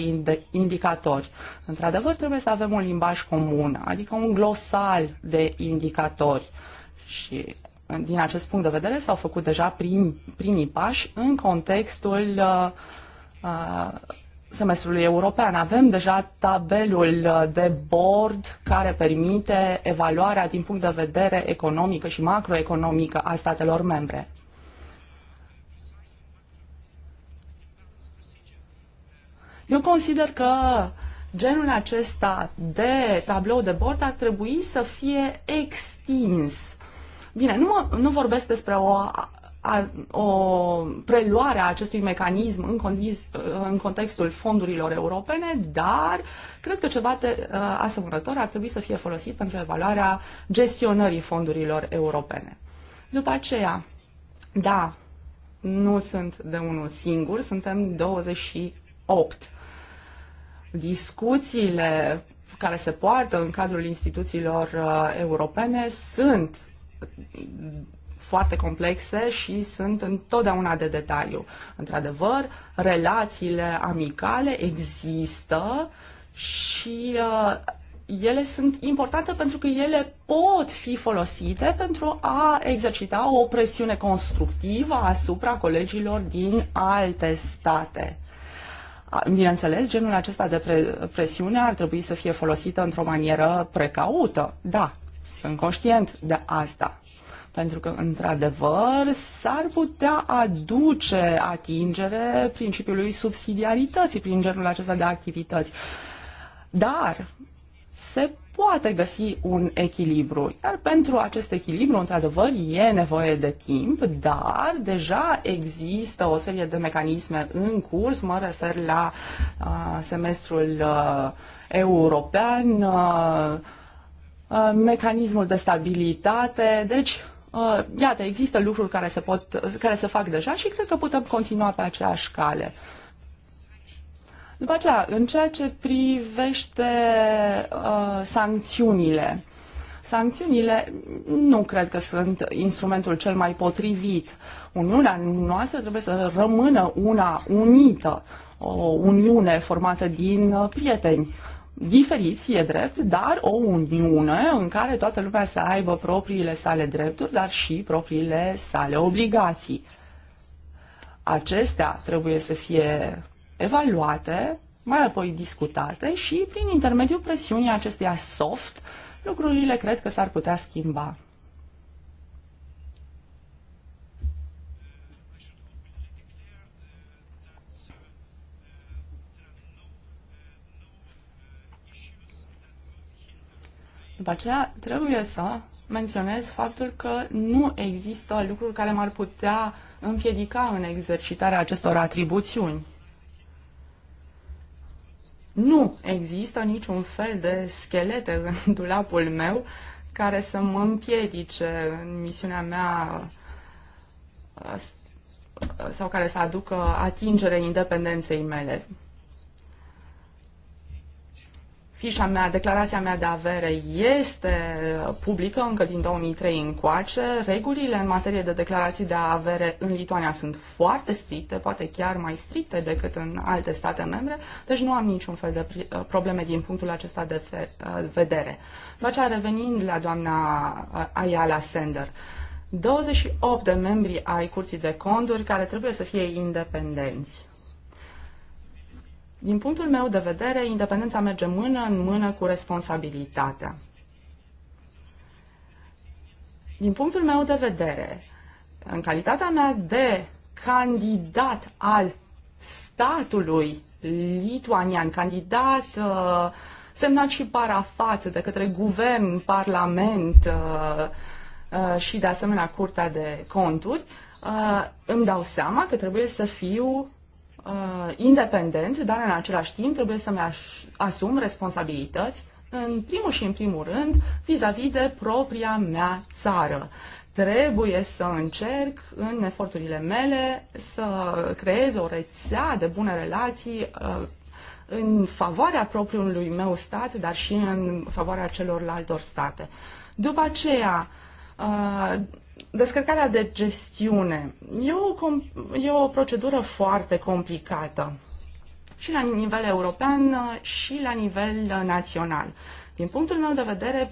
indicatori. Într-adevăr, trebuie să avem un limbaj comun, adică un glosal de indicatori. Și din acest punct de vedere s-au făcut deja prim, primii pași în contextul uh, uh semestrului european. Avem deja tabelul de bord care permite evaluarea din punct de vedere economică și macroeconomică a statelor membre. Eu consider că genul acesta de tablou de bord ar trebui să fie extins. Bine, nu, mă, nu vorbesc despre o a, o preluare a acestui mecanism în, condis, în contextul fondurilor europene, dar cred că ceva de, uh, asemănător ar trebui să fie folosit pentru evaluarea gestionării fondurilor europene. După aceea, da, nu sunt de unul singur, suntem 28. Discuțiile care se poartă în cadrul instituțiilor uh, europene sunt foarte complexe și sunt întotdeauna de detaliu. Într-adevăr, relațiile amicale există și uh, ele sunt importante pentru că ele pot fi folosite pentru a exercita o presiune constructivă asupra colegilor din alte state. Bineînțeles, genul acesta de presiune ar trebui să fie folosită într-o manieră precaută. Da, sunt conștient de asta. Pentru că, într-adevăr, s-ar putea aduce atingere principiului subsidiarității prin genul acesta de activități. Dar se poate găsi un echilibru. Iar pentru acest echilibru, într-adevăr, e nevoie de timp, dar deja există o serie de mecanisme în curs. Mă refer la uh, semestrul uh, european, uh, uh, mecanismul de stabilitate. Deci, Uh, iată, există lucruri care se, pot, care se fac deja și cred că putem continua pe aceeași cale. După aceea, în ceea ce privește uh, sancțiunile, sancțiunile nu cred că sunt instrumentul cel mai potrivit. Uniunea noastră trebuie să rămână una unită, o uniune formată din uh, prieteni diferiți, e drept, dar o uniune în care toată lumea să aibă propriile sale drepturi, dar și propriile sale obligații. Acestea trebuie să fie evaluate, mai apoi discutate și prin intermediul presiunii acesteia soft, lucrurile cred că s-ar putea schimba. După aceea, trebuie să menționez faptul că nu există lucruri care m-ar putea împiedica în exercitarea acestor atribuțiuni. Nu există niciun fel de schelete în dulapul meu care să mă împiedice în misiunea mea ă, sau care să aducă atingere independenței mele. Fișa mea, declarația mea de avere este uh, publică încă din 2003 încoace. Regulile în materie de declarații de avere în Lituania sunt foarte stricte, poate chiar mai stricte decât în alte state membre, deci nu am niciun fel de uh, probleme din punctul acesta de uh, vedere. După aceea, revenind la doamna Ayala Sender, 28 de membri ai Curții de Conduri care trebuie să fie independenți. Din punctul meu de vedere, independența merge mână în mână cu responsabilitatea. Din punctul meu de vedere, în calitatea mea de candidat al statului lituanian, candidat uh, semnat și parafat de către guvern, parlament uh, uh, și de asemenea curtea de conturi, îmi dau seama că trebuie să fiu uh, independent, dar în același timp trebuie să-mi asum responsabilități, în primul și în primul rând, vis-a-vis -vis de propria mea țară. Trebuie să încerc în eforturile mele să creez o rețea de bune relații uh, în favoarea propriului meu stat, dar și în favoarea celorlaltor state. După aceea, uh, Descărcarea de gestiune e o, e o procedură foarte complicată și la nivel european uh, și la nivel uh, național. Din punctul meu de vedere,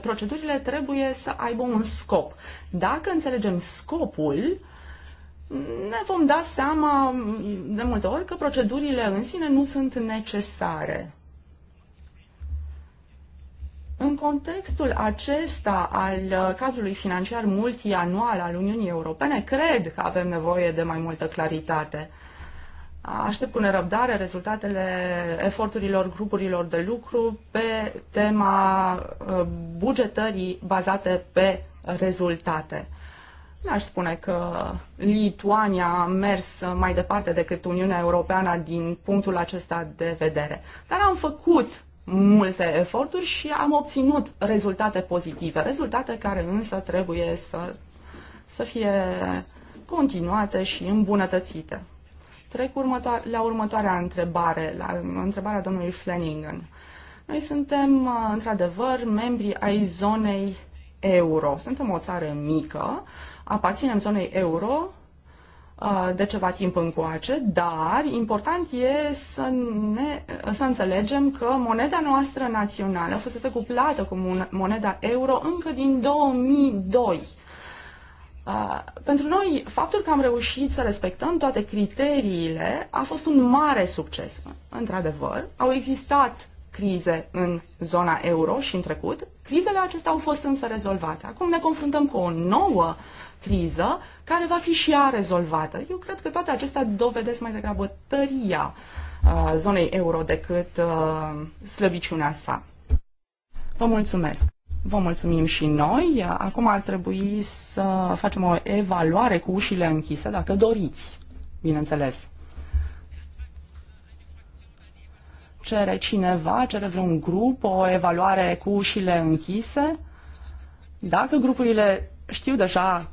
procedurile trebuie să aibă un scop. Dacă înțelegem scopul, ne vom da seama mm, de multe ori că procedurile în sine nu sunt necesare. În contextul acesta al uh, cadrului financiar multianual al Uniunii Europene, cred că avem nevoie de mai multă claritate. Aștept cu nerăbdare rezultatele eforturilor grupurilor de lucru pe tema uh, bugetării bazate pe rezultate. N-aș spune că Lituania a mers mai departe decât Uniunea Europeană din punctul acesta de vedere. Dar am făcut multe eforturi și am obținut rezultate pozitive, rezultate care însă trebuie să, să fie continuate și îmbunătățite. Trec următoare, la următoarea întrebare, la întrebarea domnului Flanagan. Noi suntem, uh, într-adevăr, membri ai zonei euro. Suntem o țară mică, aparținem zonei euro, de ceva timp încoace, dar important e să, ne, să înțelegem că moneda noastră națională fusese cuplată cu moneda euro încă din 2002. Pentru noi, faptul că am reușit să respectăm toate criteriile a fost un mare succes. Într-adevăr, au existat crize în zona euro și în trecut. Crizele acestea au fost însă rezolvate. Acum ne confruntăm cu o nouă criză care va fi și ea rezolvată. Eu cred că toate acestea dovedesc mai degrabă tăria uh, zonei euro decât uh, slăbiciunea sa. Vă mulțumesc! Vă mulțumim și noi. Acum ar trebui să facem o evaluare cu ușile închise, dacă doriți, bineînțeles. cere cineva, cere vreun grup o evaluare cu ușile închise? Dacă grupurile știu deja